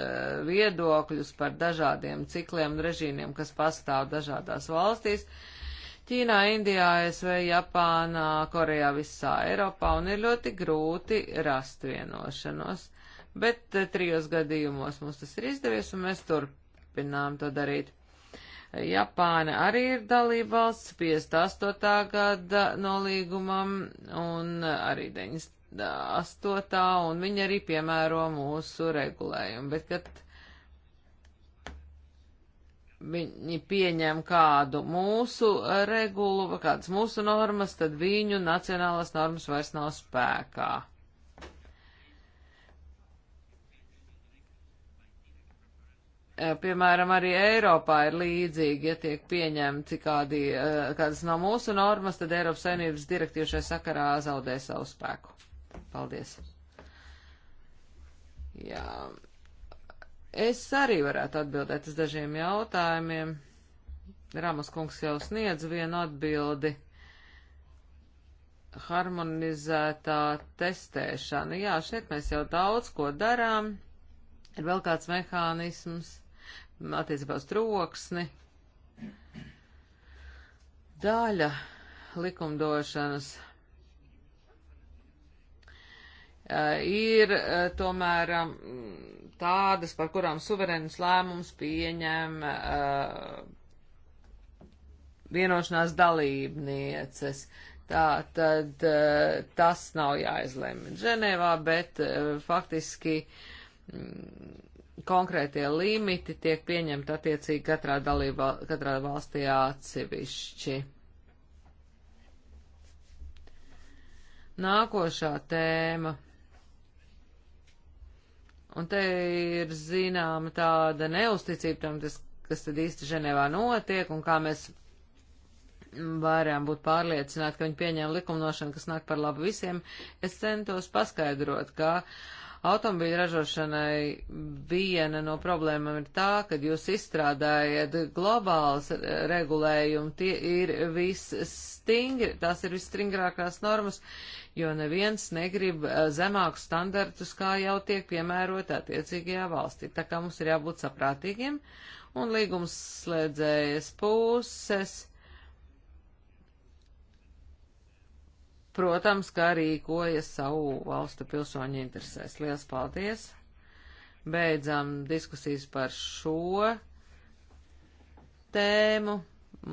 Speaker 3: viedokļus par dažādiem cikliem un režīmiem, kas pastāv dažādās valstīs. Ķīnā, Indijā, ASV, Japānā, Korejā, visā Eiropā, un ir ļoti grūti rast vienošanos bet eh, trijos gadījumos mums tas ir izdevies, un mēs turpinām to darīt. Japāna arī ir dalībvalsts 58. gada nolīgumam un arī 98. un viņi arī piemēro mūsu regulējumu, bet kad viņi pieņem kādu mūsu regulu vai kādas mūsu normas, tad viņu nacionālās normas vairs nav spēkā. Eh, piemēram, arī Eiropā ir līdzīgi, ja tiek pieņemti kādi, eh, kādas no mūsu normas, tad Eiropas saimnības direktīva šai sakarā zaudē savu spēku. Paldies. Jā. Es arī varētu atbildēt uz dažiem jautājumiem. Rāmas kungs jau sniedz vienu atbildi. Harmonizētā testēšana. Jā, šeit mēs jau daudz ko darām. Ir vēl kāds mehānisms attiecībā uz troksni. Daļa likumdošanas ir tomēr tādas, par kurām suverēnas lēmums pieņem vienošanās dalībnieces. Tā tad tas nav jāizlemj Ženēvā, bet faktiski konkrētie limiti tiek pieņemti attiecīgi katrā, dalība, katrā valstī atsevišķi. Nākošā tēma. Un te ir zināma tāda neusticība tam, tas, kas tad īsti Ženevā notiek un kā mēs varam būt pārliecināti, ka viņi pieņem likumdošanu, kas nāk par labu visiem. Es centos paskaidrot, ka uh, Automobīļu ražošanai viena no problēmām ir tā, ka jūs izstrādājat globāls eh, regulējumi, tie ir visstingri, tās ir visstingrākās normas, jo neviens negrib eh, zemākus standartus, kā jau tiek piemērot attiecīgajā valstī. Tā kā mums ir jābūt saprātīgiem, un līgums slēdzējas puses protams, kā rīkojas savu valstu pilsoņu interesēs. Lielas paldies! Beidzam diskusijas par šo tēmu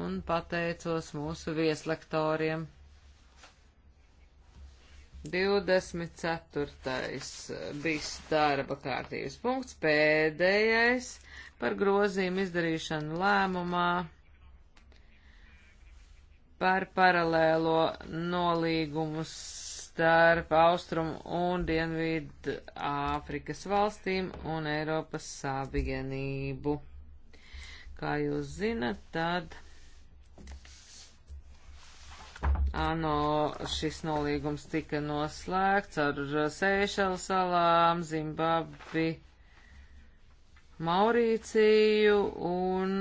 Speaker 3: un pateicos mūsu vieslektoriem. 24. bijis darba kārtības punkts, pēdējais par grozījumu izdarīšanu lēmumā par paralēlo nolīgumu starp Austrumu un Dienvidu Āfrikas valstīm un Eiropas Savienību. Kā jūs zinat, tad ANO šis nolīgums tika noslēgts ar Seišelu salām, Zimbabvi, Maurīciju un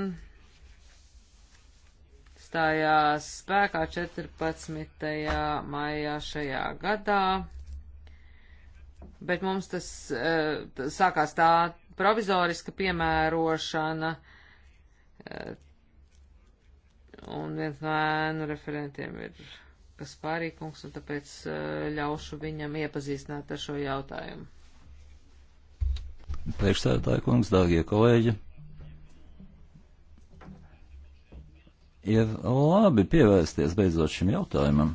Speaker 3: stājās spēkā 14. maijā šajā gadā, bet mums tas eh, tā, sākās tā provizoriska piemērošana, eh, un viens no ēnu referentiem ir Kaspārīkungs, un tāpēc eh, ļaušu viņam iepazīstināt ar šo jautājumu.
Speaker 4: Priekšstādātāji kungs, dārgie kolēģi! ir labi pievērsties beidzot šim jautājumam,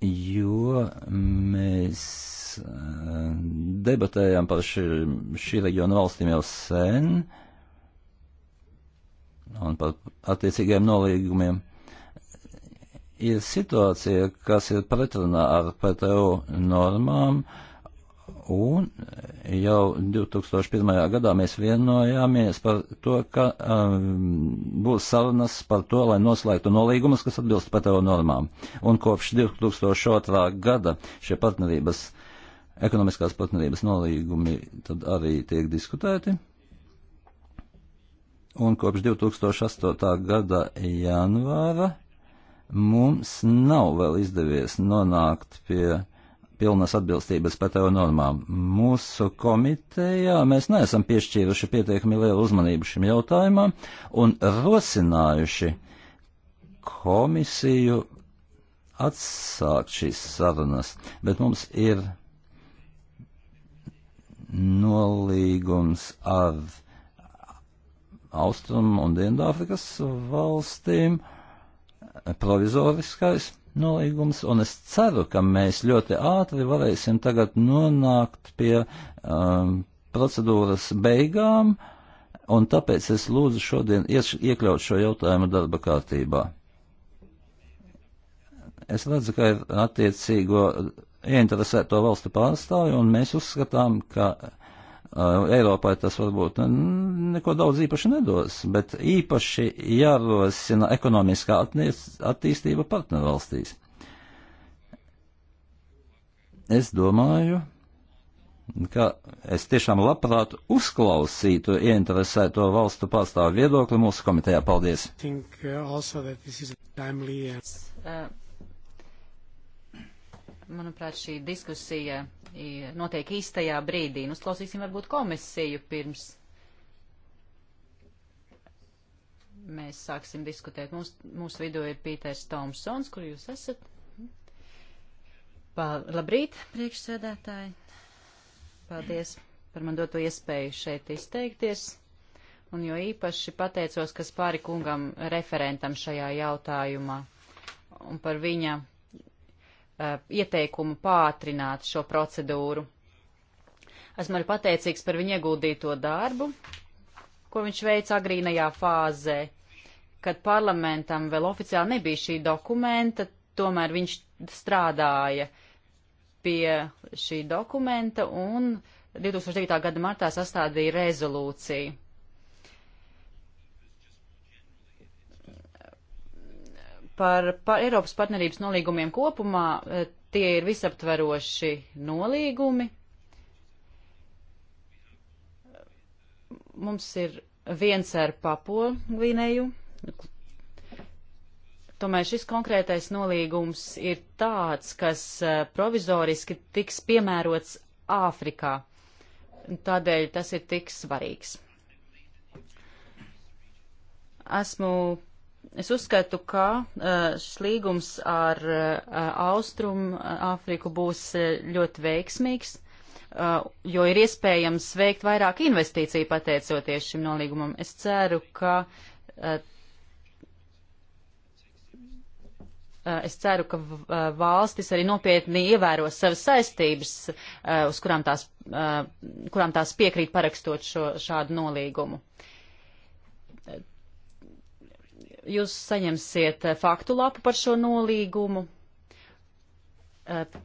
Speaker 4: jo mēs eh, debatējām par šī, šī reģiona valstīm jau sen un par attiecīgiem nolīgumiem. Ir situācija, kas ir pretrunā ar PTO normām, uh, Un eh, jau 2001. gadā mēs vienojāmies par to, ka um, būs sarunas par to, lai noslēgtu nolīgumus, kas atbilst PTO normām. Un kopš 2002. gada šie partnerības, ekonomiskās partnerības nolīgumi tad arī tiek diskutēti. Un kopš 2008. gada janvāra mums nav vēl izdevies nonākt pie pilnas atbilstības PTO normām. Mūsu komitejā mēs neesam piešķīruši pietiekami lielu uzmanību šim jautājumam un rosinājuši komisiju atsākt šīs sarunas, bet mums ir nolīgums ar Austrumu un Dienvidāfrikas valstīm provizoriskais nolīgums, un es ceru, ka mēs ļoti ātri varēsim tagad nonākt pie um, procedūras beigām, un tāpēc es lūdzu šodien iekļaut šo jautājumu darba kārtībā. Es redzu, ka ir attiecīgo ieinteresēto valstu pārstāvi, un mēs uzskatām, ka Eiropai tas varbūt neko daudz īpaši nedos, bet īpaši jārosina ekonomiskā attīstība partnervalstīs. Es domāju, ka es tiešām labprāt uzklausītu ieinteresēto valstu pārstāvu viedokli mūsu komitejā. Paldies!
Speaker 1: Uh, is
Speaker 2: manuprāt, šī diskusija notiek īstajā brīdī. Nu, klausīsim varbūt komisiju pirms mēs sāksim diskutēt. Mūs, mūsu vidū ir Pīters Tomsons, kur jūs esat. Pal Labrīt, priekšsēdētāji. Paldies par man doto iespēju šeit izteikties. Un jo īpaši pateicos, kas pāri kungam referentam šajā jautājumā un par viņa Eh, ieteikumu pātrināt šo procedūru. Esmu arī pateicīgs par viņu ieguldīto darbu, ko viņš veica agrīnajā fāzē, kad parlamentam vēl oficiāli nebija šī dokumenta, tomēr viņš strādāja pie šī dokumenta un 2009. gada martā sastādīja rezolūciju. par, par Eiropas partnerības nolīgumiem kopumā. E, tie ir visaptveroši nolīgumi. Mums ir viens ar Papo Gvinēju. Tomēr šis konkrētais nolīgums ir tāds, kas e, provizoriski tiks piemērots Āfrikā. Tādēļ tas ir tik svarīgs. Esmu Es uzskatu, ka eh, šis līgums ar eh, Austrum eh, Āfriku būs ļoti veiksmīgs, jo ir iespējams veikt vairāk investīciju pateicoties šim nolīgumam. Es ceru, ka. Es ceru, ka valstis arī nopietni ievēros savas saistības, uz kurām tās, kurām tās piekrīt parakstot šo, šādu nolīgumu jūs saņemsiet eh, faktu lapu par šo nolīgumu. Eh,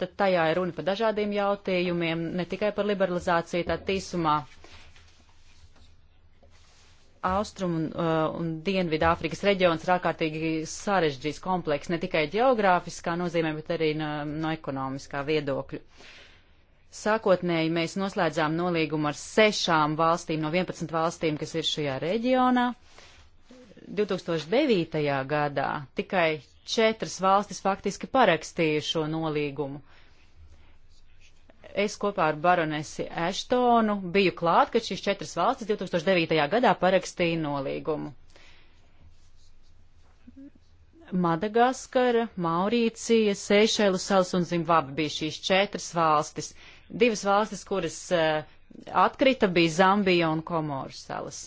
Speaker 2: tad tajā ir runa par dažādiem jautājumiem, ne tikai par liberalizāciju, tā tīsumā Austrum un, uh, un Dienvidu Āfrikas reģions ir ārkārtīgi sarežģīts kompleks, ne tikai geogrāfiskā nozīmē, bet arī no, no ekonomiskā viedokļa. Sākotnēji mēs noslēdzām nolīgumu ar sešām valstīm no 11 valstīm, kas ir šajā reģionā. Uh, 2009. gadā tikai četras valstis faktiski parakstīja šo nolīgumu. Es kopā ar baronesi Ashtonu biju klāt, kad šīs četras valstis 2009. gadā parakstīja nolīgumu. Madagaskara, Maurīcija, Seišēlu salas un Zimbabve bija šīs četras valstis. Divas valstis, kuras uh, atkrita, bija Zambija un Komoru salas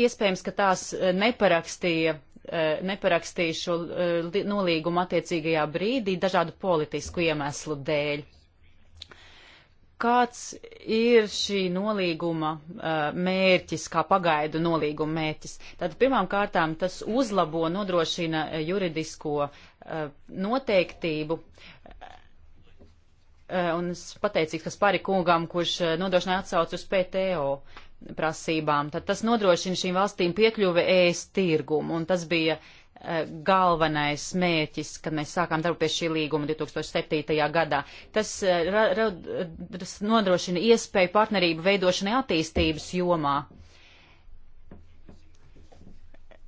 Speaker 2: iespējams, ka tās eh, neparakstīja, eh, neparakstīja šo eh, nolīgumu attiecīgajā brīdī dažādu politisku iemeslu dēļ. Kāds ir šī nolīguma mērķis, kā pagaidu nolīguma mērķis? Tātad pirmām kārtām tas uzlabo, nodrošina juridisko noteiktību un es pateicīgs Kaspari kungam, kurš nodrošināja atsauci uz PTO prasībām, tad tas nodrošina šīm valstīm piekļuvi ēst tirgumu, un tas bija uh, galvenais mērķis, kad mēs sākām darbu pie šī līguma 2007. gadā. Tas, uh, ra, ra, tas nodrošina iespēju partnerību veidošanai attīstības jomā.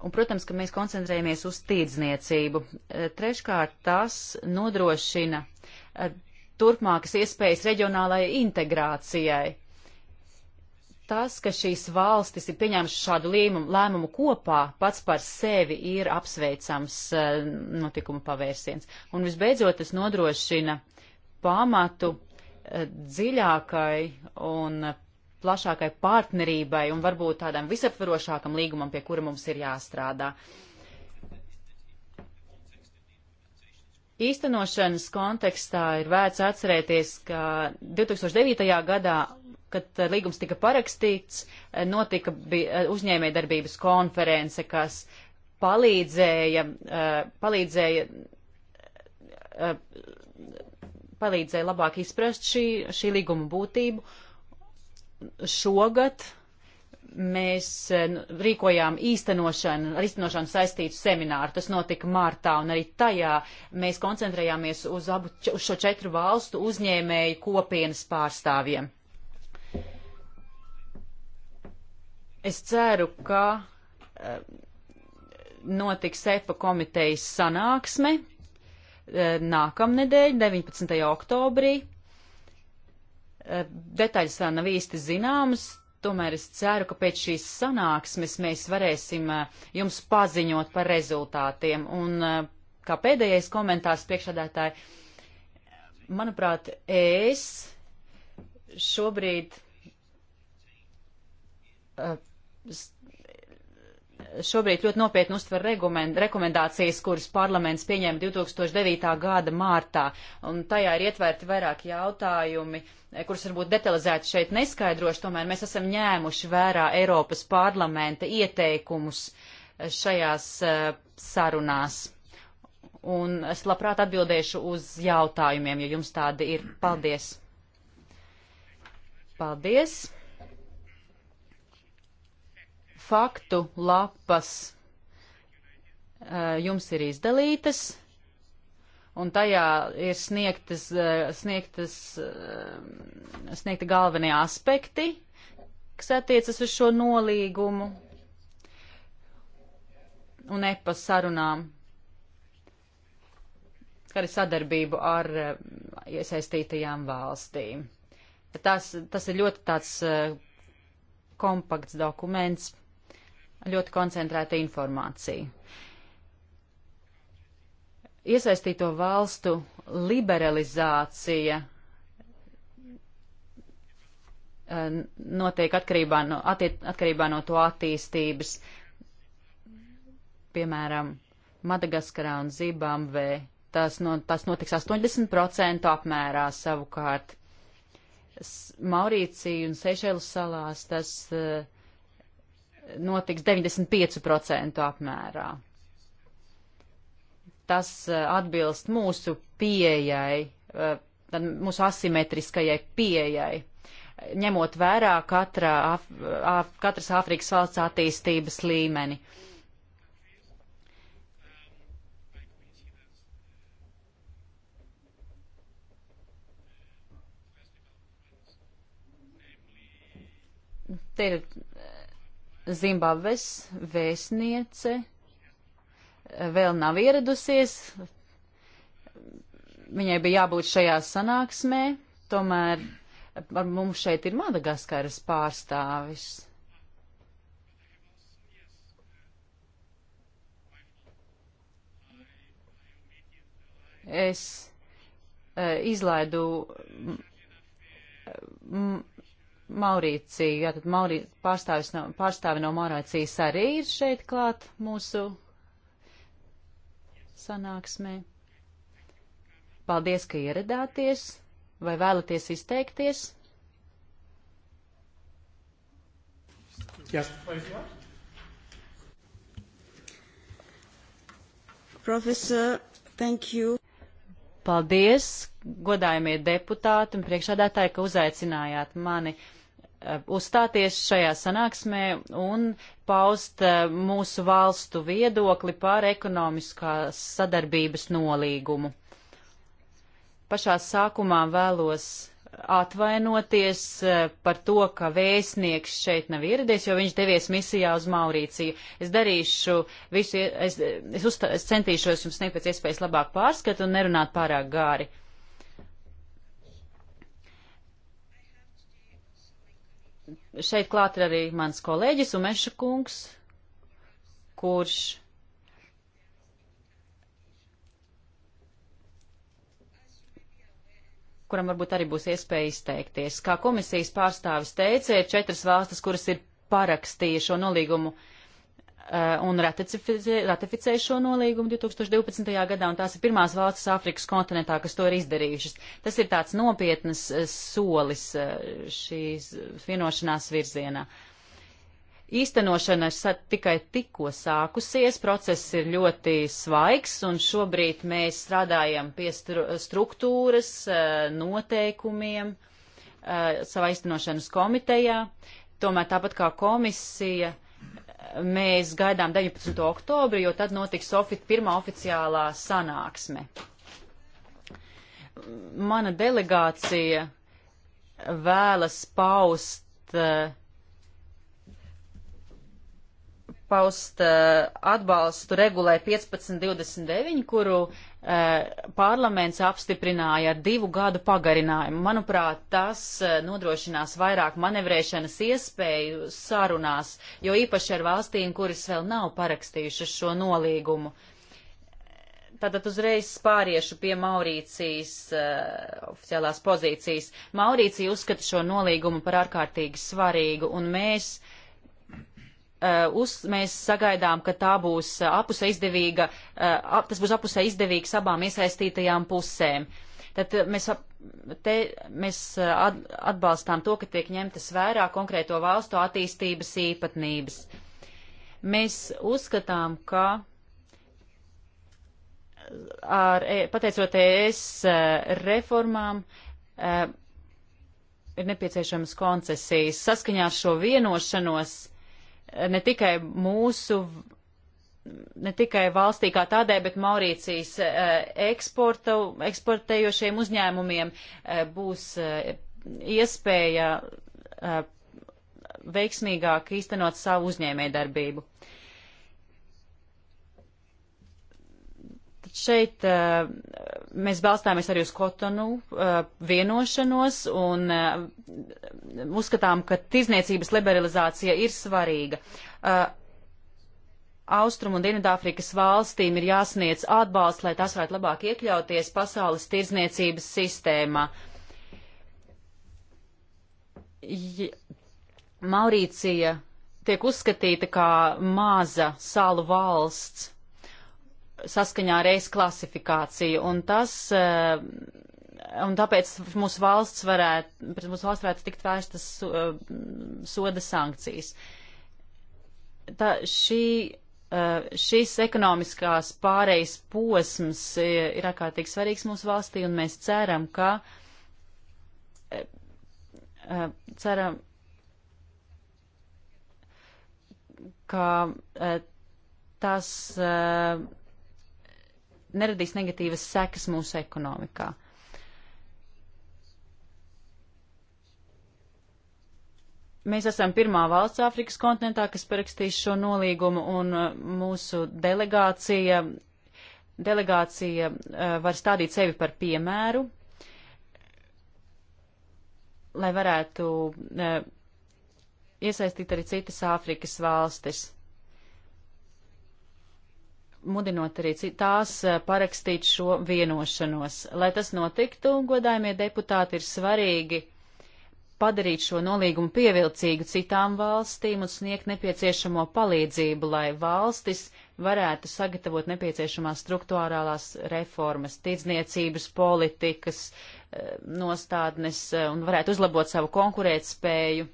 Speaker 2: Un, protams, ka mēs koncentrējamies uz tīdzniecību. Eh, treškārt, tas nodrošina turpmākas iespējas reģionālajai integrācijai Tas, ka šīs valstis ir pieņēmušas šādu lēmumu, lēmumu kopā, pats par sevi ir apsveicams e, notikuma pavērsiens. Un visbeidzot, tas nodrošina pamatu e, dziļākai un plašākai partnerībai un varbūt tādam visaptvarošākam līgumam, pie kura mums ir jāstrādā. Īstenošanas kontekstā ir vērts atcerēties, ka 2009. gadā kad eh, līgums tika parakstīts, eh, notika eh, uzņēmējdarbības konference, kas palīdzēja, palīdzēja, palīdzēja labāk izprast šī, šī līguma būtību. Šogad mēs nu, rīkojām īstenošanu, ar īstenošanu saistītu semināru. Tas notika martā, un arī tajā mēs koncentrējāmies uz, abu, uz šo četru valstu uzņēmēju kopienas pārstāvjiem. Es ceru, ka eh, notiks EFA komitejas sanāksme eh, nākamnedēļ, 19. oktobrī. Eh, detaļas vēl nav īsti zināmas, tomēr es ceru, ka pēc šīs sanāksmes mēs varēsim jums paziņot par rezultātiem. Un kā pēdējais komentārs priekšādātāji, manuprāt, es šobrīd šobrīd ļoti nopietni uztver rekomendācijas, kuras parlaments pieņēma 2009. gada mārtā. Un tajā ir ietverti vairāki jautājumi, eh, kurus varbūt detalizēti šeit neskaidrošu, tomēr mēs esam ņēmuši vērā Eiropas parlamenta ieteikumus eh, šajās uh, sarunās. Un es labprāt atbildēšu uz jautājumiem, ja jums tādi ir. Paldies! Paldies! faktu lapas eh, jums ir izdalītas un tajā ir sniegtas, eh, sniegtas, eh, sniegti galvenie aspekti, kas attiecas uz šo nolīgumu un EPA sarunām, kā arī sadarbību ar iesaistītajām valstīm. Tas, tas ir ļoti tāds kompakts dokuments ļoti koncentrēta informācija. Iesaistīto valstu liberalizācija eh, notiek atkarībā no, attiet, atkarībā no to attīstības. Piemēram, Madagaskarā un Zimbabvē tas, no, tas notiks 80% apmērā savukārt. Maurīcija un Seišēlas salās tas uh, notiks 95% apmērā. Tas eh, atbilst mūsu pieejai, eh, mūsu asimetriskajai pieejai, ņemot vērā katra, af, katras Āfrikas valsts attīstības līmeni. Te ir Zimbabves vēstniece vēl nav ieradusies. Viņai bija jābūt šajā sanāksmē, tomēr ar mums šeit ir Madagaskaras pārstāvis. Es uh, izlaidu m, m, Maurīcija, jātad Maurī, pārstāvis no, pārstāvi no Maurīcijas arī ir šeit klāt mūsu sanāksmē. Paldies, ka ieradāties. Vai vēlaties izteikties? Yes. Professor, thank you. Paldies, godājumie deputāti un priekšādātāji, ka uzaicinājāt mani uzstāties šajā sanāksmē un paust eh, mūsu valstu viedokli par ekonomiskās sadarbības nolīgumu. Pašā sākumā vēlos atvainoties eh, par to, ka vēstnieks šeit nav ieradies, jo viņš devies misijā uz Maurīciju. Es darīšu visu, es, es, uzstā, es centīšos jums sniegt pēc iespējas labāku pārskatu un nerunāt pārāk gāri. šeit klāt ir arī mans kolēģis Umeša kungs, kurš kuram varbūt arī būs iespēja izteikties. Kā komisijas pārstāvis teica, ir četras valstis, kuras ir parakstījušo nolīgumu uh, Eh, un ratificē, ratificēja šo nolīgumu 2012. gadā, un tās ir pirmās valstis Āfrikas kontinentā, kas to ir izdarījušas. Tas ir tāds nopietnas eh, solis eh, šīs vienošanās virzienā. Īstenošana ir tikai tikko sākusies, process ir ļoti svaigs, un šobrīd mēs strādājam pie stru struktūras, noteikumiem savā īstenošanas komitejā. Tomēr tāpat kā komisija, mēs gaidām 19. oktobru, jo tad notiks ofi pirmā oficiālā sanāksme. Mana delegācija vēlas paust, paust eh, atbalstu regulē 1529, kuru Eh, parlaments apstiprināja ar divu gadu pagarinājumu. Manuprāt, tas eh, nodrošinās vairāk manevrēšanas iespēju sarunās, jo īpaši ar valstīm, kuras vēl nav parakstījušas šo nolīgumu. Tātad uzreiz spāriešu pie Maurīcijas uh, oficiālās pozīcijas. Maurīcija uzskata šo nolīgumu par ārkārtīgi svarīgu, un mēs uh, Eh, uz, mēs sagaidām, ka tā būs eh, apusē izdevīga, eh, tas būs apusē izdevīgs abām iesaistītajām pusēm. Tad mēs, te, mēs atbalstām to, ka tiek ņemtas vērā konkrēto valstu attīstības īpatnības. Mēs uzskatām, ka ar, e, pateicot ES e reformām, ir nepieciešamas koncesijas. Saskaņā ar šo vienošanos ne tikai mūsu, ne tikai valstī kā tādai, bet Maurīcijas eh, eksporta, eksportējošiem uzņēmumiem eh, būs eh, iespēja veiksmīgāk īstenot savu uzņēmējdarbību. Šeit uh, mēs balstāmies arī uz Kotonu uh, vienošanos un uh, uzskatām, ka tirzniecības liberalizācija ir svarīga. Austrum un Dienvidāfrikas valstīm ir jāsniedz atbalsts, lai tās varētu labāk iekļauties pasaules tirzniecības sistēmā. Ja Maurīcija tiek uzskatīta kā maza salu valsts saskaņā ar reizes klasifikāciju, un tas, eh, un tāpēc mūsu valsts varētu, pret mūsu valsts varētu tikt vērstas eh, soda sankcijas. Tā šī, eh, šis ekonomiskās pārejas posms ir ārkārtīgi svarīgs mūsu valstī, un mēs ceram, ka, ceram, ka tas uh, neradīs negatīvas sekas mūsu ekonomikā. Mēs esam pirmā valsts Āfrikas kontinentā, kas parakstīs šo nolīgumu, un uh, mūsu delegācija, delegācija uh, var stādīt sevi par piemēru, lai varētu uh, iesaistīt arī citas Āfrikas valstis mudinot arī tās parakstīt šo vienošanos. Lai tas notiktu, godājumie deputāti, ir svarīgi padarīt šo nolīgumu pievilcīgu citām valstīm un sniegt nepieciešamo palīdzību, lai valstis varētu sagatavot nepieciešamās struktūrālās reformas, tirdzniecības politikas nostādnes un varētu uzlabot savu konkurētspēju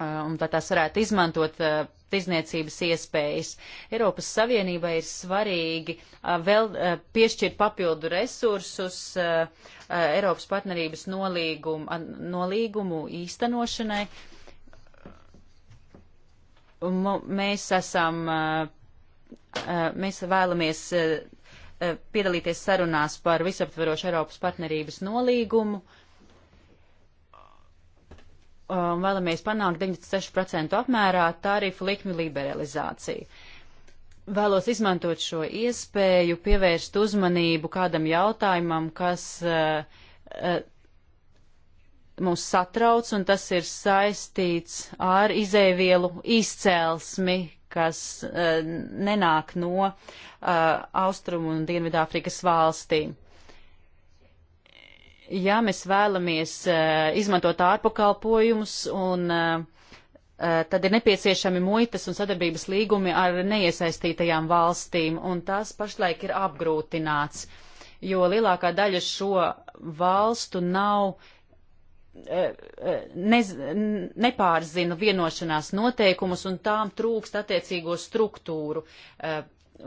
Speaker 2: Uh, un lai tās varētu izmantot uh, tirzniecības iespējas. Eiropas Savienībai ir svarīgi uh, vēl piešķirt papildu resursus Eiropas partnerības nolīgumu, nolīgumu īstenošanai. Mēs esam, mēs vēlamies piedalīties sarunās par visaptverošu Eiropas partnerības nolīgumu. Uh, um, vēlamies panākt 96% apmērā tarifu likmi liberalizāciju. Vēlos izmantot šo iespēju, pievērst uzmanību kādam jautājumam, kas uh, uh, mūs satrauc, un tas ir saistīts ar izēvielu izcēlsmi, kas uh, nenāk no uh, Austrumu un Dienvidāfrikas valstīm ja mēs vēlamies eh, izmantot ārpakalpojumus un eh, eh, tad ir nepieciešami muitas un sadarbības līgumi ar neiesaistītajām valstīm, un tas pašlaik ir apgrūtināts, jo lielākā daļa šo valstu nav ne, nepārzina vienošanās noteikumus, un tām trūkst attiecīgo struktūru,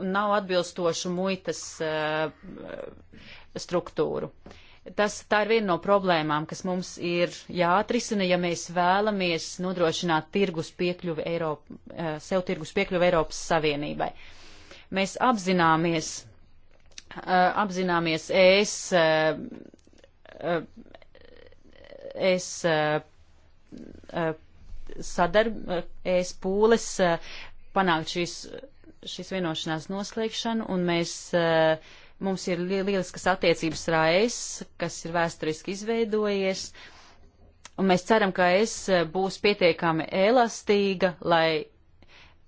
Speaker 2: nav atbilstošu muitas struktūru. Uh, Tas, tā ir viena no problēmām, kas mums ir jāatrisina, ja mēs vēlamies nodrošināt tirgus piekļuvi Eiropa, eh, sev tirgus piekļuvi Eiropas Savienībai. Mēs apzināmies, eh, apzināmies es, eh, es sadarb, es pūles panākt šīs, šīs vienošanās noslēgšanu, un mēs uh, Mums ir lieliskas attiecības ar AS, kas ir vēsturiski izveidojies, un mēs ceram, ka es eh, būs pietiekami elastīga, lai,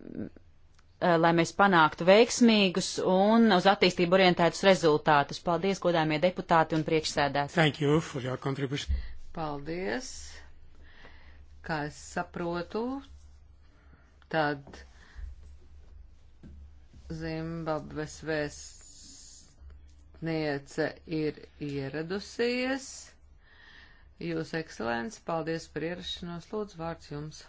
Speaker 2: eh, lai mēs panāktu veiksmīgus un uz attīstību orientētus rezultātus. Paldies, godājumie deputāti un priekšsēdētāji.
Speaker 3: Paldies. Kā es saprotu, tad Zimbabves vēsts Niece ir ieradusies. Jūs, ekscelences, paldies par ierašanos. Lūdzu, vārds jums.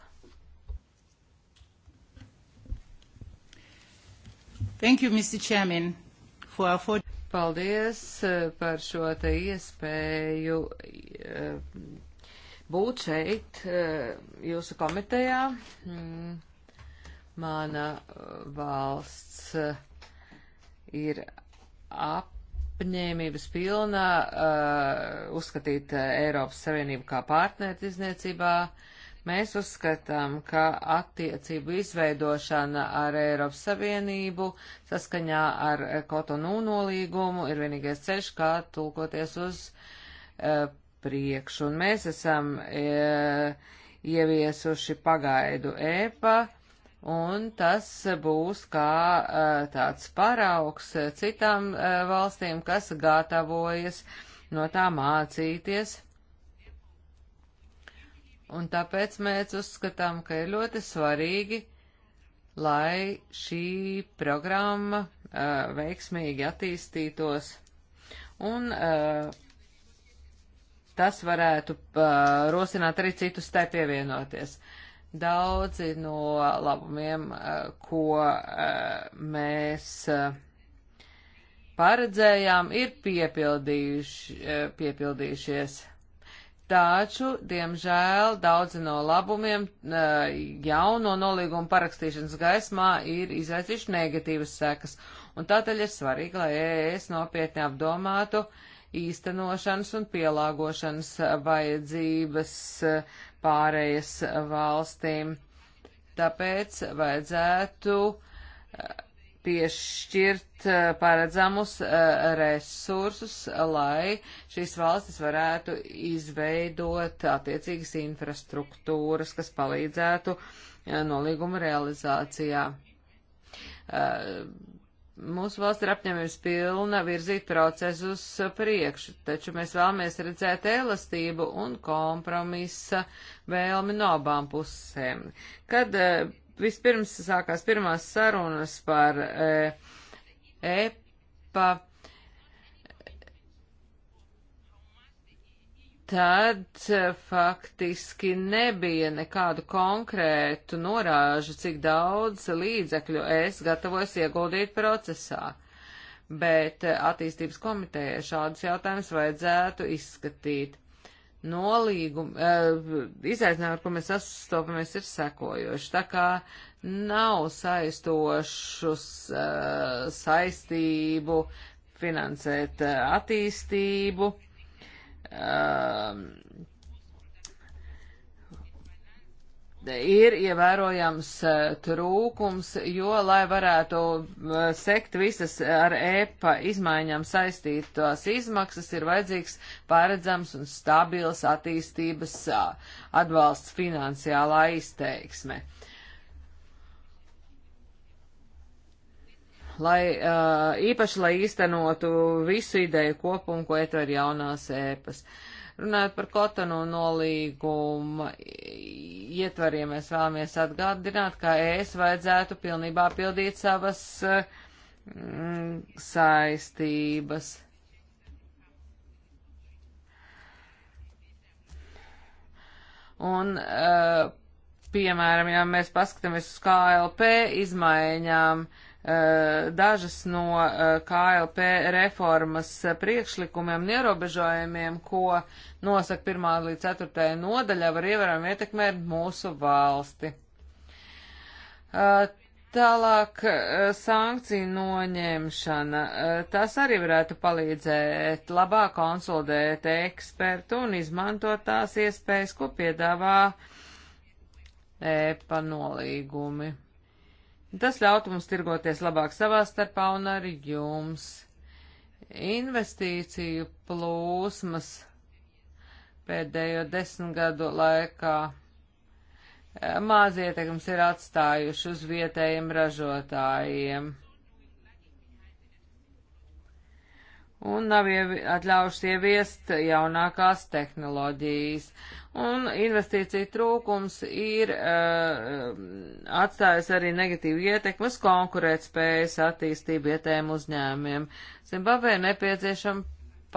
Speaker 3: Thank you, Mr. Chairman, for our for... Paldies eh, par šo te iespēju eh, būt šeit eh, jūsu komitejā. Mm. Mana valsts ir ap apņēmības pilna uh, uzskatīt uh, Eiropas Savienību kā partneri tirzniecībā. Mēs uzskatām, ka attiecību izveidošana ar Eiropas Savienību saskaņā ar Kotonu nolīgumu ir vienīgais ceļš, kā tulkoties uz uh, priekšu. Un mēs esam uh, ieviesuši pagaidu ēpa. E un tas būs kā eh, tāds paraugs citām eh, valstīm, kas gatavojas no tā mācīties. Un tāpēc mēs uzskatām, ka ir ļoti svarīgi, lai šī programma uh, veiksmīgi attīstītos un uh, tas varētu uh, rosināt arī citus tai pievienoties. Uh, Daudzi no labumiem, eh, ko eh, mēs eh, paredzējām, ir piepildījuši, piepildījušies. Taču, diemžēl, daudzi no labumiem jauno nolīgumu parakstīšanas gaismā ir izraisījuši negatīvas sekas, un tādēļ ir svarīgi, lai es nopietni apdomātu īstenošanas un pielāgošanas vajadzības uh, pārējas valstīm. Tāpēc vajadzētu eh, piešķirt eh, paredzamus eh, resursus, lai šīs valstis varētu izveidot attiecīgas infrastruktūras, kas palīdzētu nolīguma realizācijā mūsu valsts ir apņemības pilna virzīt procesu uz priekšu, taču mēs vēlamies redzēt elastību un kompromisa vēlmi no abām pusēm. Kad uh, vispirms sākās pirmās sarunas par uh, eh, EPA tad eh, faktiski nebija nekādu konkrētu norāžu, cik daudz līdzekļu es gatavojos ieguldīt procesā. Bet eh, attīstības komitejai šādus jautājumus vajadzētu izskatīt. Nolīgum, eh, izaicinājumi, ar ko mēs sastopamies, ir sekojoši. Tā kā nav saistošus saistību finansēt attīstību Um, ir ievērojams uh, trūkums, jo, lai varētu uh, sekt visas ar EPA izmaiņām saistītās izmaksas, ir vajadzīgs paredzams un stabils attīstības uh, atbalsts finansiālā izteiksme. Uh, lai uh, īpaši, lai īstenotu visu ideju kopumu, ko ietver jaunās ēpas. Runājot par kotonu nolīgumu ietvariem, mēs vēlamies atgādināt, ka ēs vajadzētu pilnībā pildīt savas uh, saistības. Un, uh, piemēram, ja mēs paskatāmies uz KLP izmaiņām, uh, Eh, dažas no eh, KLP reformas priekšlikumiem un ierobežojumiem, ko nosaka 1 līdz 4 nodaļa, var ievērojami ietekmēt mūsu valsti. Eh, tālāk sankciju noņemšana. Tas arī varētu palīdzēt labāk konsultēt ekspertu un izmantot tās iespējas, ko piedāvā EPA nolīgumi. Tas ļautu mums tirgoties labāk savā starpā un ar jums. Investīciju plūsmas pēdējo desmit gadu laikā eh, maz ietekmes ir atstājuši uz vietējiem ražotājiem. Un nav atļaujuši ieviest jaunākās tehnoloģijas un investīcija trūkums ir uh, atstājis arī negatīvu ietekmi uz konkurētspējas attīstību ietēm uzņēmiem. Zimbabvē nepieciešama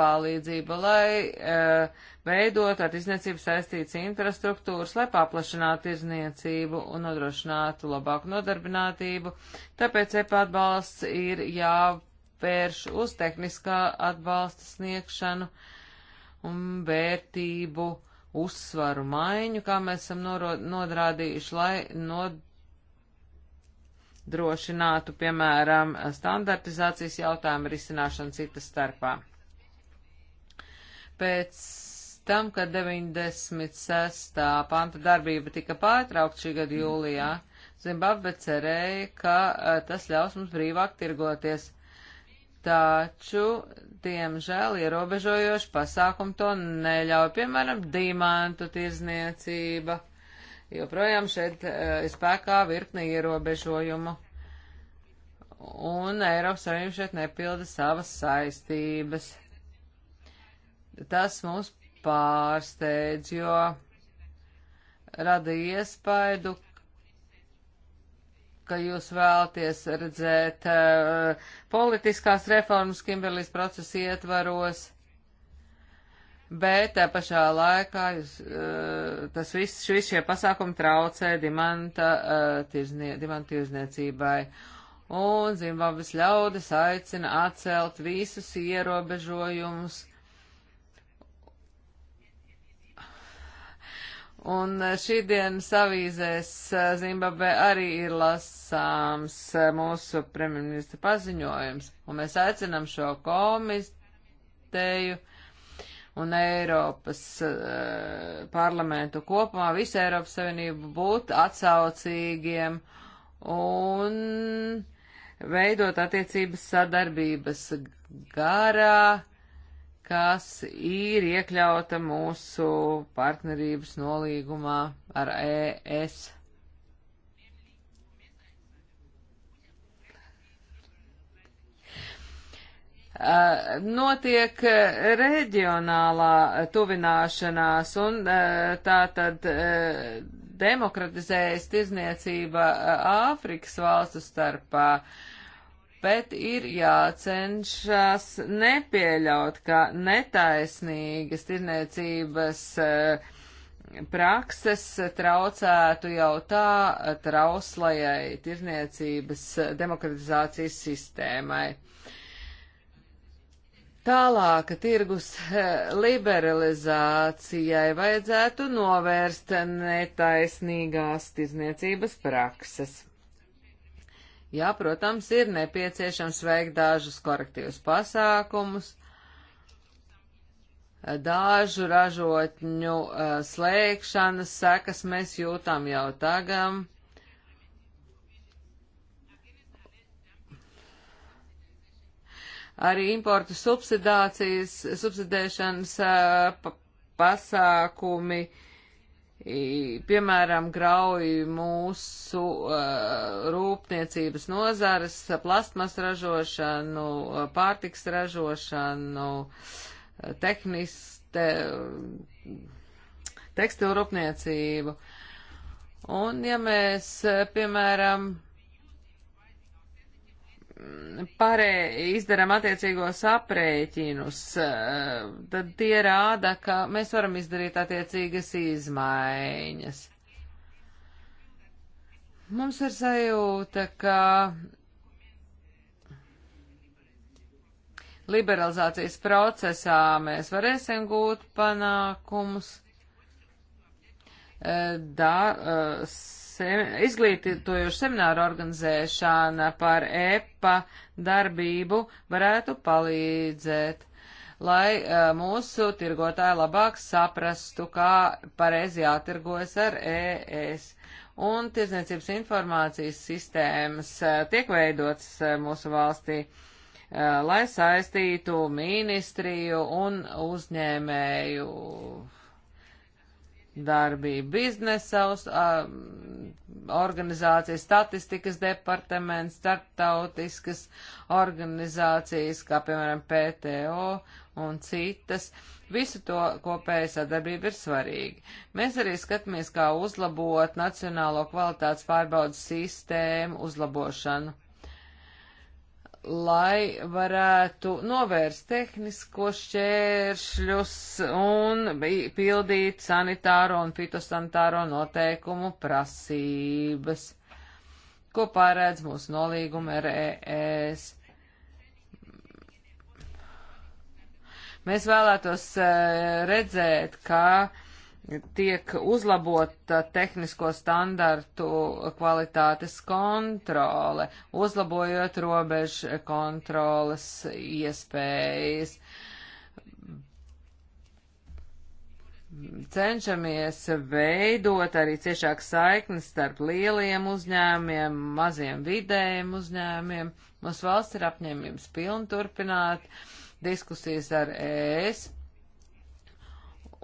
Speaker 3: palīdzība, lai uh, veidot ar izniecību saistītas infrastruktūras, lai paplašinātu izniecību un nodrošinātu labāku nodarbinātību. Tāpēc EPA atbalsts ir jāvērš uz tehniskā atbalsta sniegšanu un vērtību uh, uzsvaru maiņu, kā mēs esam norādījuši, lai nodrošinātu, piemēram, standartizācijas jautājumu risināšanu citas starpā. Pēc tam, kad 96. panta darbība tika pārtraukta šī gada jūlijā, Zimbabve cerēja, ka eh, tas ļaus mums brīvāk tirgoties Taču, diemžēl, ierobežojoši pasākumi to neļauj. Piemēram, dimantu tirzniecība. Joprojām šeit eh, ir e, spēkā virkne ierobežojumu. Un Eiropas Savienība šeit nepilda savas saistības. Tas mūs pārsteidz, jo rada iespaidu, ka jūs vēlaties redzēt uh, politiskās reformas Kimberlīs procesa ietvaros, bet tā eh, pašā laikā jūs, uh, tas viss, viss šie pasākumi traucē dimanta, uh, tirznie, dimanta tirzniecībai. Un Zimbabves ļaudis aicina atcelt visus ierobežojumus, Un eh, šī dienas avīzēs eh, Zimbabvē arī ir lasāms eh, mūsu premjerministra paziņojums, un mēs aicinām šo komiteju un Eiropas uh, parlamentu kopumā, visu Eiropas Savienību būt atsaucīgiem un veidot attiecības sadarbības garā, kas ir iekļauta mūsu partnerības nolīgumā ar ES. notiek reģionālā tuvināšanās un tā tad demokratizējas tirzniecība Āfrikas valstu starpā bet ir jācenšas nepieļaut, ka netaisnīgas tirniecības eh, prakses traucētu jau tā trauslajai tirniecības demokratizācijas sistēmai. Tālāka tirgus eh, liberalizācijai vajadzētu novērst netaisnīgās tirzniecības prakses. Jā, protams, ir nepieciešams veikt dažus korektīvus pasākumus, dažu ražotņu slēgšanas sekas mēs jūtam jau tagad. Arī importu subsidācijas, subsidēšanas pasākumi uh, piemēram, grauj mūsu uh, rūpniecības nozares, uh, plastmas ražošanu, uh, pārtiks ražošanu, uh, tehnis, te, tekstilu rūpniecību. Un ja mēs, piemēram, parē, izdaram attiecīgos aprēķinus, eh, tad tie rāda, ka mēs varam izdarīt attiecīgas izmaiņas. Mums ir sajūta, ka liberalizācijas procesā mēs varēsim gūt panākumus. Eh, da, eh, izglītojošu semināru organizēšana par EPA darbību varētu palīdzēt lai uh, mūsu tirgotāji labāk saprastu, kā pareizi jātirgojas ar ES. Un tirdzniecības informācijas sistēmas uh, tiek veidotas uh, mūsu valstī, lai saistītu ministriju un uzņēmēju darbību biznesa organizācijas, statistikas departaments, startautiskas organizācijas, kā piemēram PTO un citas. Visu to kopēja sadarbība ir svarīga. Mēs arī skatāmies, kā uzlabot nacionālo kvalitātes pārbaudas sistēmu uzlabošanu lai varētu novērst tehnisko šķēršļus un pildīt sanitāro un fitosanitāro noteikumu prasības, ko pārēdz mūsu nolīguma ar ES. Mēs vēlētos eh, redzēt, ka tiek uzlabota tehnisko standartu kvalitātes kontrole, uzlabojot robežu kontroles iespējas. Cenšamies veidot arī ciešāk saiknes starp lieliem uzņēmiem, maziem vidējiem uzņēmiem. Mūsu valsts ir apņēmības pilna turpināt diskusijas ar ES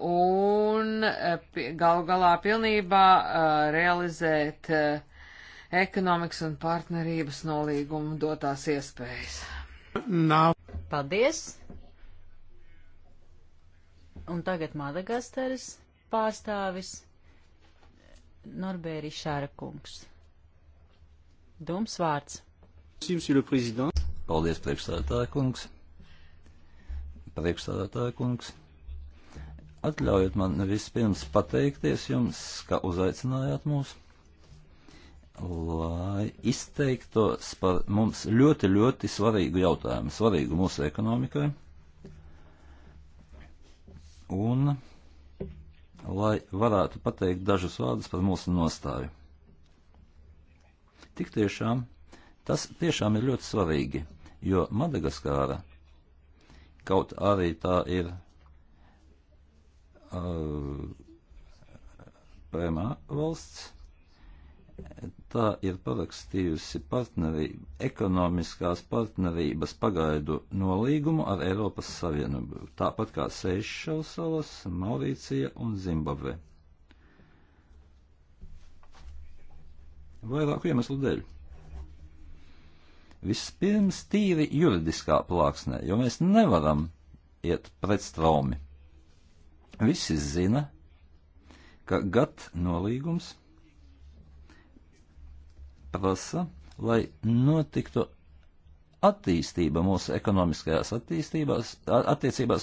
Speaker 3: un eh, gal galā pilnībā eh, realizēt eh, ekonomikas un partnerības nolīgumu dotās
Speaker 2: iespējas. Nav. Paldies! Un tagad Madagaskaras pārstāvis Norbēri Šārakungs. Dums vārds.
Speaker 4: Paldies, priekšstādātāja kungs. Priekšstādātāja kungs Atļaujiet man vispirms pateikties jums, ka uzaicinājāt mūs, lai izteiktos par mums ļoti, ļoti svarīgu jautājumu, svarīgu mūsu ekonomikai. Un lai varētu pateikt dažus vārdus par mūsu nostāju. Tik tiešām, tas tiešām ir ļoti svarīgi, jo Madagaskāra, kaut arī tā ir PMA valsts. Tā ir parakstījusi partnerību, ekonomiskās partnerības pagaidu nolīgumu ar Eiropas Savienību, tāpat kā Seišels salas, Maurīcija un Zimbabve. Vairāku iemeslu dēļ. Vispirms tīri juridiskā plāksnē, jo mēs nevaram iet pret straumi. Visi zina, ka GATT nolīgums prasa, lai notiktu attīstība mūsu ekonomiskajās attiecībās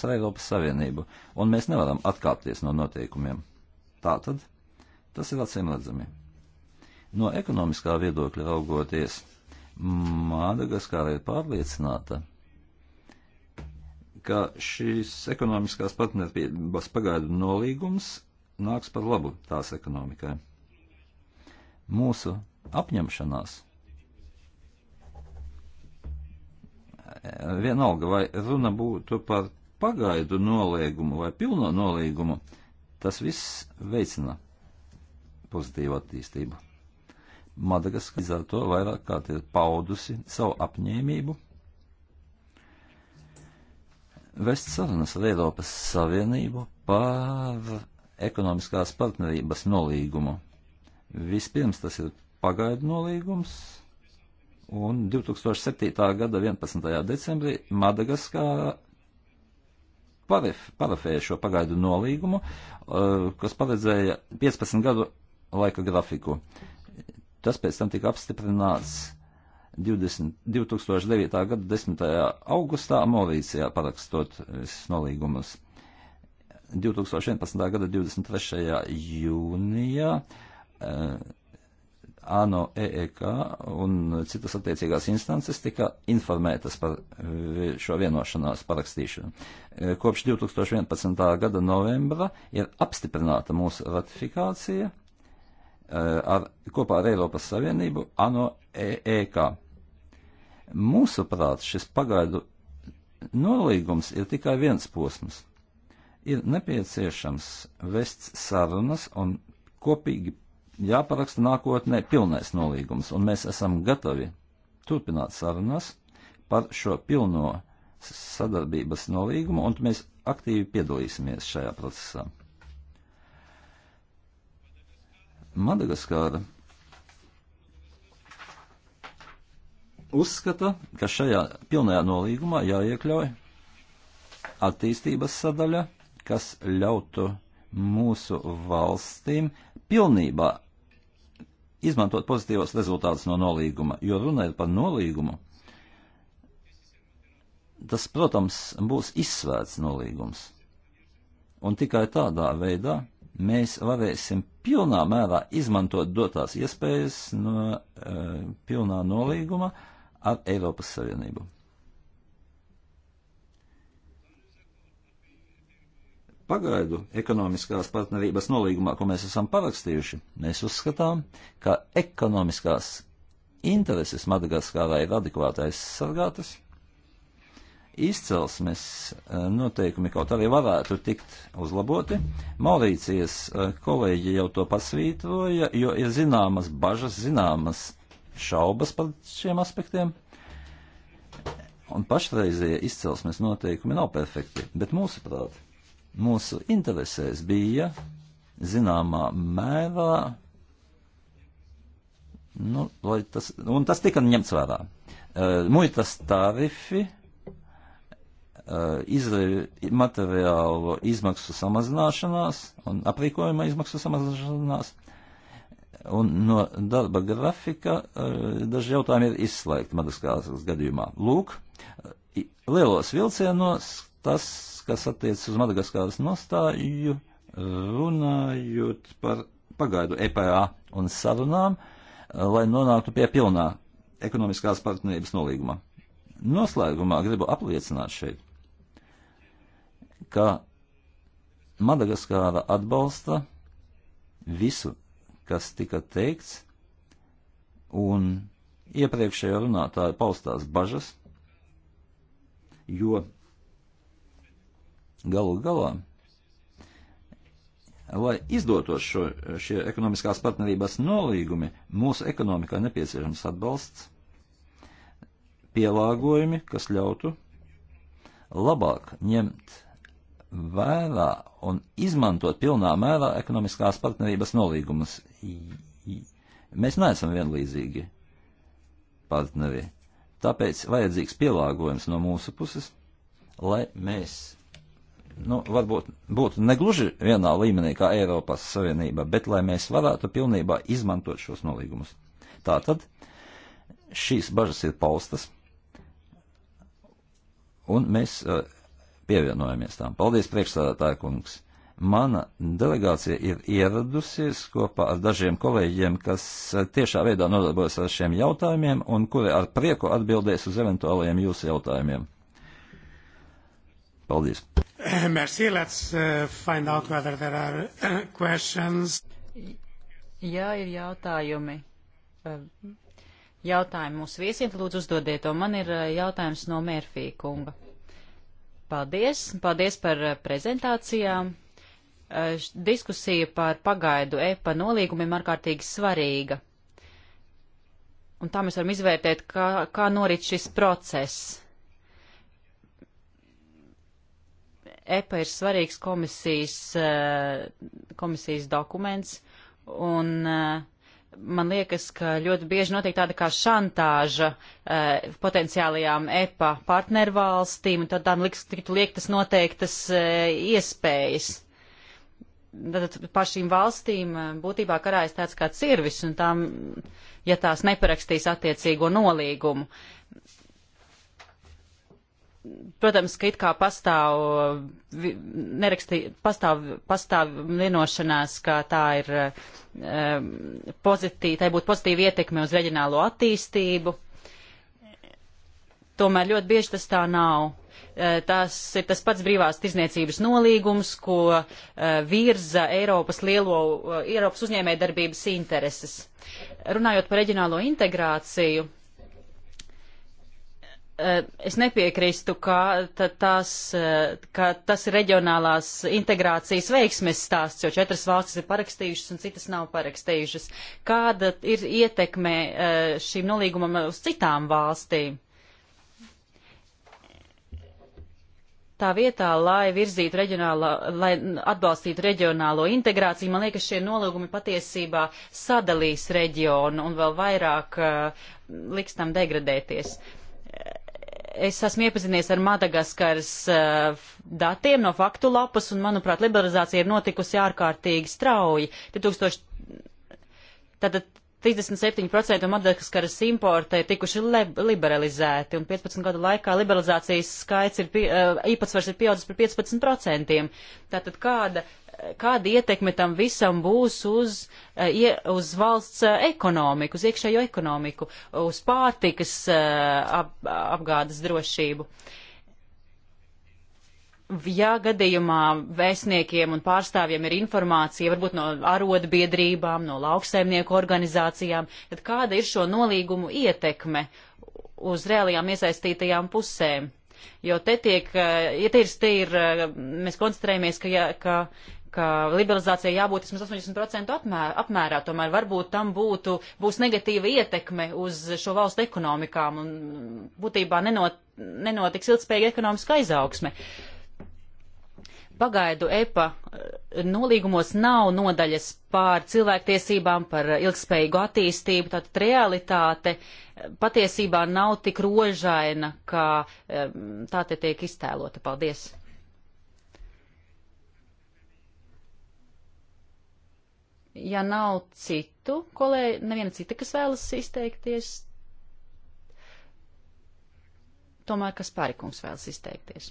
Speaker 4: ar Eiropas Savienību, un mēs nevaram atkāpties no noteikumiem. Tātad tas ir acīmredzami. No ekonomiskā viedokļa raugoties, Madagaskara ir pārliecināta, ka šīs ekonomiskās partnerības pagaidu nolīgums nāks par labu tās ekonomikai. Mūsu apņemšanās vienalga, vai runa būtu par pagaidu nolīgumu vai pilno nolīgumu, tas viss veicina pozitīvu attīstību. Madagaskar to vairāk kārt ir paudusi savu apņēmību vest sarunas ar Eiropas Savienību par ekonomiskās partnerības nolīgumu. Vispirms tas ir pagaidu nolīgums, un 2007. gada 11. decembrī Madagaskāra parafēja šo pagaidu nolīgumu, eh, kas paredzēja 15 gadu laika grafiku. Tas pēc tam tika apstiprināts 20, 2009. gada 10. augustā Maurīcijā parakstot nolīgumus. 2011. gada 23. jūnijā eh, ANO EEK un citas attiecīgās instances tika informētas par eh, šo vienošanās parakstīšanu. Eh, kopš 2011. gada novembra ir apstiprināta mūsu ratifikācija eh, ar, kopā ar Eiropas Savienību ANO EEK. Mūsuprāt, šis pagaidu nolīgums ir tikai viens posms. Ir nepieciešams vest sarunas un kopīgi jāparaksta nākotnē pilnais nolīgums, un mēs esam gatavi turpināt sarunas par šo pilno sadarbības nolīgumu, un mēs aktīvi piedalīsimies šajā procesā. Madagaskara uzskata, ka šajā pilnajā nolīgumā jāiekļauj attīstības sadaļa, kas ļautu mūsu valstīm pilnībā izmantot pozitīvos rezultātus no nolīguma, jo runājot par nolīgumu, tas, protams, būs izsvērts nolīgums. Un tikai tādā veidā mēs varēsim pilnā mērā izmantot dotās iespējas no e, pilnā nolīguma, e, ar Eiropas Savienību. Pagaidu ekonomiskās partnerības nolīgumā, ko mēs esam parakstījuši, mēs uzskatām, ka ekonomiskās intereses Madagaskārā ir adekvāti aizsargātas. Izcelsmes e, noteikumi kaut arī varētu tikt uzlaboti. Maurīcijas e, kolēģi jau to pasvītroja, jo ir zināmas bažas, zināmas šaubas par šiem aspektiem. Un pašreizie izcelsmes noteikumi nav perfekti, bet mūsuprāt, mūsu interesēs bija zināmā mērā, nu, lai tas, un tas tika ņemts vērā. Uh, muitas tarifi, uh, izre, materiālu izmaksu samazināšanās un aprīkojuma izmaksu samazināšanās, uh, Un no darba grafika eh, daži jautājumi ir izslēgti Madagaskāras gadījumā. Lūk, lielos vilcienos tas, kas attiecas uz Madagaskāras nostāju, runājot par pagaidu EPA un sarunām, eh, lai nonāktu pie pilnā ekonomiskās partnerības nolīguma. Noslēgumā gribu apliecināt šeit, ka Madagaskāra atbalsta visu kas tika teikts, un iepriekšējā runātāja paustās bažas, jo galu galā, lai izdotos šo, šie ekonomiskās partnerības nolīgumi, mūsu ekonomikā nepieciešams atbalsts, pielāgojumi, kas ļautu labāk ņemt vērā un izmantot pilnā mērā ekonomiskās partnerības nolīgumus, Mēs neesam vienlīdzīgi partneri. Tāpēc vajadzīgs pielāgojums no mūsu puses, lai mēs, nu, varbūt būtu negluži vienā līmenī kā Eiropas Savienība, bet lai mēs varētu pilnībā izmantot šos nolīgumus. Tātad šīs bažas ir paustas, un mēs uh, pievienojamies tām. Paldies, priekšstādātāja kungs! Mana delegācija ir ieradusies kopā ar dažiem kolēģiem, kas tiešā veidā nodarbojas ar šiem jautājumiem un kuri ar prieku atbildēs uz eventuālajiem jūsu jautājumiem. Paldies!
Speaker 1: Merci, let's uh, find out whether there are uh, questions.
Speaker 2: Jā, ir jautājumi. Uh, Jautājumu mūsu viesiem, lūdzu uzdodiet to. Man ir jautājums no Mērfī kunga. Paldies, paldies par prezentācijām Eh, diskusija par pagaidu EPA nolīgumiem ārkārtīgi svarīga. Un tā mēs varam izvērtēt, kā, kā norit šis process. EPA ir svarīgs komisijas, eh, komisijas dokuments, un eh, man liekas, ka ļoti bieži notiek tāda kā šantāža potenciālajām EPA partnervalstīm, un tad tām liks, tiktu liektas noteiktas iespējas par šīm valstīm eh, būtībā karājas tāds kā cirvis, un tām, ja tās neparakstīs attiecīgo nolīgumu. Protams, ka it kā pastāv, eh, nerakstī, pastāv, pastāv vienošanās, ka tā ir um, eh, pozitīva, tai būtu pozitīva ietekme uz reģionālo attīstību. Tomēr ļoti bieži tas tā nav. Eh, tās ir tas pats brīvās tirzniecības nolīgums, ko eh, virza Eiropas lielo, eh, Eiropas uzņēmē darbības intereses. Runājot par reģionālo integrāciju, es nepiekrīstu, ka, tās, ka tas ir reģionālās integrācijas veiksmes stāsts, jo četras valstis ir parakstījušas un citas nav parakstījušas. Kāda ir ietekme šīm nolīgumam uz citām valstīm? tā vietā, lai virzītu reģionālo, lai atbalstītu reģionālo integrāciju, man liekas, šie nolūgumi patiesībā sadalīs reģionu un vēl vairāk uh, liks tam degradēties. Es esmu iepazinies ar Madagaskaras uh, datiem no faktu lapas, un, manuprāt, liberalizācija ir notikusi ārkārtīgi strauji. 2000, tātad 37% Madagaskaras importa ir tikuši liberalizēti, un 15 gadu laikā liberalizācijas skaits ir, eh, īpatsvars ir pieaudzis par 15%. Tātad kāda, kāda ietekme tam visam būs uz, eh, uz valsts eh, ekonomiku, uz iekšējo ekonomiku, uz pārtikas ap, apgādes drošību? Uh, ja gadījumā vēstniekiem un pārstāvjiem ir informācija, varbūt no arotbiedrībām, no lauksaimnieku organizācijām, tad kāda ir šo nolīgumu ietekme uz reālajām iesaistītajām pusēm? Jo te tiek, eh, ja te ir, te ir eh, mēs koncentrējamies, ka, ja, ka, ka liberalizācija jābūt vismaz 80% apmēr, apmērā, tomēr varbūt tam būtu, būs negatīva ietekme uz šo valstu ekonomikām un būtībā nenot, nenotiks ilgspējīga ekonomiska izaugsme. Uh, Pagaidu EPA eh, nolīgumos nav nodaļas pār cilvēktiesībām, par eh, ilgspējīgu attīstību, tātad realitāte eh, patiesībā nav tik rožaina, kā tā te tiek iztēlota. Paldies! Ja nav citu kolēģi, neviena cita, kas vēlas izteikties, tomēr kas pārikums vēlas izteikties.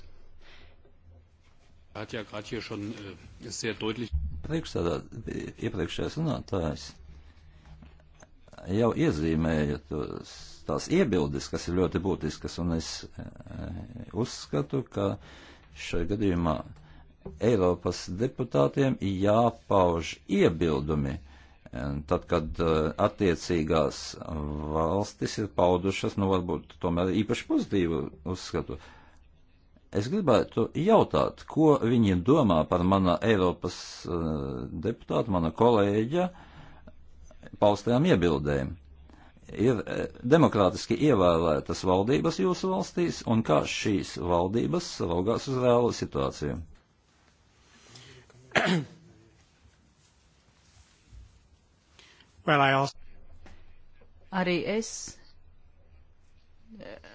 Speaker 5: Hat ja gerade hier
Speaker 1: schon
Speaker 4: äh, sehr deutlich. Priekšstādā, iepriekšējais runātājs jau iezīmēja tos, tās iebildes, kas ir ļoti būtiskas, un es e, uzskatu, ka šajā gadījumā Eiropas deputātiem jāpauž iebildumi, tad, kad eh, attiecīgās valstis ir paudušas, nu varbūt tomēr īpaši pozitīvu uzskatu. E, Es gribētu jautāt, ko viņi domā par mana Eiropas uh, deputāta, mana kolēģa paustajām iebildēm. Ir uh, demokrātiski ievēlētas valdības jūsu valstīs, un kā šīs valdības raugās uz reālo situāciju? Well,
Speaker 2: also... Arī es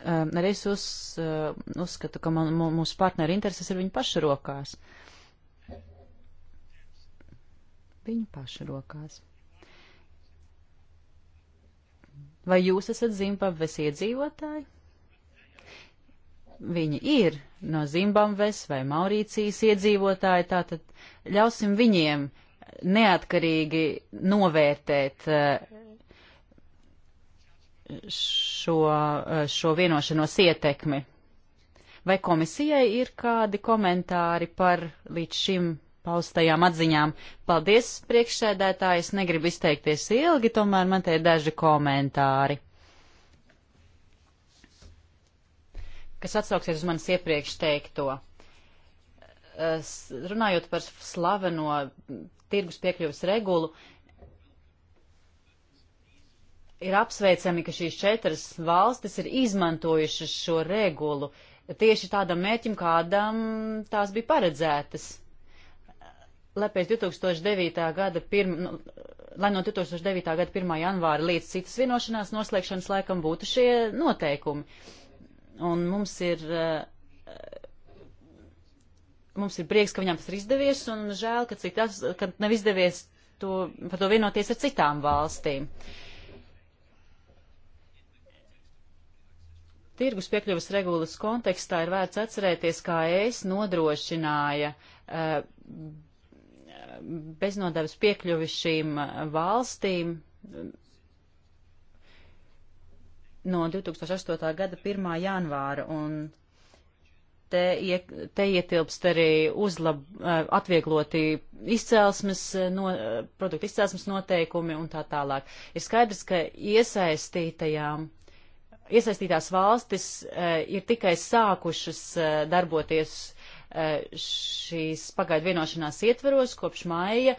Speaker 2: Um, arī es uz, uh, uzskatu, ka man, mūsu partneru intereses ir viņu pašu rokās. Viņu pašu rokās. Vai jūs esat Zimbabves iedzīvotāji? Viņi ir no Zimbabves vai Maurīcijas iedzīvotāji, tātad ļausim viņiem neatkarīgi novērtēt uh, šo, eh, šo vienošanos ietekmi. Vai komisijai ir kādi komentāri par līdz šim paustajām atziņām? Paldies, priekšsēdētāji, es negribu izteikties ilgi, tomēr man te ir daži komentāri. Kas atsauksies uz manis iepriekš teikto. Eh, runājot par slaveno tirgus piekļuvas regulu, uh, Ir apsveicami, ka šīs četras valstis ir izmantojušas šo regulu tieši tādam mēķim, kādam tās bija paredzētas. Lai pēc 2009. gada pirma, nu, lai no 2009. gada 1. janvāra līdz citas vienošanās noslēgšanas laikam būtu šie noteikumi. Un mums ir, eh, mums ir prieks, ka viņām tas ir izdevies, un žēl, ka, citas, ka nav izdevies to, par to vienoties ar citām valstīm. Uh, Tirgus piekļuvas regulas kontekstā ir vērts atcerēties, kā es nodrošināja eh, beznodevas piekļuvi šīm eh, valstīm eh, no 2008. gada 1. janvāra. Un te, ie, te ietilpst arī uzlab, atviegloti izcelsmes, no, produktu izcelsmes noteikumi un tā tālāk. Ir skaidrs, ka iesaistītajām iesaistītās valstis e, ir tikai sākušas e, darboties e, šīs pagaidu vienošanās ietveros kopš maija,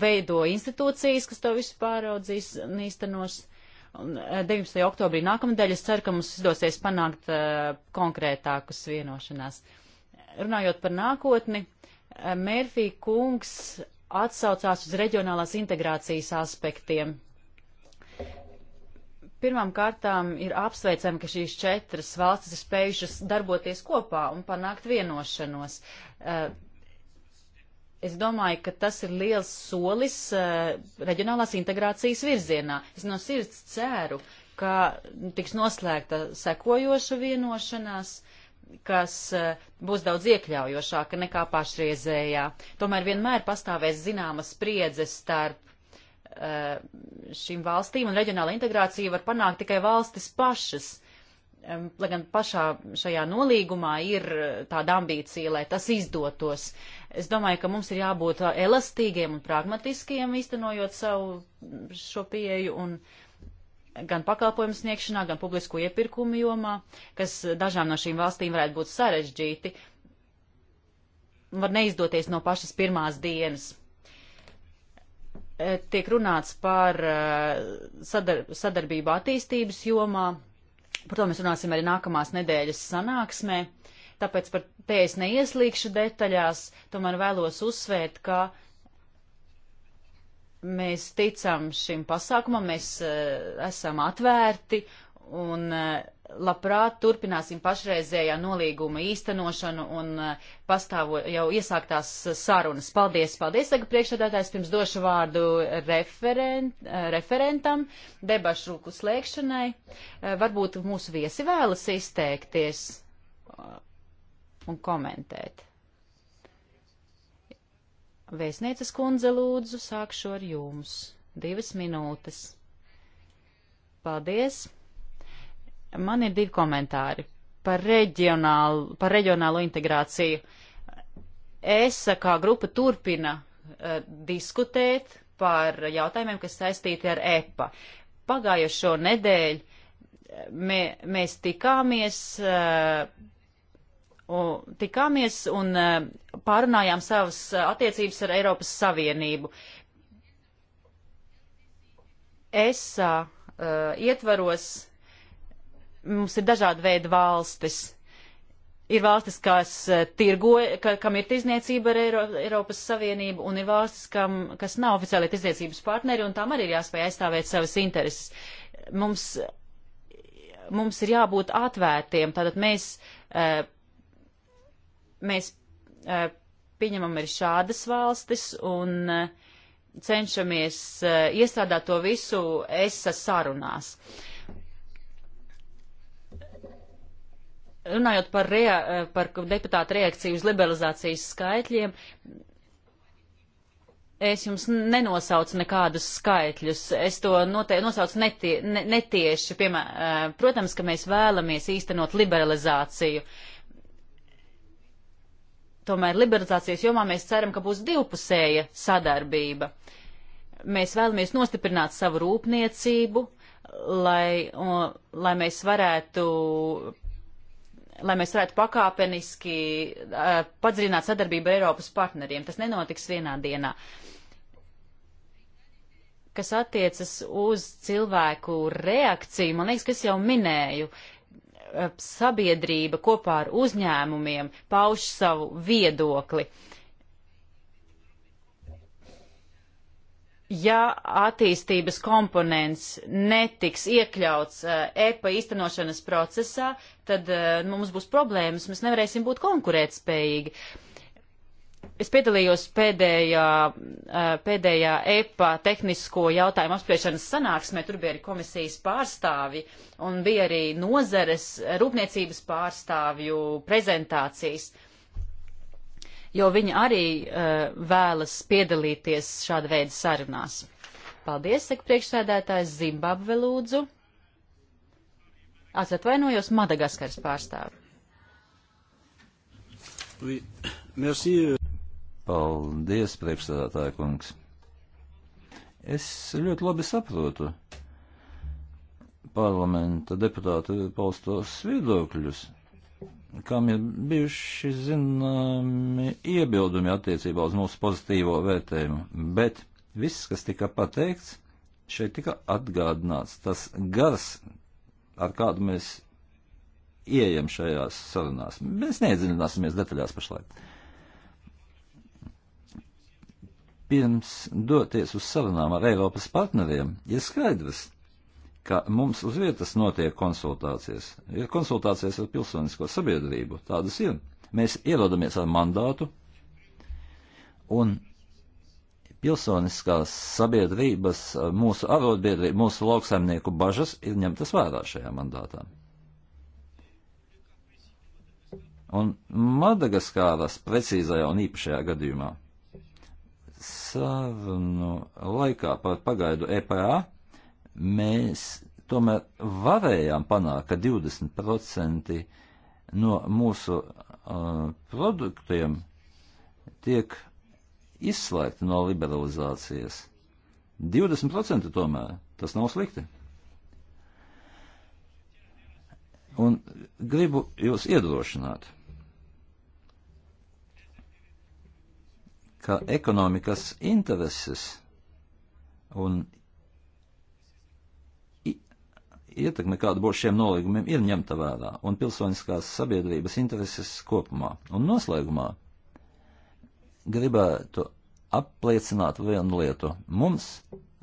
Speaker 2: veido institūcijas, kas to visu pāraudzīs un īstenos. 19. oktobrī nākamnedēļ es ceru, ka mums izdosies panākt uh, konkrētākus vienošanās. Runājot par nākotni, Mērfī kungs atsaucās uz reģionālās integrācijas aspektiem. Pirmām kārtām ir apsveicami, ka šīs četras valstis ir spējušas darboties kopā un panākt vienošanos. Eh, es domāju, ka tas ir liels solis eh, reģionālās integrācijas virzienā. Es no sirds ceru, ka tiks noslēgta sekojoša vienošanās kas eh, būs daudz iekļaujošāka nekā pašreizējā. Tomēr vienmēr pastāvēs zināmas spriedzes starp Eh, šīm valstīm, un reģionāla integrācija var panākt tikai valstis pašas. Lai gan pašā šajā nolīgumā ir eh, tāda ambīcija, lai tas izdotos. Es domāju, ka mums ir jābūt eh, elastīgiem un pragmatiskiem, īstenojot savu šo pieeju, un gan pakalpojumu sniegšanā, gan publisko iepirkumu jomā, kas dažām no šīm valstīm varētu būt sarežģīti, var neizdoties no pašas pirmās dienas E, tiek runāts par e, sadar sadarbību attīstības jomā. Par to mēs runāsim arī nākamās nedēļas sanāksmē, tāpēc par te es neieslīgšu detaļās, tomēr vēlos uzsvērt, ka mēs ticam šim pasākumam, mēs e, esam atvērti un labprāt turpināsim pašreizējā nolīguma īstenošanu un eh, pastāvo jau iesāktās eh, sarunas. Paldies, paldies, tagad priekšsēdētājs pirms došu vārdu referent, eh, referentam, debašu rūku slēgšanai. Varbūt mūsu viesi vēlas izteikties un komentēt. Vēstnieces kundze lūdzu, sākšu ar jums. Divas minūtes. Paldies! Man ir divi komentāri par reģionālu, par reģionālu integrāciju. ESA eh, kā grupa turpina uh, diskutēt par jautājumiem, kas saistīti ar EPA. Pagājušo nedēļu eh, mē, mēs tikāmies, uh, un, tikāmies un uh, pārunājām savas attiecības ar Eiropas Savienību. ESA uh, ietvaros Mums ir dažādi veidi valstis. Ir valstis, kas eh, tirgo, ka, kam ir tirzniecība ar Eiro, Eiropas Savienību, un ir valstis, kam, kas nav oficiāli tirzniecības partneri, un tām arī ir jāspēj aizstāvēt savas intereses. Mums, mums ir jābūt atvērtiem, tātad mēs, eh, mēs eh, pieņemam arī šādas valstis, un cenšamies uh, iestrādāt to visu ESA sarunās. Runājot par, rea, eh, par deputātu reakciju uz liberalizācijas skaitļiem, es jums nenosaucu nekādus skaitļus. Es to note, nosaucu netie, ne, netieši. Piemēr, eh, protams, ka mēs vēlamies īstenot liberalizāciju. Tomēr liberalizācijas jomā mēs ceram, ka būs divpusēja sadarbība. Mēs vēlamies nostiprināt savu rūpniecību, lai, un, lai mēs varētu lai mēs varētu pakāpeniski uh, padziļināt sadarbību Eiropas partneriem. Tas nenotiks vienā dienā. Kas attiecas uz cilvēku reakciju, man liekas, kas jau minēju, eh, sabiedrība kopā ar uzņēmumiem pauž savu viedokli. Uh, ja attīstības komponents netiks iekļauts uh, EPA īstenošanas procesā, tad uh, mums būs problēmas, mēs nevarēsim būt konkurētspējīgi. Es piedalījos pēdējā, uh, pēdējā EPA tehnisko jautājumu apspriešanas sanāksmē, tur bija arī komisijas pārstāvi un bija arī nozeres rūpniecības pārstāvju prezentācijas. Uh, jo viņi arī uh, vēlas piedalīties šāda veida sarunās. Paldies, saka priekšsēdētājs Zimbabve lūdzu. Atvainojos Madagaskaras pārstāvi.
Speaker 4: Oui. Merci. Paldies, priekšsēdētāja kungs. Es ļoti labi saprotu parlamenta deputātu paustos viedokļus kam ir bijuši zināmi iebildumi attiecībā uz mūsu pozitīvo vērtējumu, bet viss, kas tika pateikts, šeit tika atgādināts tas gars, ar kādu mēs ieejam šajās sarunās. Mēs neiedziļināsimies detaļās pašlaik. Pirms doties uz sarunām ar Eiropas partneriem, ir skaidrs, ka mums uz vietas notiek konsultācijas. Ir konsultācijas ar pilsonisko sabiedrību. Tādas ir. Mēs ierodamies ar mandātu, un pilsoniskās sabiedrības, mūsu arotbiedrība, mūsu lauksaimnieku bažas ir ņemtas vērā šajā mandātā. Un Madagaskāras precīzajā un īpašajā gadījumā sarunu laikā par pagaidu EPA mēs tomēr varējām panākt, ka 20% no mūsu uh, produktiem tiek izslēgti no liberalizācijas. 20% tomēr tas nav slikti. Un gribu jūs iedrošināt, ka ekonomikas intereses un ietekme, kāda būs šiem nolīgumiem, ir ņemta vērā un pilsoniskās sabiedrības intereses kopumā. Un noslēgumā gribētu apliecināt vienu lietu. Mums,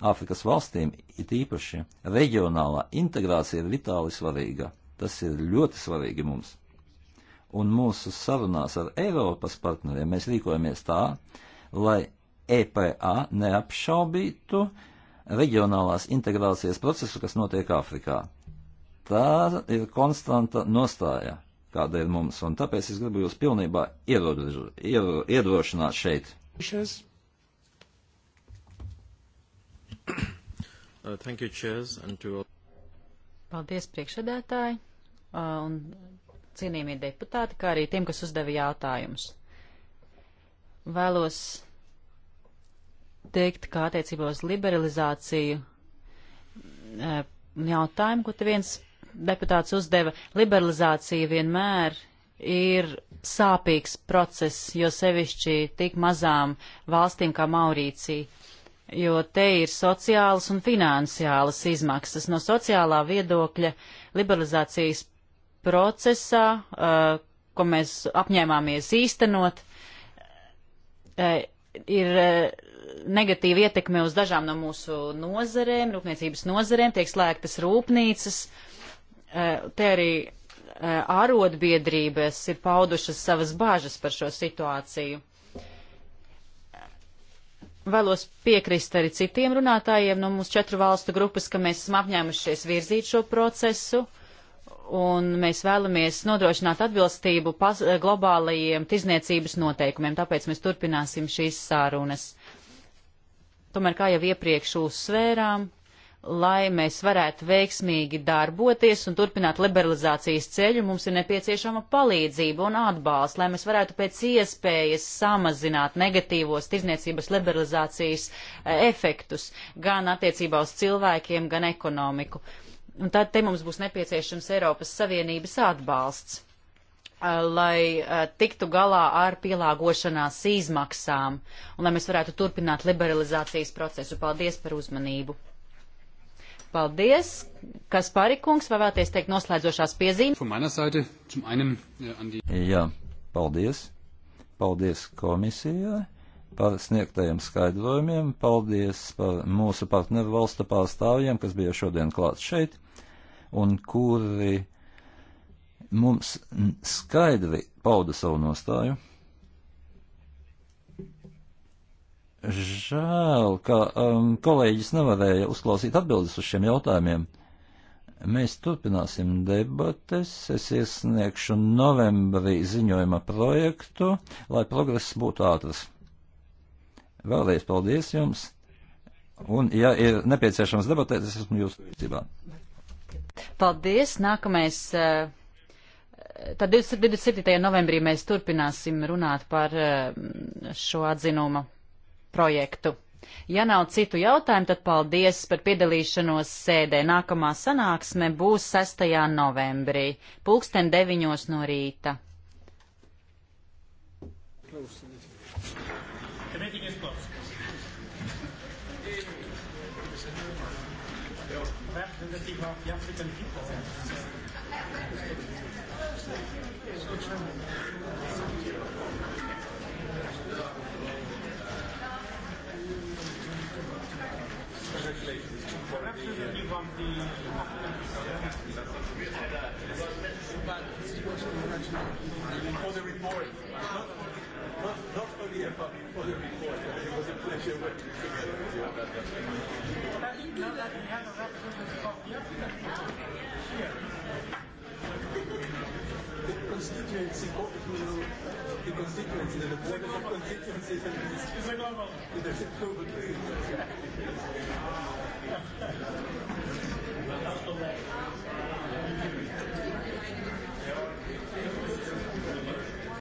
Speaker 4: Āfrikas valstīm, it īpaši reģionālā integrācija ir vitāli svarīga. Tas ir ļoti svarīgi mums. Un mūsu sarunās ar Eiropas partneriem mēs rīkojamies tā, lai EPA neapšaubītu uh, reģionālās integrācijas procesu, kas notiek Āfrikā. Tā ir konstanta nostāja, kāda ir mums, un tāpēc es gribu jūs pilnībā ierodžu, iero, iedrošināt šeit.
Speaker 5: Uh,
Speaker 2: Paldies priekšsēdētāji uh, un cienījamie deputāti, kā arī tiem, kas uzdeva jautājumus. Vēlos teikt, kā attiecībā uz liberalizāciju e, jautājumu, ko te viens deputāts uzdeva. Liberalizācija vienmēr ir sāpīgs process, jo sevišķi tik mazām valstīm kā Maurīcija, jo te ir sociālas un finansiālas izmaksas. No sociālā viedokļa liberalizācijas procesā, uh, ko mēs apņēmāmies īstenot, uh, ir uh, negatīva ietekme uz dažām no mūsu nozarēm, rūpniecības nozarēm, tiek slēgtas rūpnīcas. Eh, te arī eh, ārodbiedrības ir paudušas savas bāžas par šo situāciju. Vēlos piekrist arī citiem runātājiem no mūsu četru valstu grupas, ka mēs esam apņēmušies virzīt šo procesu un mēs vēlamies nodrošināt atbilstību globālajiem tirzniecības noteikumiem, tāpēc mēs turpināsim šīs sārunas. Tomēr, kā jau iepriekš uzsvērām, lai mēs varētu veiksmīgi darboties un turpināt liberalizācijas ceļu, mums ir nepieciešama palīdzība un atbalsts, lai mēs varētu pēc iespējas samazināt negatīvos tirzniecības liberalizācijas eh, efektus gan attiecībā uz cilvēkiem, gan ekonomiku. Un tad te mums būs nepieciešams Eiropas Savienības atbalsts. Eh, lai eh, tiktu galā ar pielāgošanās izmaksām un lai mēs varētu turpināt liberalizācijas procesu. Paldies par uzmanību! Paldies! Kas parikungs, vai vēlaties teikt noslēdzošās piezīmes?
Speaker 4: Eh, Jā, paldies! Paldies komisijai par sniegtajiem skaidrojumiem, paldies par mūsu partneru valstu pārstāvjiem, kas bija šodien klāt šeit un kuri mums skaidri pauda savu nostāju. Žēl, ka um, kolēģis nevarēja uzklausīt atbildes uz šiem jautājumiem. Mēs turpināsim debates, es iesniegšu novembrī ziņojuma projektu, lai progress būtu ātrs. Vēlreiz paldies jums, un, ja ir nepieciešams debatēt, es esmu jūsu rīcībā.
Speaker 2: Paldies, nākamais. Uh Tad 27. novembrī mēs turpināsim runāt par eh, šo atzinumu projektu. Ja nav citu jautājumu, tad paldies par piedalīšanos sēdē. Nākamā sanāksme būs 6. novembrī, pulksten 9. no rīta.
Speaker 1: Thank you.